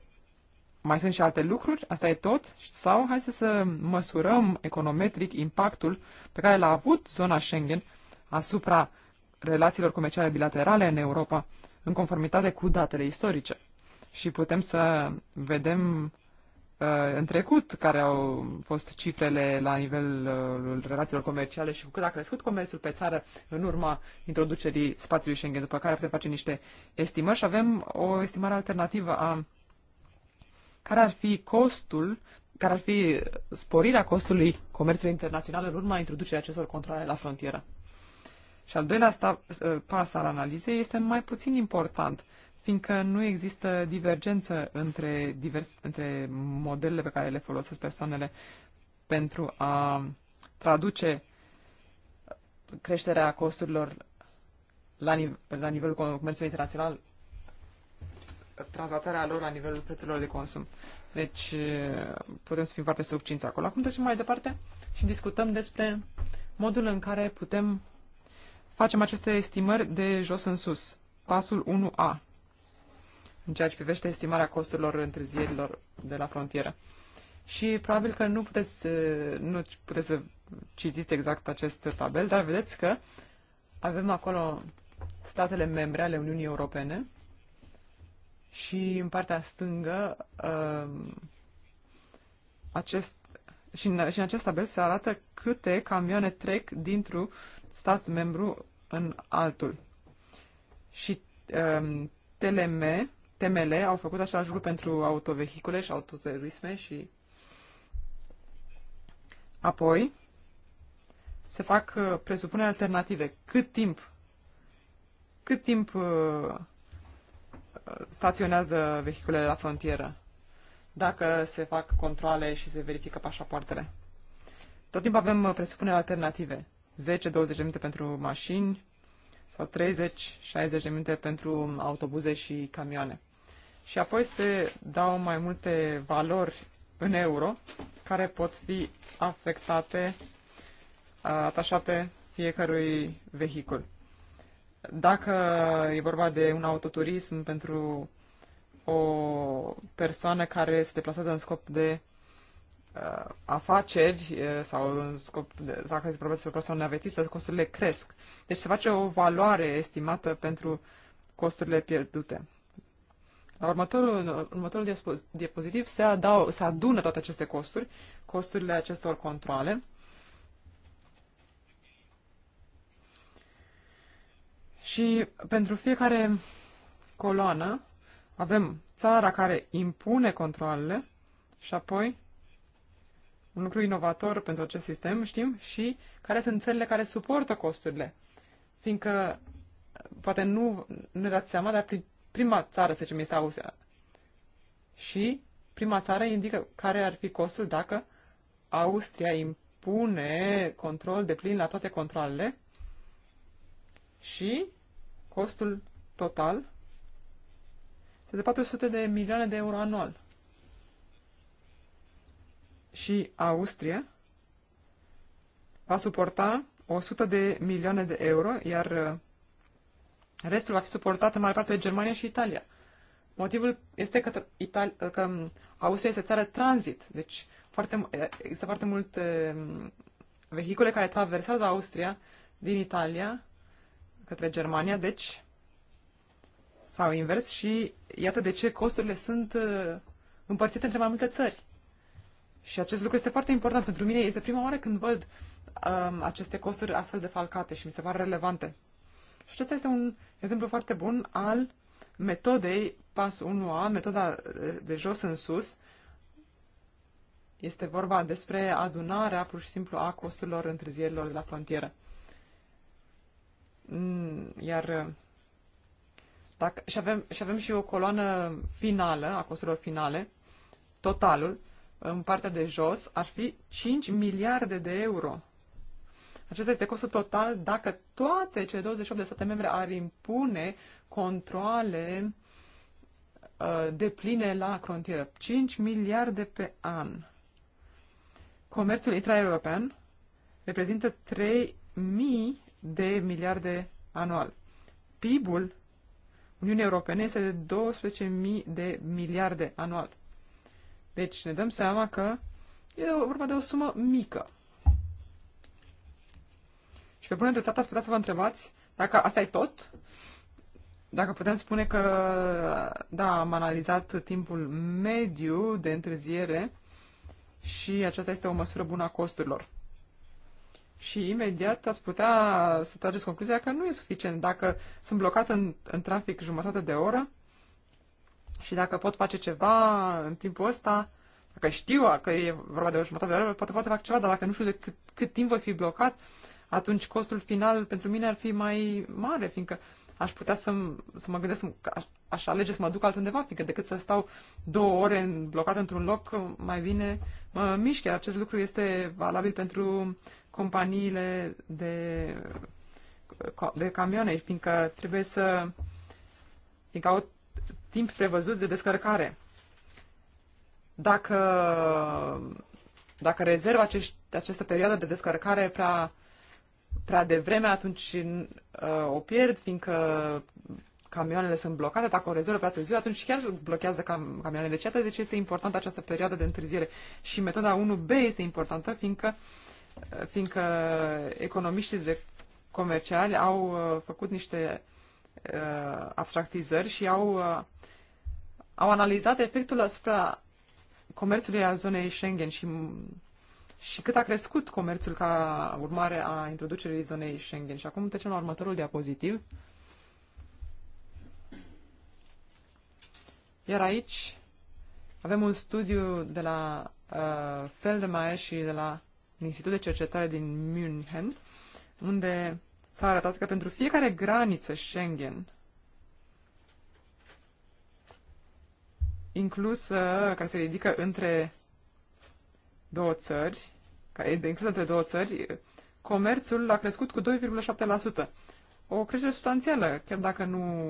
mai sunt și alte lucruri, asta e tot, sau hai să, să măsurăm econometric impactul pe care l-a avut zona Schengen asupra relațiilor comerciale bilaterale în Europa în conformitate cu datele istorice. Și putem să vedem uh, în trecut care au fost cifrele la nivelul relațiilor comerciale și cu cât a crescut comerțul pe țară în urma introducerii spațiului Schengen, după care putem face niște estimări și avem o estimare alternativă a care ar fi costul, care ar fi sporirea costului comerțului internațional în urma introducerii acestor controle la frontieră. Și al doilea sta, uh, pas al analizei este mai puțin important, fiindcă nu există divergență între, divers, între modelele pe care le folosesc persoanele pentru a traduce creșterea costurilor la, nive- la nivelul comerțului internațional, tranzactarea lor la nivelul prețurilor de consum. Deci uh, putem să fim foarte subcinți acolo. Acum trecem mai departe și discutăm despre modul în care putem facem aceste estimări de jos în sus. Pasul 1A, în ceea ce privește estimarea costurilor întârzierilor de la frontieră. Și probabil că nu puteți, nu puteți să citiți exact acest tabel, dar vedeți că avem acolo statele membre ale Uniunii Europene și în partea stângă um, acest și în, și în acest tabel se arată câte camioane trec dintr-un stat membru în altul. Și um, TLM, TML au făcut același lucru pentru autovehicule și autoturisme și apoi se fac uh, presupuneri alternative. Cât timp cât timp uh, staționează vehiculele la frontieră? Dacă se fac controle și se verifică pașapoartele. Tot timpul avem uh, presupuneri alternative. 10-20 de minute pentru mașini sau 30-60 de minute pentru autobuze și camioane. Și apoi se dau mai multe valori în euro care pot fi afectate, atașate fiecărui vehicul. Dacă e vorba de un autoturism pentru o persoană care se deplasează în scop de uh, afaceri uh, sau în scop de, dacă se vorbesc despre persoane avetiste, costurile cresc. Deci se face o valoare estimată pentru costurile pierdute. La următorul, următorul diapozitiv se, adau, se adună toate aceste costuri, costurile acestor controle. Și pentru fiecare coloană avem țara care impune controlele și apoi un lucru inovator pentru acest sistem, știm, și care sunt țările care suportă costurile. Fiindcă, poate nu ne dați seama, dar prima țară, să zicem, este Austria. Și prima țară indică care ar fi costul dacă Austria impune control de plin la toate controlele și costul total este de 400 de milioane de euro anual și Austria va suporta 100 de milioane de euro, iar uh, restul va fi suportat în mare parte de Germania și Italia. Motivul este că, Itali- uh, că um, Austria este țară tranzit, deci foarte, există foarte multe uh, vehicule care traversează Austria din Italia către Germania, deci sau invers și iată de ce costurile sunt împărțite între mai multe țări. Și acest lucru este foarte important pentru mine. Este prima oară când văd um, aceste costuri astfel de falcate și mi se par relevante. Și acesta este un exemplu foarte bun al metodei pas 1A, metoda uh, de jos în sus. Este vorba despre adunarea pur și simplu a costurilor întârzierilor de la frontieră. Mm, iar uh, dacă, și, avem, și avem și o coloană finală a costurilor finale, totalul, în partea de jos ar fi 5 miliarde de euro. Acesta este costul total dacă toate cele 28 de state membre ar impune controle uh, de pline la frontieră. 5 miliarde pe an. Comerțul intra-european reprezintă 3.000 de miliarde anual. PIB-ul Uniunii Europene este de 12.000 de miliarde anual. Deci ne dăm seama că e vorba de o sumă mică. Și pe bună dreptate ați putea să vă întrebați dacă asta e tot, dacă putem spune că, da, am analizat timpul mediu de întârziere și aceasta este o măsură bună a costurilor. Și imediat ați putea să trageți concluzia că nu e suficient. Dacă sunt blocat în, în trafic jumătate de oră, și dacă pot face ceva în timpul ăsta, dacă știu că e vorba de o jumătate de oră, poate, poate fac ceva, dar dacă nu știu de cât, cât timp voi fi blocat, atunci costul final pentru mine ar fi mai mare, fiindcă aș putea să, să mă gândesc, aș, aș alege să mă duc altundeva, fiindcă decât să stau două ore în, blocat într-un loc, mai bine mă mișc. Iar acest lucru este valabil pentru companiile de, de camioane, fiindcă trebuie să fiindcă au timp prevăzut de descărcare. Dacă, dacă rezervă acești, această perioadă de descărcare prea, prea devreme, atunci uh, o pierd, fiindcă camioanele sunt blocate, dacă o rezervă prea târziu, atunci chiar blochează cam, camioanele. Deci atât de ce este importantă această perioadă de întârziere. Și metoda 1B este importantă, fiindcă, fiindcă economiștii de comerciali au uh, făcut niște uh, abstractizări și au, uh, au analizat efectul asupra comerțului a zonei Schengen și, și cât a crescut comerțul ca urmare a introducerii zonei Schengen. Și acum trecem la următorul diapozitiv. Iar aici avem un studiu de la uh, Feldemeyer și de la institut de cercetare din München, unde s-a arătat că pentru fiecare graniță Schengen, inclusă, uh, care se ridică între două țări, care e inclusă între două țări, comerțul a crescut cu 2,7%. O creștere substanțială, chiar dacă nu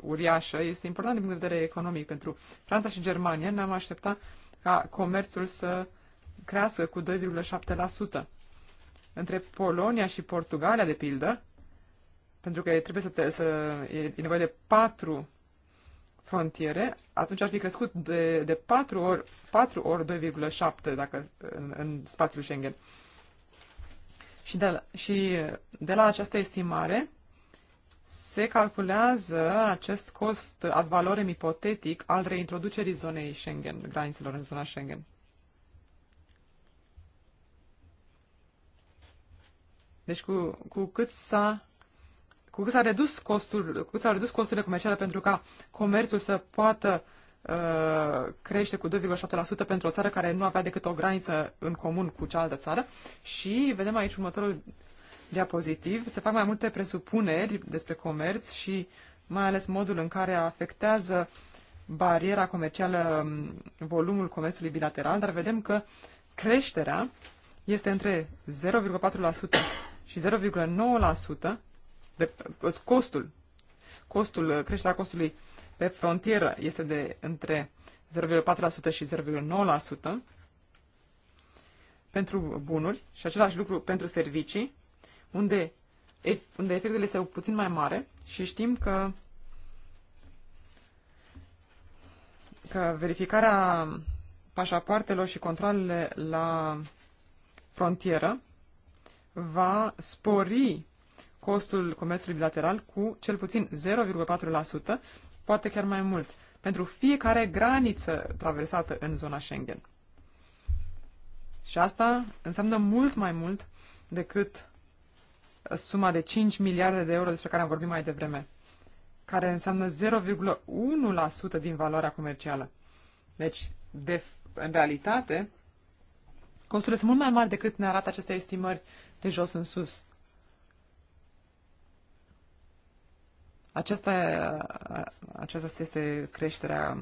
uriașă, este important din punct de vedere economic pentru Franța și Germania. Ne-am aștepta ca comerțul să crească cu 2,7% între Polonia și Portugalia, de pildă, pentru că trebuie să, te, să e, e nevoie de patru frontiere, atunci ar fi crescut de, de 4 ori, 4 ori 2,7 dacă în, în spațiul Schengen. Și de, la, și de la această estimare se calculează acest cost ad valorem ipotetic al reintroducerii zonei Schengen, granițelor în zona Schengen. Deci cu, cu cât s-a cu cât s-a redus costul, cu cât s-au redus costurile comerciale pentru ca comerțul să poată uh, crește cu 2,7% pentru o țară care nu avea decât o graniță în comun cu cealaltă țară. Și vedem aici următorul diapozitiv. Se fac mai multe presupuneri despre comerț și mai ales modul în care afectează bariera comercială mm, volumul comerțului bilateral, dar vedem că creșterea este între 0,4% și 0,9% de uh, costul, costul, uh, creșterea costului pe frontieră este de între 0,4% și 0,9% pentru bunuri și același lucru pentru servicii, unde, unde efectul este puțin mai mare și știm că că verificarea pașapoartelor și controlele la frontieră va spori costul comerțului bilateral cu cel puțin 0,4%, poate chiar mai mult, pentru fiecare graniță traversată în zona Schengen. Și asta înseamnă mult mai mult decât suma de 5 miliarde de euro despre care am vorbit mai devreme, care înseamnă 0,1% din valoarea comercială. Deci, de, în realitate, Costurile sunt mult mai mari decât ne arată aceste estimări de jos în sus. Aceasta, aceasta este creșterea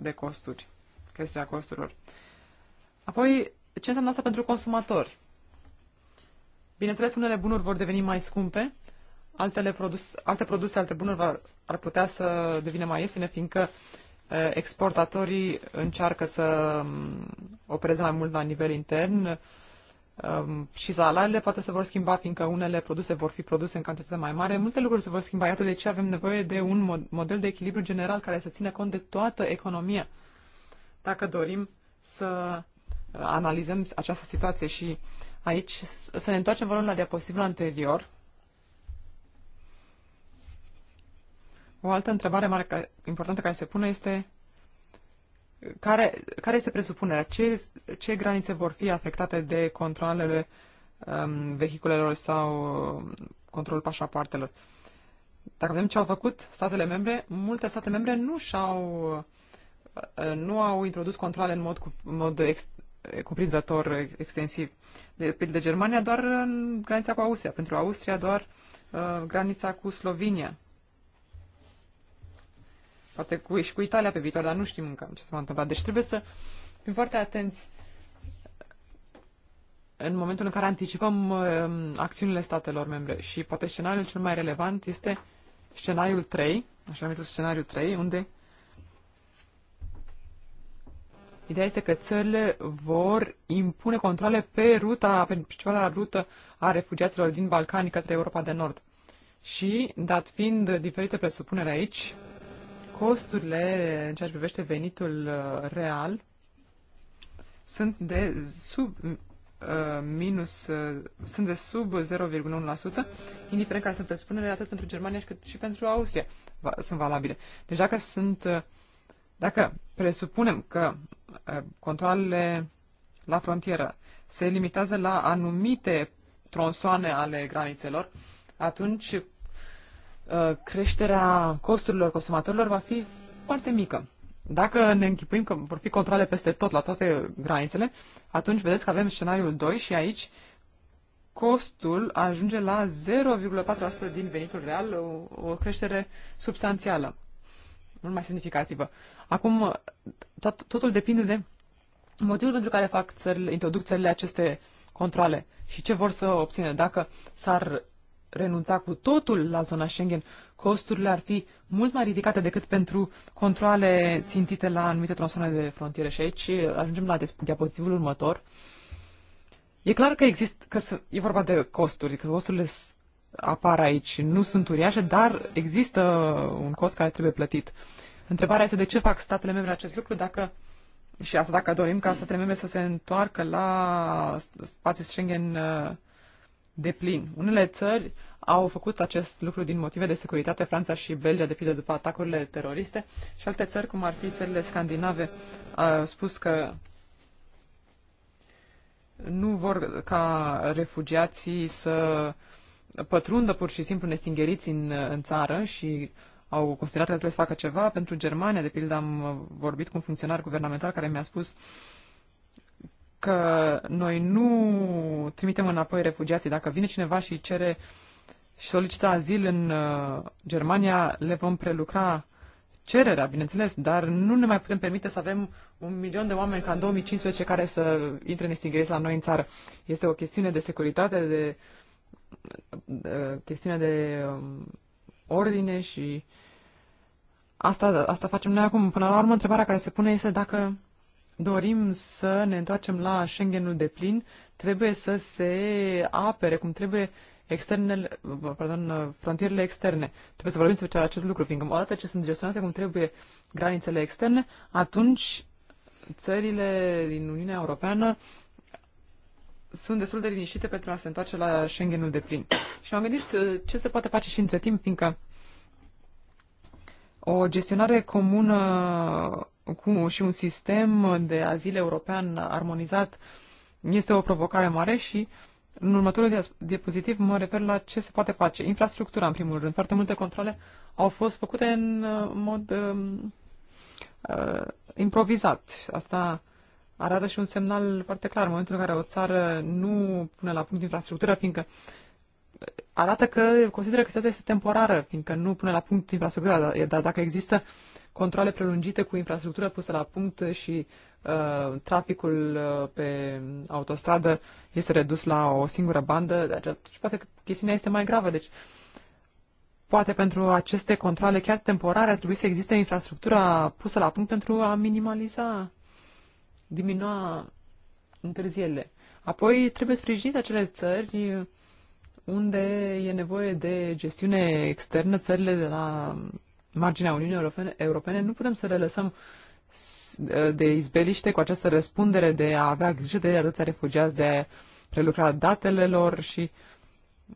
de costuri, creșterea costurilor. Apoi, ce înseamnă asta pentru consumatori? Bineînțeles, unele bunuri vor deveni mai scumpe, altele produs, alte produse, alte bunuri vor, ar putea să devină mai ieftine, fiindcă Eh, exportatorii încearcă să mm, opereze mai mult la nivel intern ehm, și salariile poate se vor schimba, fiindcă unele produse vor fi produse în cantitate mai mare, multe lucruri se vor schimba. Iată de ce avem nevoie de un model de echilibru general care să țină cont de toată economia. Dacă dorim să eh, analizăm această situație și aici să ne întoarcem volum la diapositivul anterior, O altă întrebare mare importantă care se pune este care, care este presupunerea? Ce, ce granițe vor fi afectate de controlele um, vehiculelor sau um, controlul pașapoartelor? Dacă vedem ce au făcut statele membre, multe state membre nu și-au uh, nu au introdus controle în mod, cu, în mod ex, cuprinzător, extensiv. De pildă Germania doar în granița cu Austria, pentru Austria doar uh, granița cu Slovenia poate cu, și cu Italia pe viitor, dar nu știm încă ce se va întâmpla. Deci trebuie să fim foarte atenți în momentul în care anticipăm uh, acțiunile statelor membre. Și poate scenariul cel mai relevant este scenariul 3, așa numitul scenariul 3, unde Ideea este că țările vor impune controle pe ruta, pe principala rută a refugiaților din Balcani către Europa de Nord. Și, dat fiind diferite presupuneri aici, costurile în ceea ce privește venitul uh, real sunt de sub uh, minus, uh, sunt de sub 0,1%, indiferent ca sunt presupunere atât pentru Germania cât și pentru Austria sunt valabile. Deci dacă sunt, dacă presupunem că controlele la frontieră se limitează la anumite tronsoane ale granițelor, atunci Uh, creșterea costurilor consumatorilor va fi foarte mică. Dacă ne închipuim că vor fi controle peste tot, la toate granițele, atunci vedeți că avem scenariul 2 și aici costul ajunge la 0,4% din venitul real, o, creștere substanțială, mult mai semnificativă. Acum, tot, totul depinde de motivul pentru care fac țările, introduc țările aceste controle și ce vor să obțină. Dacă s-ar renunța cu totul la zona Schengen, costurile ar fi mult mai ridicate decât pentru controle țintite la anumite tronsoane de frontiere. Și aici ajungem la diapozitivul următor. E clar că există, că e vorba de costuri, că costurile apar aici, nu sunt uriașe, dar există un cost care trebuie plătit. Întrebarea este de ce fac statele membre acest lucru dacă și asta dacă dorim ca statele membre să se întoarcă la spațiul Schengen uh, de plin. Unele țări au făcut acest lucru din motive de securitate, Franța și Belgia, de pildă după atacurile teroriste, și alte țări, cum ar fi țările scandinave, au spus că nu vor ca refugiații să pătrundă pur și simplu nestingeriți în, în țară și au considerat că trebuie să facă ceva. Pentru Germania, de pildă, am vorbit cu un funcționar guvernamental care mi-a spus uh, că noi nu trimitem înapoi refugiații. Dacă vine cineva și cere și solicită azil în uh, Germania, le vom prelucra cererea, bineînțeles, dar nu ne mai putem permite să avem un milion de oameni ca în 2015 care să intre în istinghezi la noi în țară. Este o chestiune de securitate, de, de chestiune de um, ordine și asta, asta facem noi acum. Până la urmă, întrebarea care se pune este dacă dorim să ne întoarcem la Schengenul de plin, trebuie să se apere cum trebuie externele, pardon, frontierele externe. Trebuie să vorbim despre acest lucru, fiindcă odată ce sunt gestionate cum trebuie granițele externe, atunci țările din Uniunea Europeană sunt destul de liniștite pentru a se întoarce la Schengenul de plin. Și am gândit uh, ce se poate face și între timp, fiindcă o gestionare comună cu, și un sistem de azil european armonizat este o provocare mare și în următorul diapozitiv mă refer la ce se poate face. Infrastructura, în primul rând. Foarte multe controle au fost făcute în uh, mod um, uh, improvizat. Asta arată și un semnal foarte clar în momentul în care o țară nu pune la punct infrastructura, fiindcă uh, arată că consideră că situația este temporară, fiindcă nu pune la punct infrastructura, dar, dar dacă există controle prelungite cu infrastructură pusă la punct și uh, traficul uh, pe autostradă este redus la o singură bandă, deci poate că chestiunea este mai gravă. Deci, poate pentru aceste controle chiar temporare ar trebui să existe infrastructura pusă la punct pentru a minimaliza, diminua întârzierile. Apoi trebuie sprijinite acele țări unde e nevoie de gestiune externă, țările de la marginea Uniunii Europene, Europene nu putem să le lăsăm eh, de izbeliște cu această răspundere de a avea grijă de atâția refugiați, de a prelucra datele lor și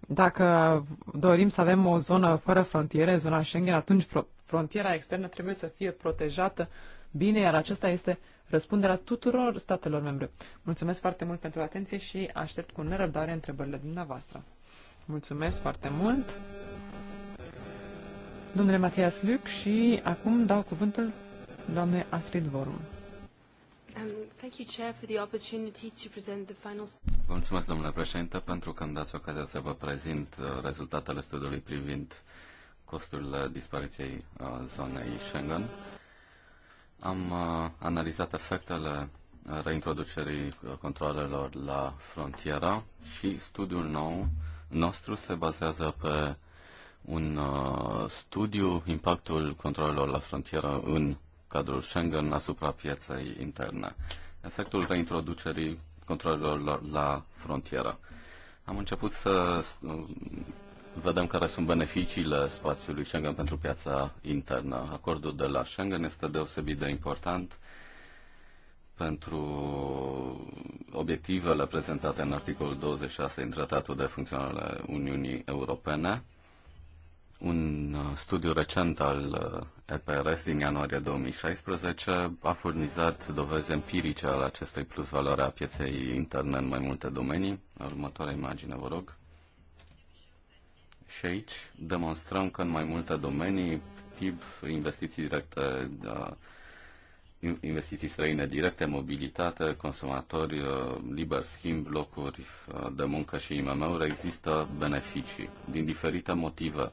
dacă dorim să avem o zonă fără frontiere, zona Schengen, atunci frontiera externă trebuie să fie protejată bine, iar acesta este răspunderea tuturor statelor membre. Mulțumesc foarte mult pentru atenție și aștept cu nerăbdare întrebările dumneavoastră. Mulțumesc foarte mult! domnule Matias Luc și acum dau cuvântul doamnei Astrid Vorum. Um, mulțumesc, domnule președinte, pentru că îmi dați ocazia să vă prezint uh, rezultatele studiului privind costurile dispariției uh, zonei Schengen. Am uh, analizat efectele reintroducerii controlelor la frontieră și studiul nou nostru se bazează pe un uh, studiu impactul controlelor la frontieră în cadrul Schengen asupra pieței interne, efectul reintroducerii controlelor la, frontieră. Am început să uh, vedem care sunt beneficiile spațiului Schengen pentru piața internă. Acordul de la Schengen este deosebit de important pentru obiectivele prezentate în articolul 26 din Tratatul de Funcționare Uniunii Europene un uh, studiu recent al uh, EPRS din ianuarie 2016 a furnizat dovezi empirice ale acestei plusvaloare a pieței interne în mai multe domenii. Următoarea imagine, vă rog. Și aici demonstrăm că în mai multe domenii, tip investiții directe, uh, investiții străine directe, mobilitate, consumatori, liber schimb, locuri de muncă și IMM-uri, există beneficii din diferite motive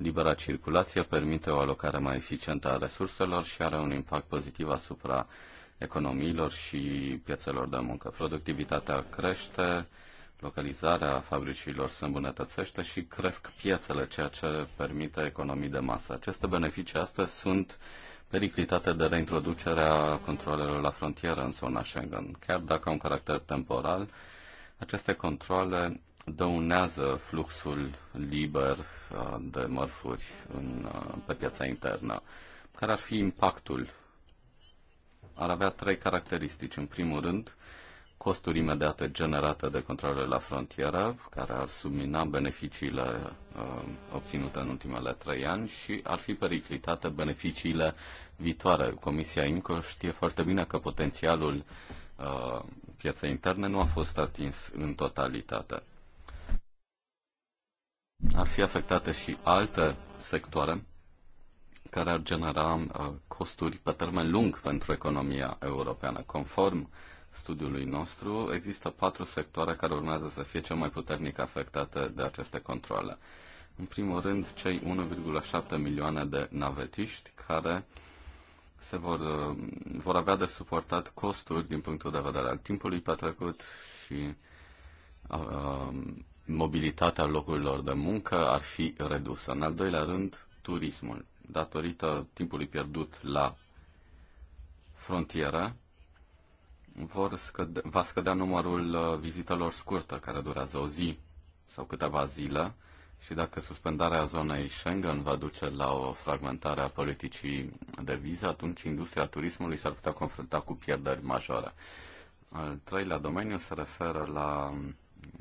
Libera circulație permite o alocare mai eficientă a resurselor și are un impact pozitiv asupra economiilor și piețelor de muncă. Productivitatea crește, localizarea fabricilor se îmbunătățește și cresc piețele, ceea ce permite economii de masă. Aceste beneficii astăzi sunt periclitate de reintroducerea controlelor la frontieră în zona Schengen. Chiar dacă au un caracter temporal, aceste controle dăunează fluxul liber uh, de mărfuri în, uh, pe piața internă. Care ar fi impactul? Ar avea trei caracteristici. În primul rând, costuri imediate generate de controle la frontieră, care ar submina beneficiile uh, obținute în ultimele trei ani și ar fi periclitate beneficiile viitoare. Comisia INCO știe foarte bine că potențialul uh, pieței interne nu a fost atins în totalitate. Ar fi afectate și alte sectoare care ar genera uh, costuri pe termen lung pentru economia europeană. Conform studiului nostru, există patru sectoare care urmează să fie cel mai puternic afectate de aceste controle. În primul rând, cei 1,7 milioane de navetiști care se vor, uh, vor avea de suportat costuri din punctul de vedere al timpului petrecut și uh, mobilitatea locurilor de muncă ar fi redusă. În al doilea rând, turismul. Datorită timpului pierdut la frontieră, vor scăde, va scădea numărul uh, vizitelor scurte, care durează o zi sau câteva zile, și dacă suspendarea zonei Schengen va duce la o fragmentare a politicii de viză, atunci industria turismului s-ar putea confrunta cu pierderi majore. Al treilea domeniu se referă la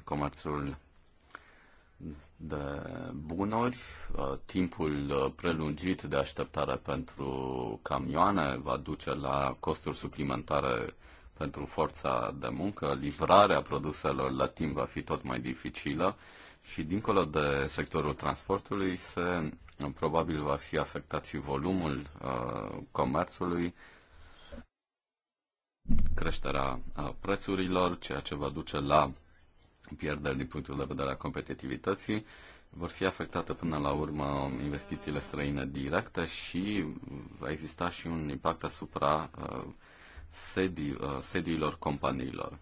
comerțul de bunuri, uh, timpul uh, prelungit de așteptare pentru camioane va duce la costuri suplimentare pentru forța de muncă, livrarea produselor la timp va fi tot mai dificilă și dincolo de sectorul transportului se uh, probabil va fi afectat și volumul uh, comerțului, creșterea prețurilor, ceea ce va duce la pierderi din punctul de vedere al competitivității, vor fi afectate până la urmă investițiile străine directe și va exista și un impact asupra uh, uh, sediilor companiilor.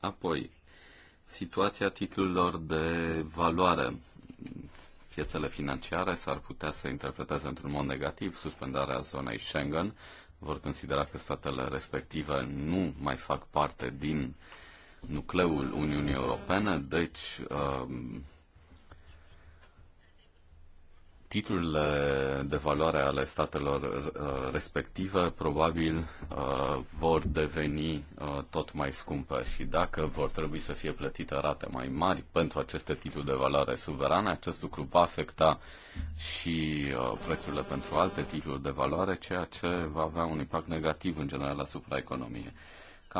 Apoi, situația titlurilor de valoare. Piețele financiare s-ar putea să interpreteze într-un mod negativ suspendarea zonei Schengen. Vor considera că statele respective nu mai fac parte din uh, nucleul Uniunii Europene, deci um, titlurile de valoare ale statelor uh, respective probabil uh, vor deveni uh, tot mai scumpe și dacă vor trebui să fie plătite rate mai mari pentru aceste titluri de valoare suverane, acest lucru va afecta și prețurile pentru alte titluri de valoare, ceea ce va avea un impact negativ în general asupra economiei.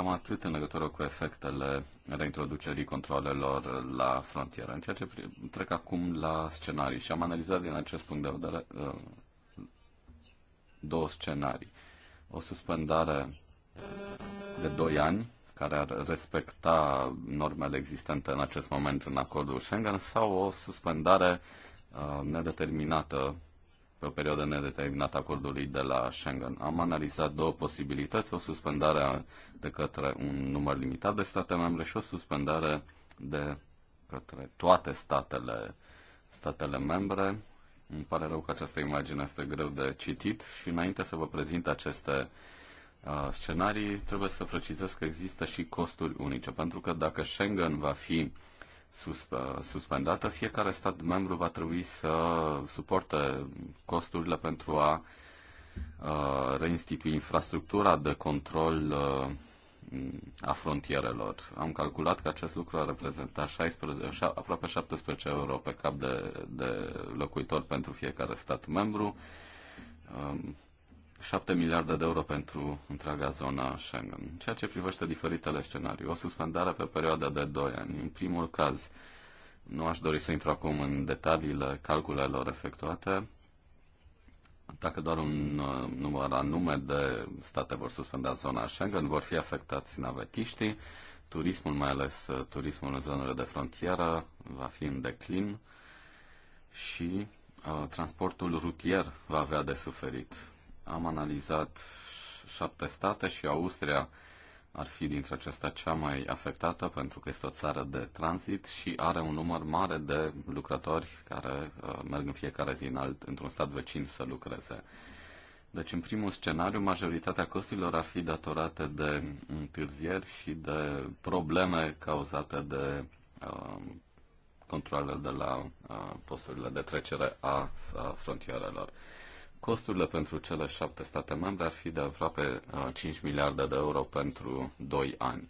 Cam atât în legătură cu efectele reintroducerii controlelor la frontieră. În ceea ce trec acum la scenarii și am analizat din acest punct de vedere uh, două scenarii. O suspendare de 2 ani care ar respecta normele existente în acest moment în acordul Schengen sau o suspendare uh, nedeterminată pe o perioadă nedeterminată acordului de la Schengen. Am analizat două posibilități, o suspendare de către un număr limitat de state membre și o suspendare de către toate statele, statele membre. Îmi pare rău că această imagine este greu de citit și înainte să vă prezint aceste uh, scenarii, trebuie să precizez că există și costuri unice, pentru că dacă Schengen va fi uh, suspendată, fiecare stat membru va trebui să suporte costurile pentru a reinstitui infrastructura de control a frontierelor. Am calculat că acest lucru ar reprezenta 16, aproape 17 euro pe cap de, de locuitor pentru fiecare stat membru. 7 miliarde de euro pentru întreaga zona Schengen. În ceea ce privește diferitele scenarii, o suspendare pe perioada de 2 ani. În primul caz, nu aș dori să intru acum în detaliile calculelor efectuate. Dacă doar un uh, număr anume de state vor suspenda zona Schengen, vor fi afectați navetiștii, turismul, mai ales uh, turismul în zonele de frontieră, va fi în declin și uh, transportul rutier va avea de suferit am analizat șapte state și Austria ar fi dintre acestea cea mai afectată pentru că este o țară de tranzit și are un număr mare de lucrători care uh, merg în fiecare zi în alt, într-un stat vecin să lucreze. Deci, în primul scenariu, majoritatea costurilor ar fi datorate de întârzieri și de probleme cauzate de uh, controlele de la uh, posturile de trecere a, a frontierelor. Costurile pentru cele șapte state membre ar fi de aproape 5 uh, miliarde de euro pentru 2 ani.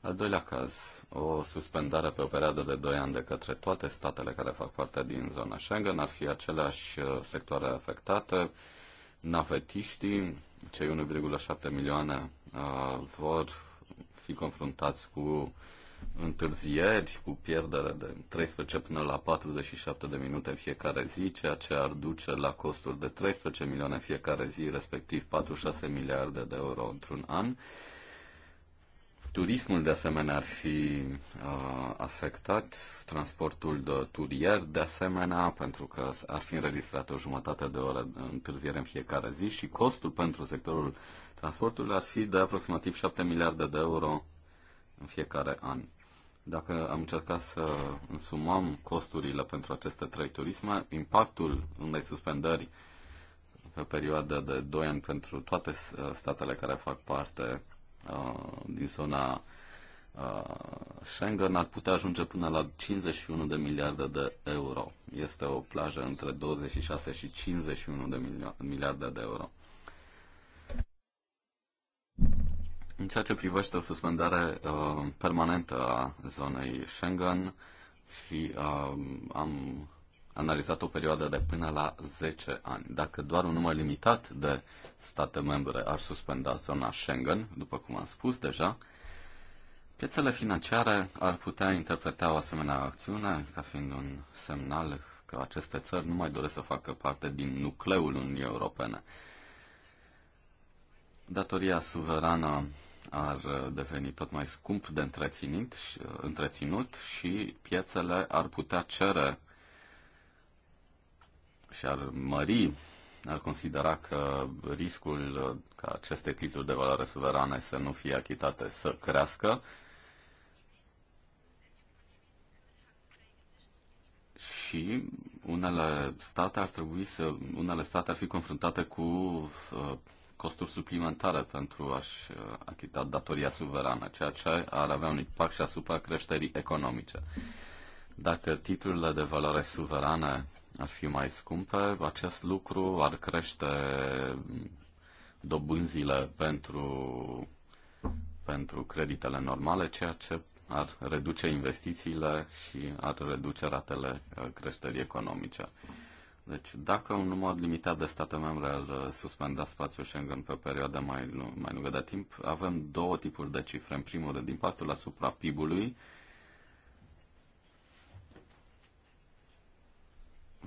Al doilea caz, o suspendare pe o perioadă de 2 ani de către toate statele care fac parte din zona Schengen ar fi aceleași uh, sectoare afectate, navetiștii, cei 1,7 milioane uh, vor fi confruntați cu întârzieri cu pierdere de 13 până la 47 de minute fiecare zi, ceea ce ar duce la costuri de 13 milioane fiecare zi, respectiv 46 miliarde de euro într-un an. Turismul, de asemenea, ar fi uh, afectat, transportul de turier, de asemenea, pentru că ar fi înregistrat o jumătate de oră întârziere în fiecare zi și costul pentru sectorul transportului ar fi de aproximativ 7 miliarde de euro în fiecare an. Dacă am încercat să însumăm costurile pentru aceste trei turisme, impactul unei suspendări pe perioada de 2 ani pentru toate uh, statele care fac parte uh, din zona uh, Schengen ar putea ajunge până la 51 de miliarde de euro. Este o plajă între 26 și 51 de miliarde de euro. În ceea ce privește o suspendare uh, permanentă a zonei Schengen și uh, am analizat o perioadă de până la 10 ani. Dacă doar un număr limitat de state membre ar suspenda zona Schengen, după cum am spus deja, piețele financiare ar putea interpreta o asemenea acțiune ca fiind un semnal că aceste țări nu mai doresc să facă parte din nucleul Uniunii Europene. Datoria suverană ar uh, deveni tot mai scump de întreținut și, uh, întreținut și piețele ar putea cere și ar mări, ar considera că riscul uh, ca aceste titluri de valoare suverane să nu fie achitate să crească și unele state ar trebui să, unele state ar fi confruntate cu costuri suplimentare pentru a-și uh, achita datoria suverană, ceea ce ar avea un impact și asupra creșterii economice. Dacă titlurile de valoare suverane ar fi mai scumpe, acest lucru ar crește dobânzile pentru, pentru creditele normale, ceea ce ar reduce investițiile și ar reduce ratele uh, creșterii economice. Deci, dacă un număr limitat de state membre ar uh, suspenda spațiul Schengen pe o perioadă mai, mai lungă de timp, avem două tipuri de cifre. În primul rând, impactul asupra PIB-ului, uh,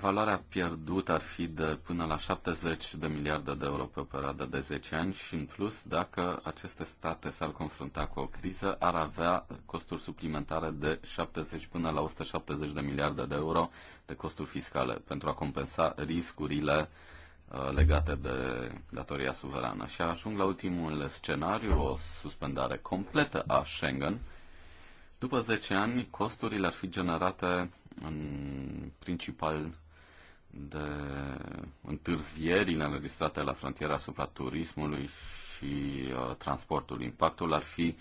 Valoarea pierdută ar fi de până la 70 de miliarde de euro pe o perioadă de 10 ani și, în plus, dacă aceste state s-ar confrunta cu o criză, ar avea costuri suplimentare de 70 până la 170 de miliarde de euro de costuri fiscale pentru a compensa riscurile uh, legate de datoria suverană. Și ajung la ultimul scenariu, o suspendare completă a Schengen. După 10 ani, costurile ar fi generate în principal de întârzieri înregistrate la frontiera asupra turismului și uh, transportul. Impactul ar fi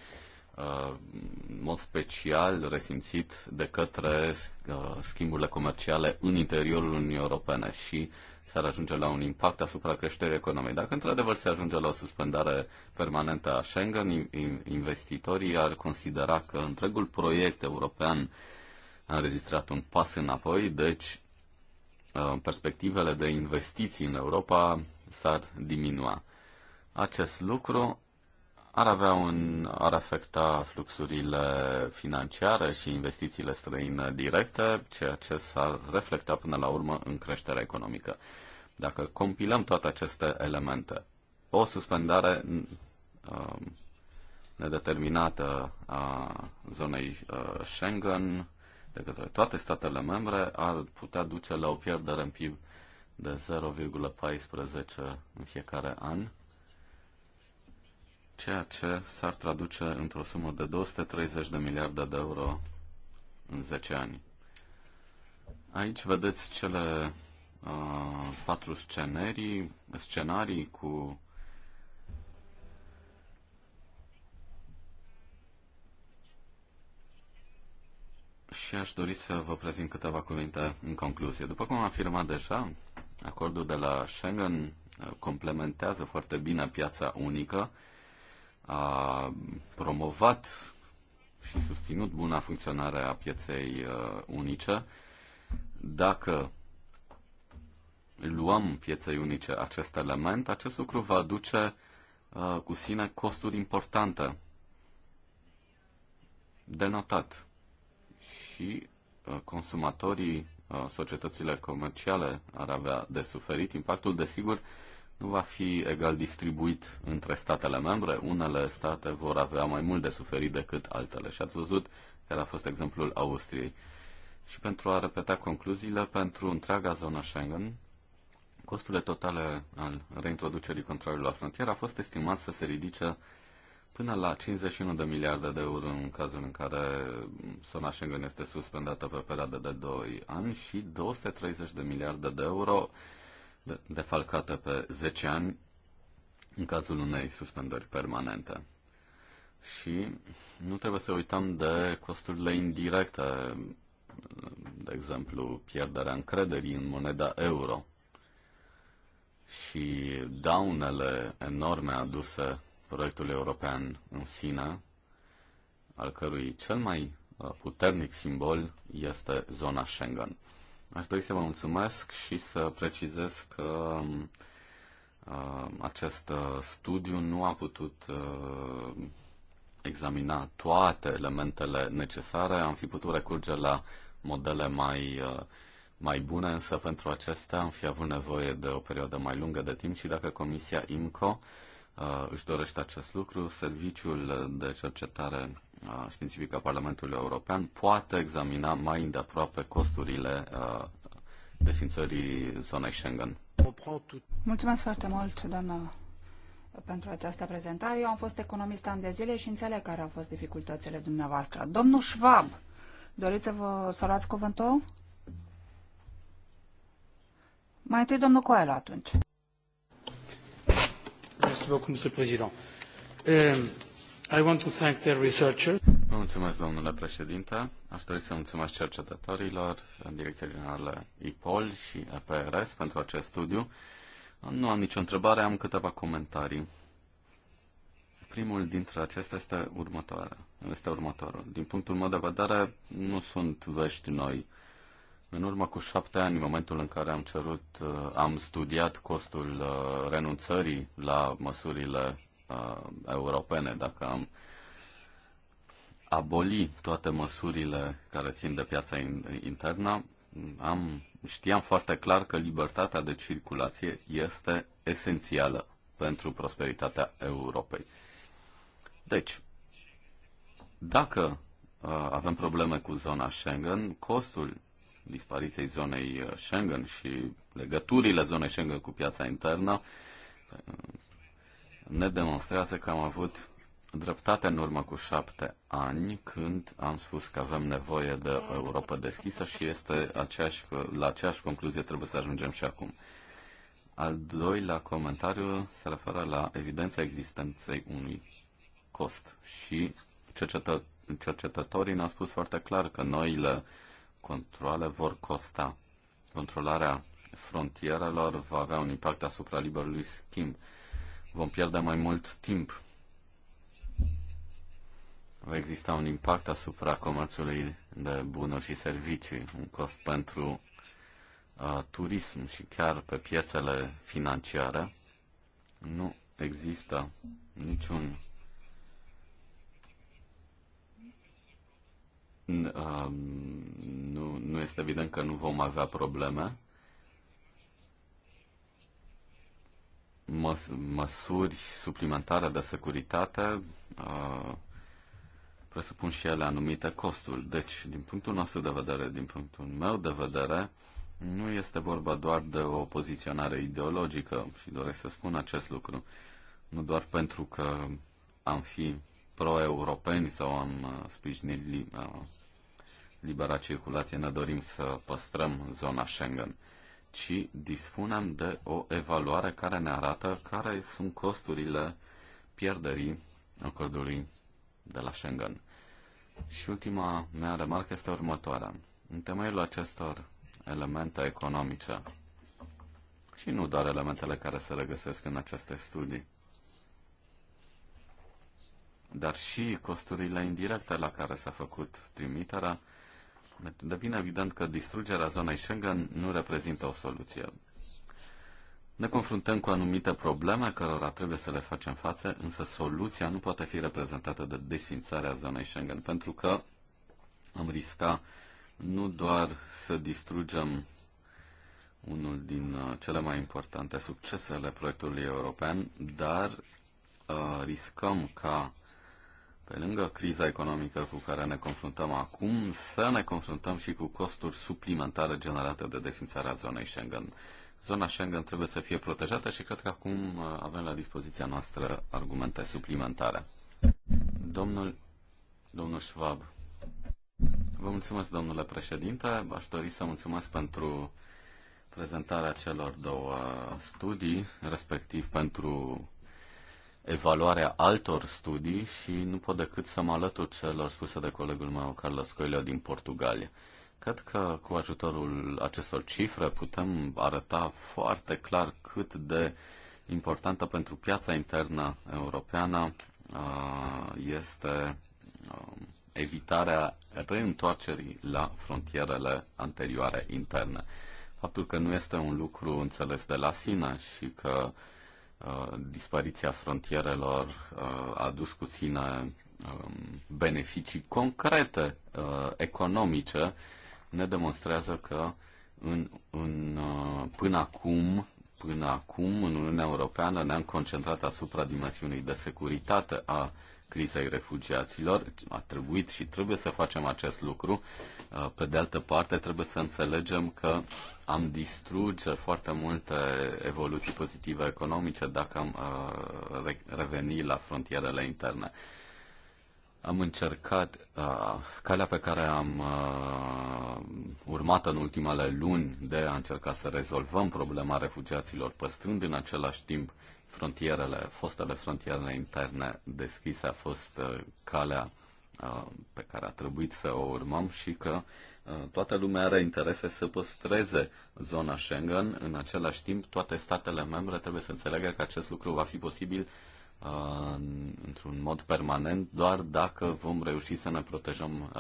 uh, mod special resimțit de către uh, schimburile comerciale în interiorul Uniunii Europene și s-ar ajunge la un impact asupra creșterii economiei. Dacă într-adevăr se ajunge la o suspendare permanentă a Schengen, investitorii ar considera că întregul proiect european a înregistrat un pas înapoi, deci Uh, perspectivele de investiții în Europa s-ar diminua. Acest lucru ar avea un, ar afecta fluxurile financiare și investițiile străine directe, ceea ce s-ar reflecta până la urmă în creșterea economică. Dacă compilăm toate aceste elemente, o suspendare uh, nedeterminată a zonei uh, Schengen, de către toate statele membre ar putea duce la o pierdere în PIB de 0,14 în fiecare an, ceea ce s-ar traduce într-o sumă de 230 de miliarde de euro în 10 ani. Aici vedeți cele uh, patru scenarii, scenarii cu și aș dori să vă prezint câteva cuvinte în concluzie. După cum am afirmat deja, acordul de la Schengen uh, complementează foarte bine piața unică, a promovat și susținut buna funcționare a pieței uh, unice. Dacă luăm pieței unice acest element, acest lucru va aduce uh, cu sine costuri importante. Denotat și uh, consumatorii, uh, societățile comerciale ar avea de suferit. Impactul, desigur, nu va fi egal distribuit între statele membre. Unele state vor avea mai mult de suferit decât altele. Și ați văzut care a fost exemplul Austriei. Și pentru a repeta concluziile, pentru întreaga zonă Schengen, costurile totale al reintroducerii controlului la frontieră a fost estimat să se ridice până la 51 de miliarde de euro în cazul în care zona Schengen este suspendată pe perioadă de 2 ani și 230 de miliarde de euro defalcate pe 10 ani în cazul unei suspendări permanente. Și nu trebuie să uităm de costurile indirecte, de exemplu, pierderea încrederii în moneda euro și daunele enorme aduse proiectul european în sine, al cărui cel mai uh, puternic simbol este zona Schengen. Aș dori să vă mulțumesc și să precizez că um, uh, acest uh, studiu nu a putut examina toate elementele necesare. Am fi putut recurge la modele mai, mai bune, însă pentru acestea am fi avut nevoie de o perioadă mai lungă de timp și dacă Comisia IMCO Uh, își dorește acest lucru. Serviciul de cercetare uh, științifică a Parlamentului European poate examina mai îndeaproape costurile uh, desfințării zonei Schengen. Mulțumesc foarte mult, doamnă, pentru această prezentare. Eu am fost economist an de zile și înțeleg care au fost dificultățile dumneavoastră. Domnul Schwab, doriți să vă să luați cuvântul? Mai întâi domnul Coelho atunci. Um, Vă mulțumesc, domnule președinte. Aș dori să mulțumesc cercetătorilor în Direcția Generală IPOL și EPRS pentru acest studiu. Nu am nicio întrebare, am câteva comentarii. Primul dintre acestea este Este următorul. Din punctul meu de vedere, nu sunt vești noi uh, în urmă cu șapte ani, în momentul în care am cerut, uh, am studiat costul uh, renunțării la măsurile uh, europene, dacă am aboli toate măsurile care țin de piața internă, am, știam foarte clar că libertatea de circulație este esențială pentru prosperitatea Europei. Deci, dacă uh, avem probleme cu zona Schengen, costul dispariției zonei uh, Schengen și legăturile zonei Schengen cu piața internă uh, ne demonstrează că am avut dreptate în urmă cu șapte ani când am spus că avem nevoie de o Europa deschisă și este aceeași, la aceeași concluzie trebuie să ajungem și acum. Al doilea comentariu se referă la evidența existenței unui cost și cercetă, cercetătorii ne-au spus foarte clar că noile uh, controle vor costa. Controlarea frontierelor va avea un impact asupra liberului schimb. Vom pierde mai mult timp. Va exista un impact asupra comerțului de bunuri și servicii, un cost pentru uh, turism și chiar pe piețele financiare. Nu există niciun Um, nu, nu este evident că nu vom avea probleme. Măs- măsuri suplimentare de securitate uh, presupun și ele anumite costuri. Deci, din punctul nostru de vedere, din punctul meu de vedere, nu este vorba doar de o poziționare ideologică și doresc să spun acest lucru. Nu doar pentru că am fi pro-europeni sau am uh, sprijinit uh, libera circulație ne dorim să păstrăm zona Schengen, ci dispunem de o evaluare care ne arată care sunt costurile pierderii acordului de la Schengen. Și ultima mea remarcă este următoarea. În temeiul acestor elemente economice, și nu doar elementele care se regăsesc în aceste studii, dar și costurile indirecte la care s-a făcut trimiterea, Devine evident că distrugerea zonei Schengen nu reprezintă o soluție. Ne confruntăm cu anumite probleme cărora trebuie să le facem față, însă soluția nu poate fi reprezentată de desfințarea zonei Schengen, pentru că am risca nu doar să distrugem unul din uh, cele mai importante succesele proiectului european, dar uh, riscăm ca pe lângă criza economică cu care ne confruntăm acum, să ne confruntăm și cu costuri suplimentare generate de desfințarea zonei Schengen. Zona Schengen trebuie să fie protejată și cred că acum uh, avem la dispoziția noastră argumente suplimentare. Domnul, domnul Schwab, vă mulțumesc, domnule președinte. Aș dori să mulțumesc pentru prezentarea celor două studii, respectiv pentru evaluarea altor studii și nu pot decât să mă alătur celor spuse de colegul meu, Carlos Coelho, din Portugalia. Cred că cu ajutorul acestor cifre putem arăta foarte clar cât de importantă pentru piața internă europeană uh, este um, evitarea reîntoarcerii la frontierele anterioare interne. Faptul că nu este un lucru înțeles de la sine și că uh, Uh, dispariția frontierelor uh, a dus cu sine um, beneficii concrete uh, economice, ne demonstrează că în, în, până acum până acum în Uniunea Europeană ne-am concentrat asupra dimensiunii de securitate a uh, crizei refugiaților. A trebuit și trebuie să facem acest lucru. Uh, pe de altă parte, trebuie să înțelegem că am distruge foarte multe evoluții pozitive economice dacă am uh, reveni la frontierele interne. Am încercat uh, calea pe care am uh, urmat în ultimele luni de a încerca să rezolvăm problema refugiaților, păstrând în același timp frontierele, fostele frontierele interne deschise a fost uh, calea uh, pe care a trebuit să o urmăm și că uh, toată lumea are interese să păstreze zona Schengen. În același timp, toate statele membre trebuie să înțeleagă că acest lucru va fi posibil într-un mod permanent doar dacă vom reuși să ne protejăm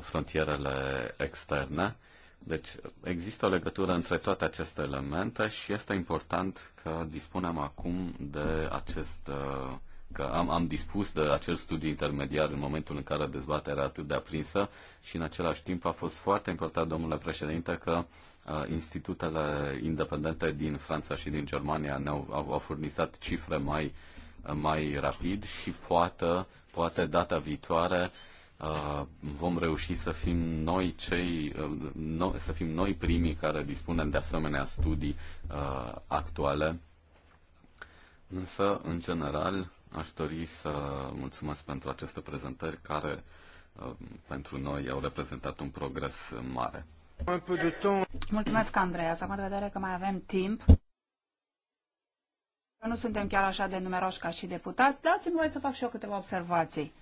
frontierele externe deci există o legătură între toate aceste elemente și este important că dispunem acum de acest uh, că am, am dispus de acel studiu intermediar în momentul în care dezbaterea era atât de aprinsă și în același timp a fost foarte important, domnule președinte, că uh, institutele independente din Franța și din Germania ne-au au, au furnizat cifre mai, mai rapid și poate, poate data viitoare Uh, vom reuși să fim noi cei, uh, no, să fim noi primii care dispunem de asemenea studii uh, actuale. Însă, în general, aș dori să mulțumesc pentru aceste prezentări care uh, pentru noi au reprezentat un progres mare. Mulțumesc, Andreea. Să mă vedere că mai avem timp. Nu suntem chiar așa de numeroși ca și deputați. Dați-mi voie să fac și eu câteva observații.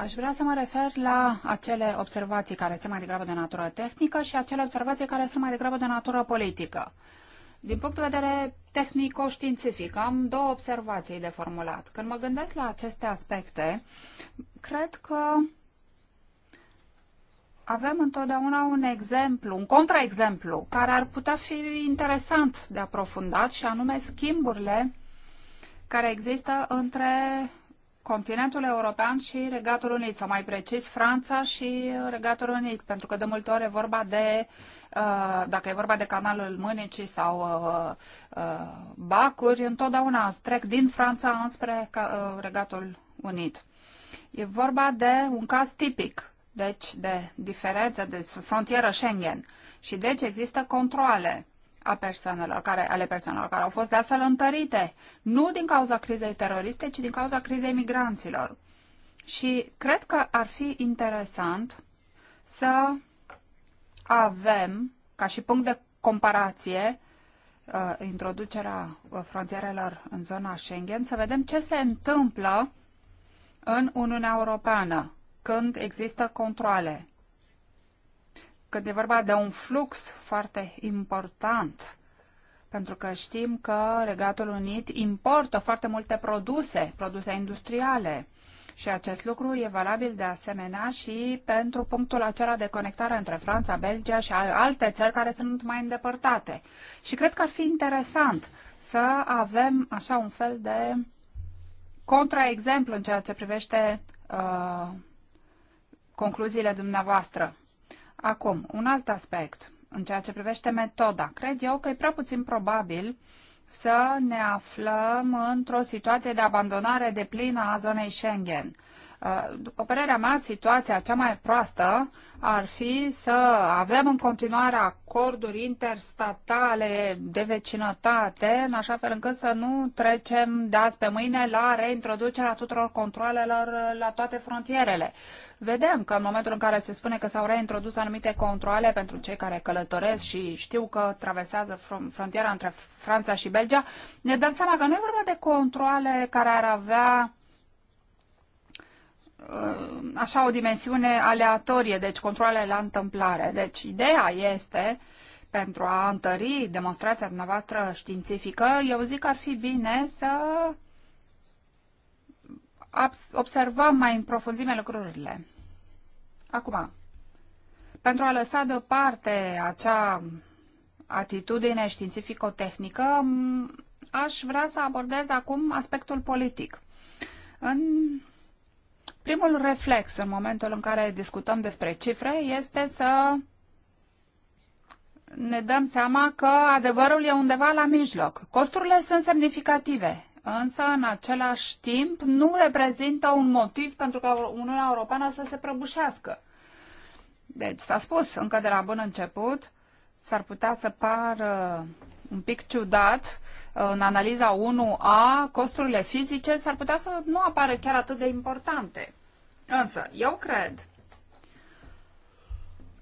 Aș vrea să mă refer la acele observații care sunt mai degrabă de natură tehnică și acele observații care sunt mai degrabă de natură politică. Din punct de vedere tehnico-științific, am două observații de formulat. Când mă gândesc la aceste aspecte, cred că avem întotdeauna un exemplu, un contraexemplu, care ar putea fi interesant de aprofundat, și anume schimburile care există între continentul european și Regatul Unit, sau mai precis Franța și uh, Regatul Unit, pentru că de multe ori e vorba de, uh, dacă e vorba de canalul Mânicii sau uh, Bacuri, întotdeauna trec din Franța înspre Regatul Unit. E vorba de un caz tipic, deci de diferență, de frontieră Schengen. Și deci există controle a persoanelor care, ale persoanelor care au fost de altfel întărite, nu din cauza crizei teroriste, ci din cauza crizei migranților. Și cred că ar fi interesant să avem, ca și punct de comparație, uh, introducerea uh, frontierelor în zona Schengen, să vedem ce se întâmplă în Uniunea Europeană când există controle când e vorba de un flux foarte important, pentru că știm că Regatul Unit importă foarte multe produse, produse industriale. Și acest lucru e valabil de asemenea și pentru punctul acela de conectare între Franța, Belgia și alte țări care sunt mai îndepărtate. Și cred că ar fi interesant să avem așa un fel de contraexemplu în ceea ce privește uh, concluziile dumneavoastră. Acum, un alt aspect în ceea ce privește metoda. Cred eu că e prea puțin probabil să ne aflăm într-o situație de abandonare de plină a zonei Schengen. Uh, după părerea mea, situația cea mai proastă ar fi să avem în continuare acorduri interstatale de vecinătate, în așa fel încât să nu trecem de azi pe mâine la reintroducerea tuturor controlelor uh, la toate frontierele. Vedem că în momentul în care se spune că s-au reintrodus anumite controale pentru cei care călătoresc și știu că traversează frontiera între Franța și Belgia, ne dăm seama că nu e vorba de controale care ar avea Uh, așa o dimensiune aleatorie, deci controlele la întâmplare. Deci ideea este pentru a întări demonstrația dumneavoastră științifică, eu zic că ar fi bine să observăm mai în profunzime lucrurile. Acum, pentru a lăsa deoparte acea atitudine științifico-tehnică, aș vrea să abordez acum aspectul politic. În Primul reflex în momentul în care discutăm despre cifre este să ne dăm seama că adevărul e undeva la mijloc. Costurile sunt semnificative, însă în același timp nu reprezintă un motiv pentru ca Uniunea Europeană să se prăbușească. Deci s-a spus încă de la bun început, s-ar putea să pară un pic ciudat, uh, în analiza 1A, costurile fizice s-ar putea să nu apară chiar atât de importante. Însă, eu cred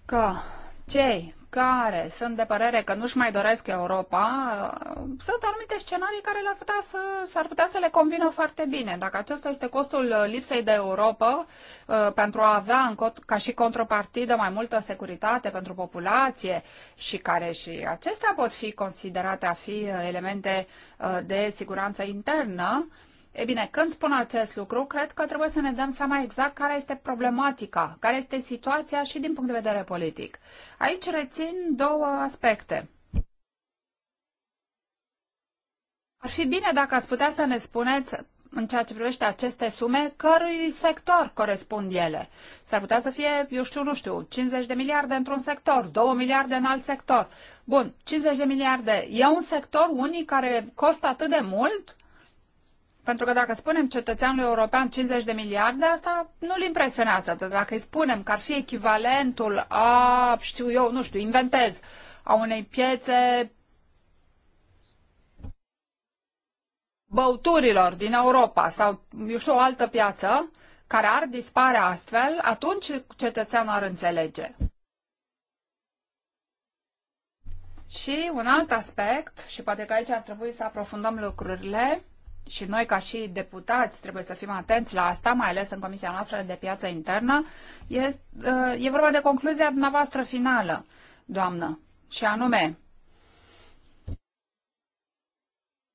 că cei care sunt de părere că nu-și mai doresc Europa, uh, sunt anumite scenarii care le-ar putea să, s-ar putea să le combină foarte bine. Dacă acesta este costul uh, lipsei de Europa uh, pentru a avea în cot, ca și contrapartidă mai multă securitate pentru populație și care și acestea pot fi considerate a fi elemente de siguranță internă, E bine, când spun acest lucru, cred că trebuie să ne dăm seama exact care este problematica, care este situația și din punct de vedere politic. Aici rețin două aspecte. Ar fi bine dacă ați putea să ne spuneți în ceea ce privește aceste sume, cărui sector corespund ele. S-ar putea să fie, eu știu, nu știu, 50 de miliarde într-un sector, 2 miliarde în alt sector. Bun, 50 de miliarde. E un sector unic care costă atât de mult? Pentru că dacă spunem cetățeanului european 50 de miliarde, asta nu-l impresionează. Dar dacă îi spunem că ar fi echivalentul a, știu eu, nu știu, inventez, a unei piețe băuturilor din Europa sau, eu știu, o altă piață care ar dispare astfel, atunci cetățeanul ar înțelege. Și un alt aspect, și poate că aici ar trebui să aprofundăm lucrurile, și noi ca și deputați trebuie să fim atenți la asta, mai ales în Comisia noastră de piață internă, este, uh, e vorba de concluzia dumneavoastră finală, doamnă, și anume,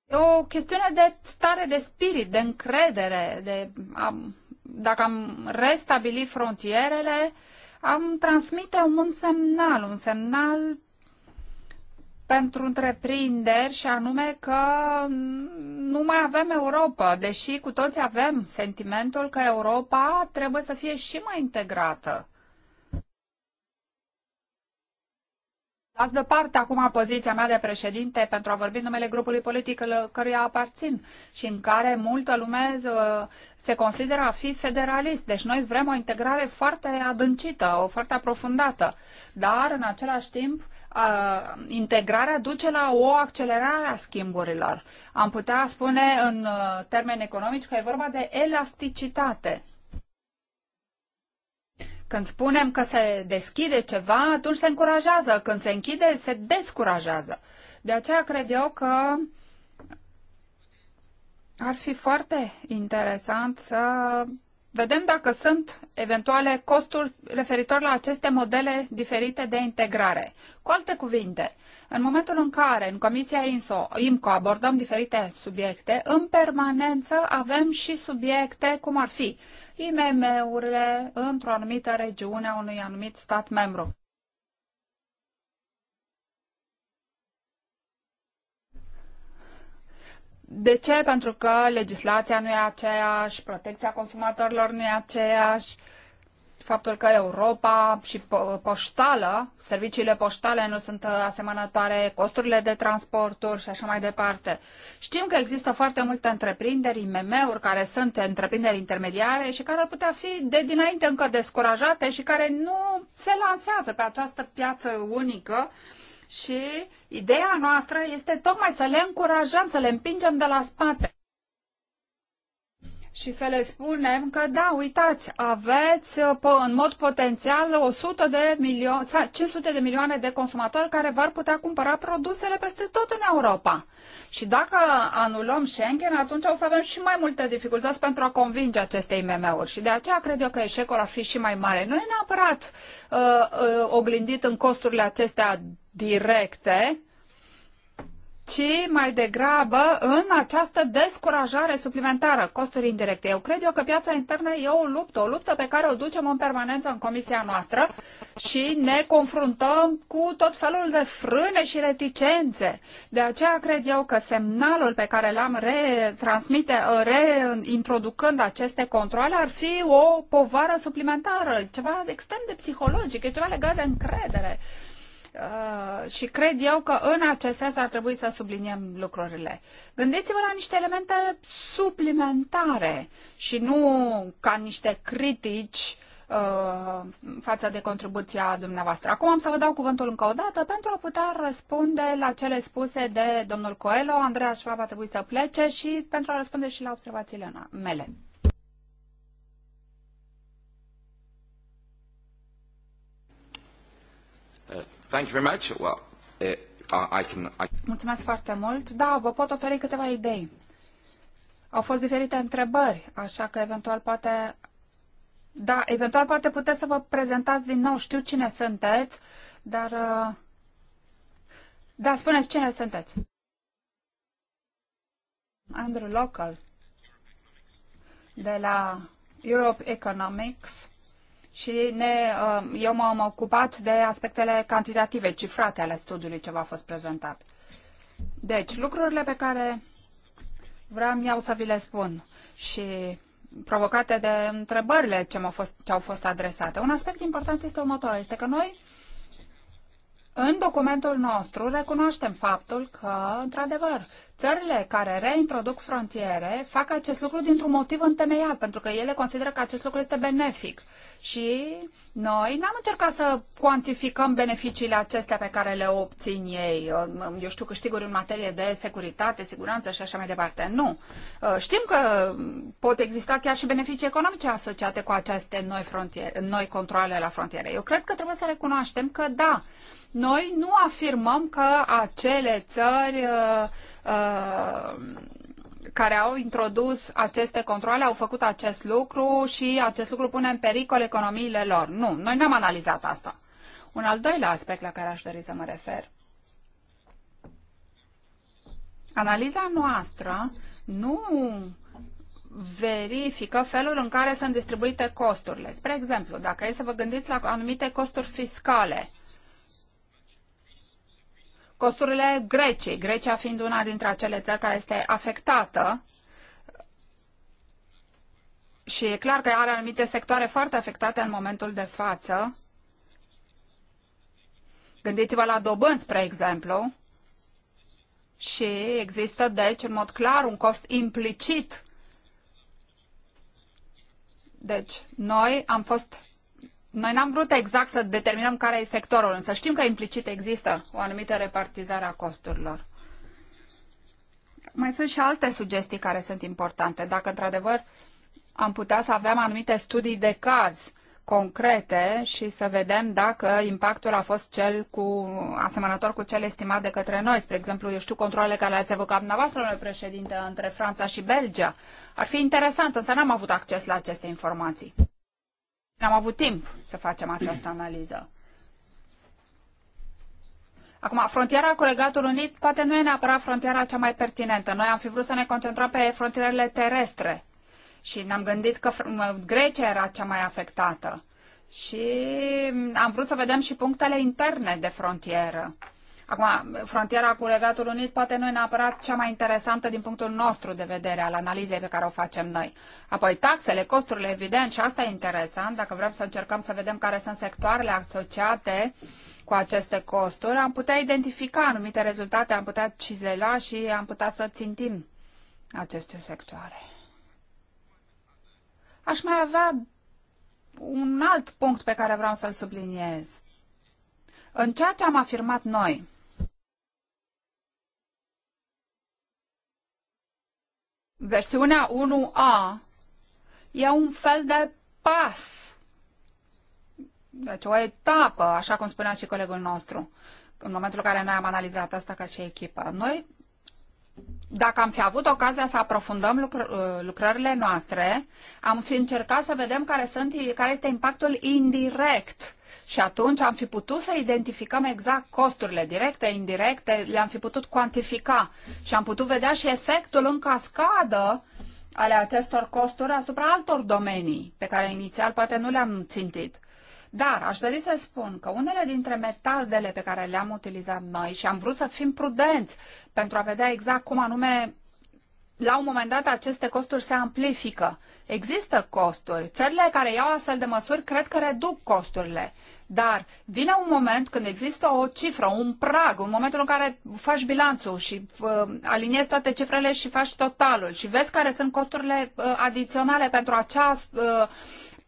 e o chestiune de stare de spirit, de încredere, de a, dacă am restabilit frontierele, am transmite un semnal, un semnal pentru întreprinderi și anume că nu mai avem Europa, deși cu toți avem sentimentul că Europa trebuie să fie și mai integrată. Las deoparte acum poziția mea de președinte pentru a vorbi în numele grupului politic căruia aparțin și în care multă lume uh, se consideră a fi federalist. Deci noi vrem o integrare foarte adâncită, o foarte aprofundată, dar în același timp uh, integrarea duce la o accelerare a schimburilor. Am putea spune în uh, termeni economici că e vorba de elasticitate. Când spunem că se deschide ceva, atunci se încurajează. Când se închide, se descurajează. De aceea cred eu că ar fi foarte interesant să vedem dacă sunt eventuale costuri referitor la aceste modele diferite de integrare. Cu alte cuvinte, în momentul în care în Comisia INSO, IMCO abordăm diferite subiecte, în permanență avem și subiecte cum ar fi IMM-urile într-o anumită regiune a unui anumit stat membru. De ce? Pentru că legislația nu e aceeași, protecția consumatorilor nu e aceeași, faptul că Europa și poștală, serviciile poștale nu sunt asemănătoare, costurile de transporturi și așa mai departe. Știm că există foarte multe întreprinderi, IMM-uri, care sunt întreprinderi intermediare și care ar putea fi de dinainte încă descurajate și care nu se lansează pe această piață unică uh, și ideea noastră este tocmai să le încurajăm, să le împingem de la spate și să le spunem că da, uitați, aveți uh, în mod potențial 100 de milioane, 500 de milioane de consumatori care v-ar putea cumpăra produsele peste tot în Europa. Și dacă anulăm Schengen, atunci o să avem și mai multe dificultăți pentru a convinge aceste IMM-uri. Și de aceea cred eu că eșecul ar fi și mai mare. Nu e neapărat uh, uh, oglindit în costurile acestea directe, ci mai degrabă în această descurajare suplimentară, costuri indirecte. Eu cred eu că piața internă e o luptă, o luptă pe care o ducem în permanență în comisia noastră și ne confruntăm cu tot felul de frâne și reticențe. De aceea cred eu că semnalul pe care l-am retransmite, reintroducând aceste controle, ar fi o povară suplimentară, ceva extrem de psihologic, e ceva legat de încredere. Uh, și cred eu că în acest sens ar trebui să subliniem lucrurile. Gândiți-vă la niște elemente suplimentare și nu ca niște critici uh, față de contribuția dumneavoastră. Acum am să vă dau cuvântul încă o dată pentru a putea răspunde la cele spuse de domnul Coelho. Andreea Schwab a trebuit să plece și pentru a răspunde și la observațiile mele. Mulțumesc foarte mult. Da, vă pot oferi câteva idei. Au fost diferite întrebări, așa că eventual poate... Da, eventual poate puteți să vă prezentați din nou. Știu cine sunteți, dar... Eh, da, spuneți cine sunteți. Andrew Local de la Europe Economics și ne, uh, eu m-am ocupat de aspectele cantitative, cifrate ale studiului ce v-a fost prezentat. Deci, lucrurile pe care vreau eu să vi le spun și provocate de întrebările ce, au fost, ce au fost adresate. Un aspect important este următorul, este că noi în documentul nostru recunoaștem faptul că, într-adevăr, Țările care reintroduc frontiere fac acest lucru dintr-un motiv întemeiat, pentru că ele consideră că acest lucru este benefic. Și noi n-am încercat să cuantificăm beneficiile acestea pe care le obțin ei, eu știu, câștiguri în materie de securitate, siguranță și așa mai departe. Nu. Uh, știm că pot exista chiar și beneficii economice asociate cu aceste noi, frontiere, noi controle la frontiere. Eu cred că trebuie să recunoaștem că da, noi nu afirmăm că acele țări uh, Uh, care au introdus aceste controle au făcut acest lucru și acest lucru pune în pericol economiile lor. Nu, noi n-am analizat asta. Un al doilea aspect la care aș dori să mă refer. Analiza noastră nu verifică felul în care sunt distribuite costurile. Spre exemplu, dacă e să vă gândiți la anumite costuri fiscale, costurile Greciei, Grecia fiind una dintre acele țări care este afectată și e clar că are anumite sectoare foarte afectate în momentul de față. Gândiți-vă la dobânzi, spre exemplu, și există, deci, în mod clar, un cost implicit. Deci, noi am fost noi n-am vrut exact să determinăm care e sectorul, însă știm că implicit există o anumită repartizare a costurilor. Mai sunt și alte sugestii care sunt importante. Dacă într-adevăr am putea să avem anumite studii de caz concrete și să vedem dacă impactul a fost cel cu, asemănător cu cel estimat de către noi. Spre exemplu, eu știu controlele care le-ați evocat dumneavoastră, domnule președinte, între Franța și Belgia. Ar fi interesant, însă n-am avut acces la aceste informații. Am avut timp să facem această analiză. Acum, frontiera cu Regatul Unit poate nu e neapărat frontiera cea mai pertinentă. Noi am fi vrut să ne concentrăm pe frontierele terestre și ne-am gândit că Grecia era cea mai afectată. Și am vrut să vedem și punctele interne de frontieră. Acum, frontiera cu Regatul Unit poate nu e neapărat cea mai interesantă din punctul nostru de vedere al analizei pe care o facem noi. Apoi taxele, costurile, evident, și asta e interesant. Dacă vrem să încercăm să vedem care sunt sectoarele asociate cu aceste costuri, am putea identifica anumite rezultate, am putea cizela și am putea să țintim aceste sectoare. Aș mai avea un alt punct pe care vreau să-l subliniez. În ceea ce am afirmat noi, Versiunea 1A e un fel de pas, deci o etapă, așa cum spunea și colegul nostru, în momentul în care noi am analizat asta ca și echipă. Noi, dacă am fi avut ocazia să aprofundăm lucr- lucrările noastre, am fi încercat să vedem care, sunt, care este impactul indirect și atunci am fi putut să identificăm exact costurile directe, indirecte, le-am fi putut cuantifica și am putut vedea și efectul în cascadă ale acestor costuri asupra altor domenii pe care inițial poate nu le-am țintit. Dar aș dori să spun că unele dintre metalele pe care le-am utilizat noi și am vrut să fim prudenți pentru a vedea exact cum anume la un moment dat aceste costuri se amplifică. Există costuri. Țările care iau astfel de măsuri cred că reduc costurile. Dar vine un moment când există o cifră, un prag, un moment în care faci bilanțul și uh, aliniezi toate cifrele și faci totalul și vezi care sunt costurile uh, adiționale pentru acea uh,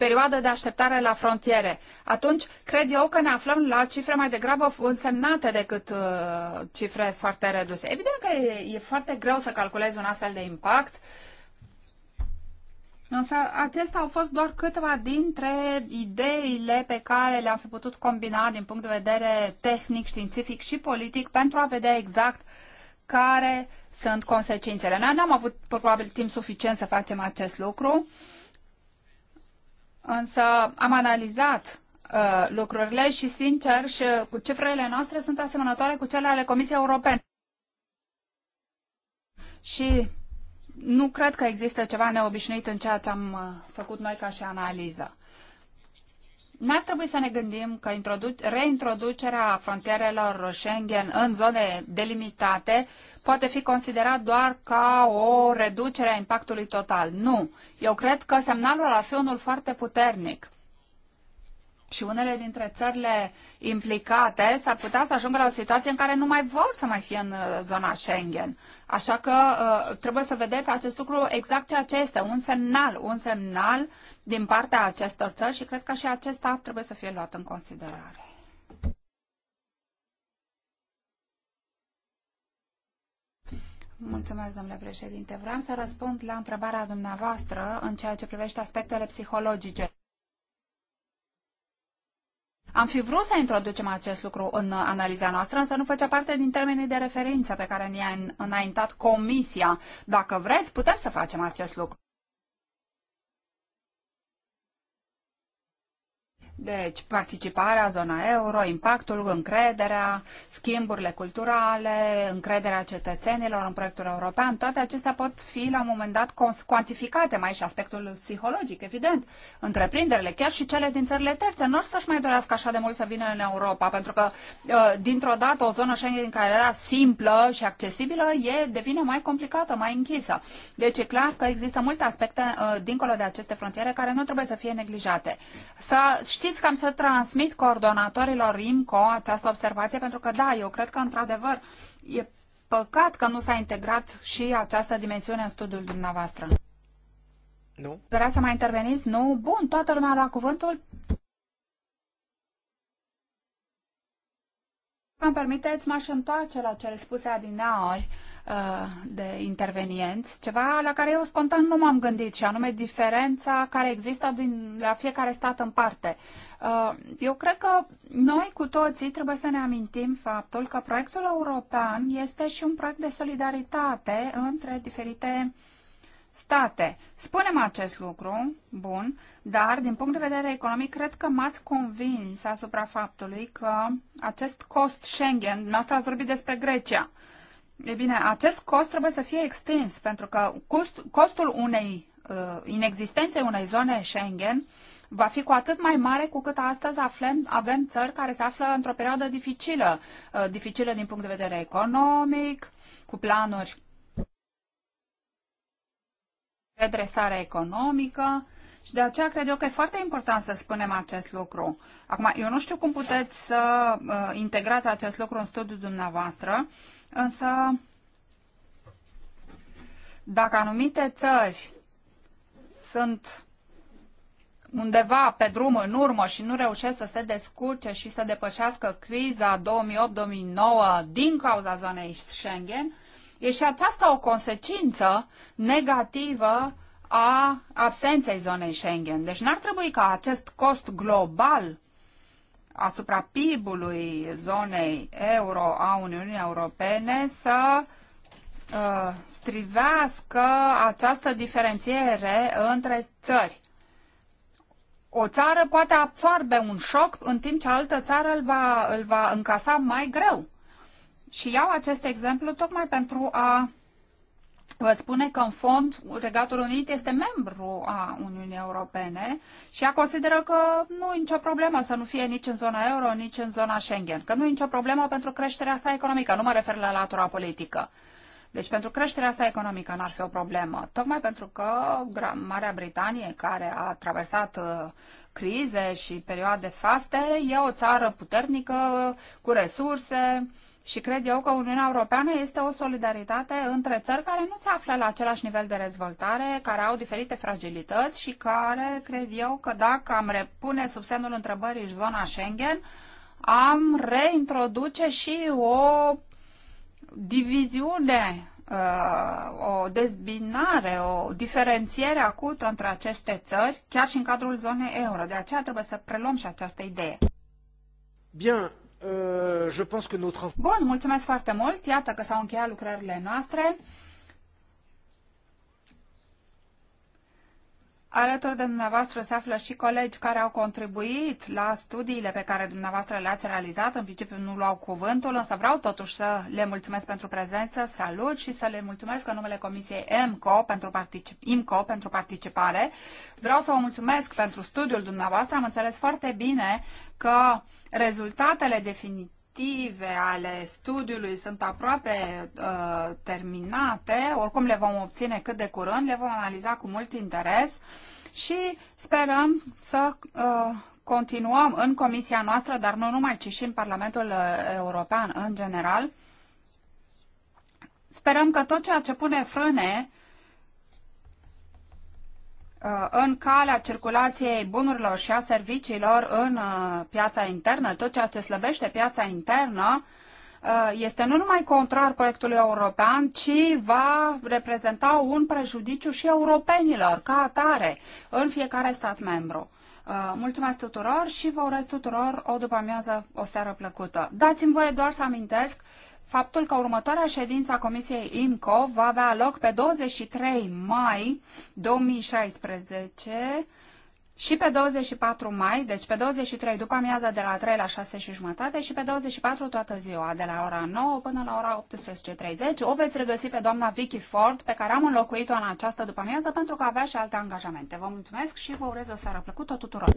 perioadă de așteptare la frontiere, atunci cred eu că ne aflăm la cifre mai degrabă însemnate decât uh, cifre foarte reduse. Evident că e, e foarte greu să calculezi un astfel de impact, însă acestea au fost doar câteva dintre ideile pe care le-am fi putut combina din punct de vedere tehnic, științific și politic pentru a vedea exact care sunt consecințele. Noi n-am avut probabil timp suficient să facem acest lucru. Uh, însă am analizat uh, lucrurile și, sincer, și cu cifrele noastre sunt asemănătoare cu cele ale Comisiei Europene. Și nu cred că există ceva neobișnuit în ceea ce am uh, făcut noi ca și analiză. N-ar trebui să ne gândim că reintroducerea frontierelor Schengen în zone delimitate poate fi considerat doar ca o reducere a impactului total. Nu. Eu cred că semnalul ar fi unul foarte puternic și unele dintre țările implicate s-ar putea să ajungă la o situație în care nu mai vor să mai fie în uh, zona Schengen. Așa că uh, trebuie să vedeți acest lucru exact ceea ce este, un semnal, un semnal din partea acestor țări și cred că și acesta trebuie să fie luat în considerare. Mulțumesc, domnule președinte. Vreau să răspund la întrebarea dumneavoastră în ceea ce privește aspectele psihologice. Am fi vrut să introducem acest lucru în analiza noastră, însă nu făcea parte din termenii de referință pe care ne-a înaintat comisia. Dacă vreți, putem să facem acest lucru. Deci, participarea, zona euro, impactul, încrederea, schimburile culturale, încrederea cetățenilor în proiectul european, toate acestea pot fi la un moment dat cuantificate, mai și aspectul psihologic, evident. Întreprinderile, chiar și cele din țările terțe, nu o să-și mai dorească așa de mult să vină în Europa, pentru că ă, dintr-o dată o zonă Schengen care era simplă și accesibilă e, devine mai complicată, mai închisă. Deci e clar că există multe aspecte ă, dincolo de aceste frontiere care nu trebuie să fie neglijate. Să știți permiți că am să transmit coordonatorilor IMCO această observație, pentru că da, eu cred că într-adevăr e păcat că nu s-a integrat și această dimensiune în studiul dumneavoastră. Nu. Vrea să mai interveniți? Nu? Bun, toată lumea a luat cuvântul. Dacă îmi permiteți, m-aș întoarce la cele spuse adineaori Uh, de intervenienți, ceva la care eu spontan nu m-am gândit, și anume diferența care există din, la fiecare stat în parte. Uh, eu cred că noi cu toții trebuie să ne amintim faptul că proiectul european este și un proiect de solidaritate între diferite state. Spunem acest lucru, bun, dar din punct de vedere economic cred că m-ați convins asupra faptului că acest cost Schengen, noastră ați vorbit despre Grecia, uh, E bine, acest cost trebuie să fie extins, pentru că cost, costul unei uh, unei zone Schengen va fi cu atât mai mare cu cât astăzi aflăm, avem țări care se află într-o perioadă dificilă, uh, dificilă din punct de vedere economic, cu planuri redresare economică și de aceea cred eu că e foarte important să spunem acest lucru. Acum, eu nu știu cum puteți să uh, integrați acest lucru în studiul dumneavoastră, Însă, dacă anumite țări sunt undeva pe drum în urmă și nu reușesc să se descurce și să depășească criza 2008-2009 din cauza zonei Schengen, e și aceasta o consecință negativă a absenței zonei Schengen. Deci n-ar trebui ca acest cost global asupra PIB-ului zonei euro a Uniunii Europene să uh, strivească această diferențiere între țări. O țară poate absorbe un șoc în timp ce altă țară îl va, îl va încasa mai greu. Și iau acest exemplu tocmai pentru a Vă spune că, în fond, Regatul Unit este membru a Uniunii Europene și ea consideră că nu e nicio problemă să nu fie nici în zona euro, nici în zona Schengen, că nu e nicio problemă pentru creșterea sa economică, nu mă refer la latura politică. Deci pentru creșterea sa economică n-ar fi o problemă, tocmai pentru că Marea Britanie, care a traversat uh, crize și perioade faste, e o țară puternică, cu resurse, și cred eu că Uniunea Europeană este o solidaritate între țări care nu se află la același nivel de dezvoltare, care au diferite fragilități și care, cred eu, că dacă am repune sub semnul întrebării și zona Schengen, am reintroduce și o diviziune, uh, o dezbinare, o diferențiere acută între aceste țări, chiar și în cadrul zonei euro. De aceea trebuie să preluăm și această idee. Bine. Euh, Bun, mulțumesc foarte mult. Iată că s-au încheiat lucrările noastre. Alături de dumneavoastră se află și colegi care au contribuit la studiile pe care dumneavoastră le-ați realizat. În principiu nu luau cuvântul, însă vreau totuși să le mulțumesc pentru prezență, salut și să le mulțumesc în numele Comisiei MCO pentru, particip- IMCO pentru participare. Vreau să vă mulțumesc pentru studiul dumneavoastră. Am înțeles foarte bine că rezultatele definitive obiective ale studiului sunt aproape uh, terminate, oricum le vom obține cât de curând, le vom analiza cu mult interes și sperăm să uh, continuăm în comisia noastră, dar nu numai, ci și în Parlamentul uh, European în general. Sperăm că tot ceea ce pune frâne uh, Uh, în calea circulației bunurilor și a serviciilor în uh, piața internă, tot ceea ce slăbește piața internă, uh, este nu numai contrar proiectului european, ci va reprezenta un prejudiciu și europenilor ca atare în fiecare stat membru. Mulțumesc tuturor și vă urez tuturor o după amiază, o seară plăcută. Dați-mi voie doar să amintesc faptul că următoarea ședință a Comisiei IMCO va avea loc pe 23 mai 2016 și pe 24 mai, deci pe 23 după amiaza de la 3 la 6 și jumătate și pe 24 toată ziua, de la ora 9 până la ora 18.30. O veți regăsi pe doamna Vicky Ford, pe care am înlocuit-o în această după amiază pentru că avea și alte angajamente. Vă mulțumesc și vă urez o seară plăcută tuturor!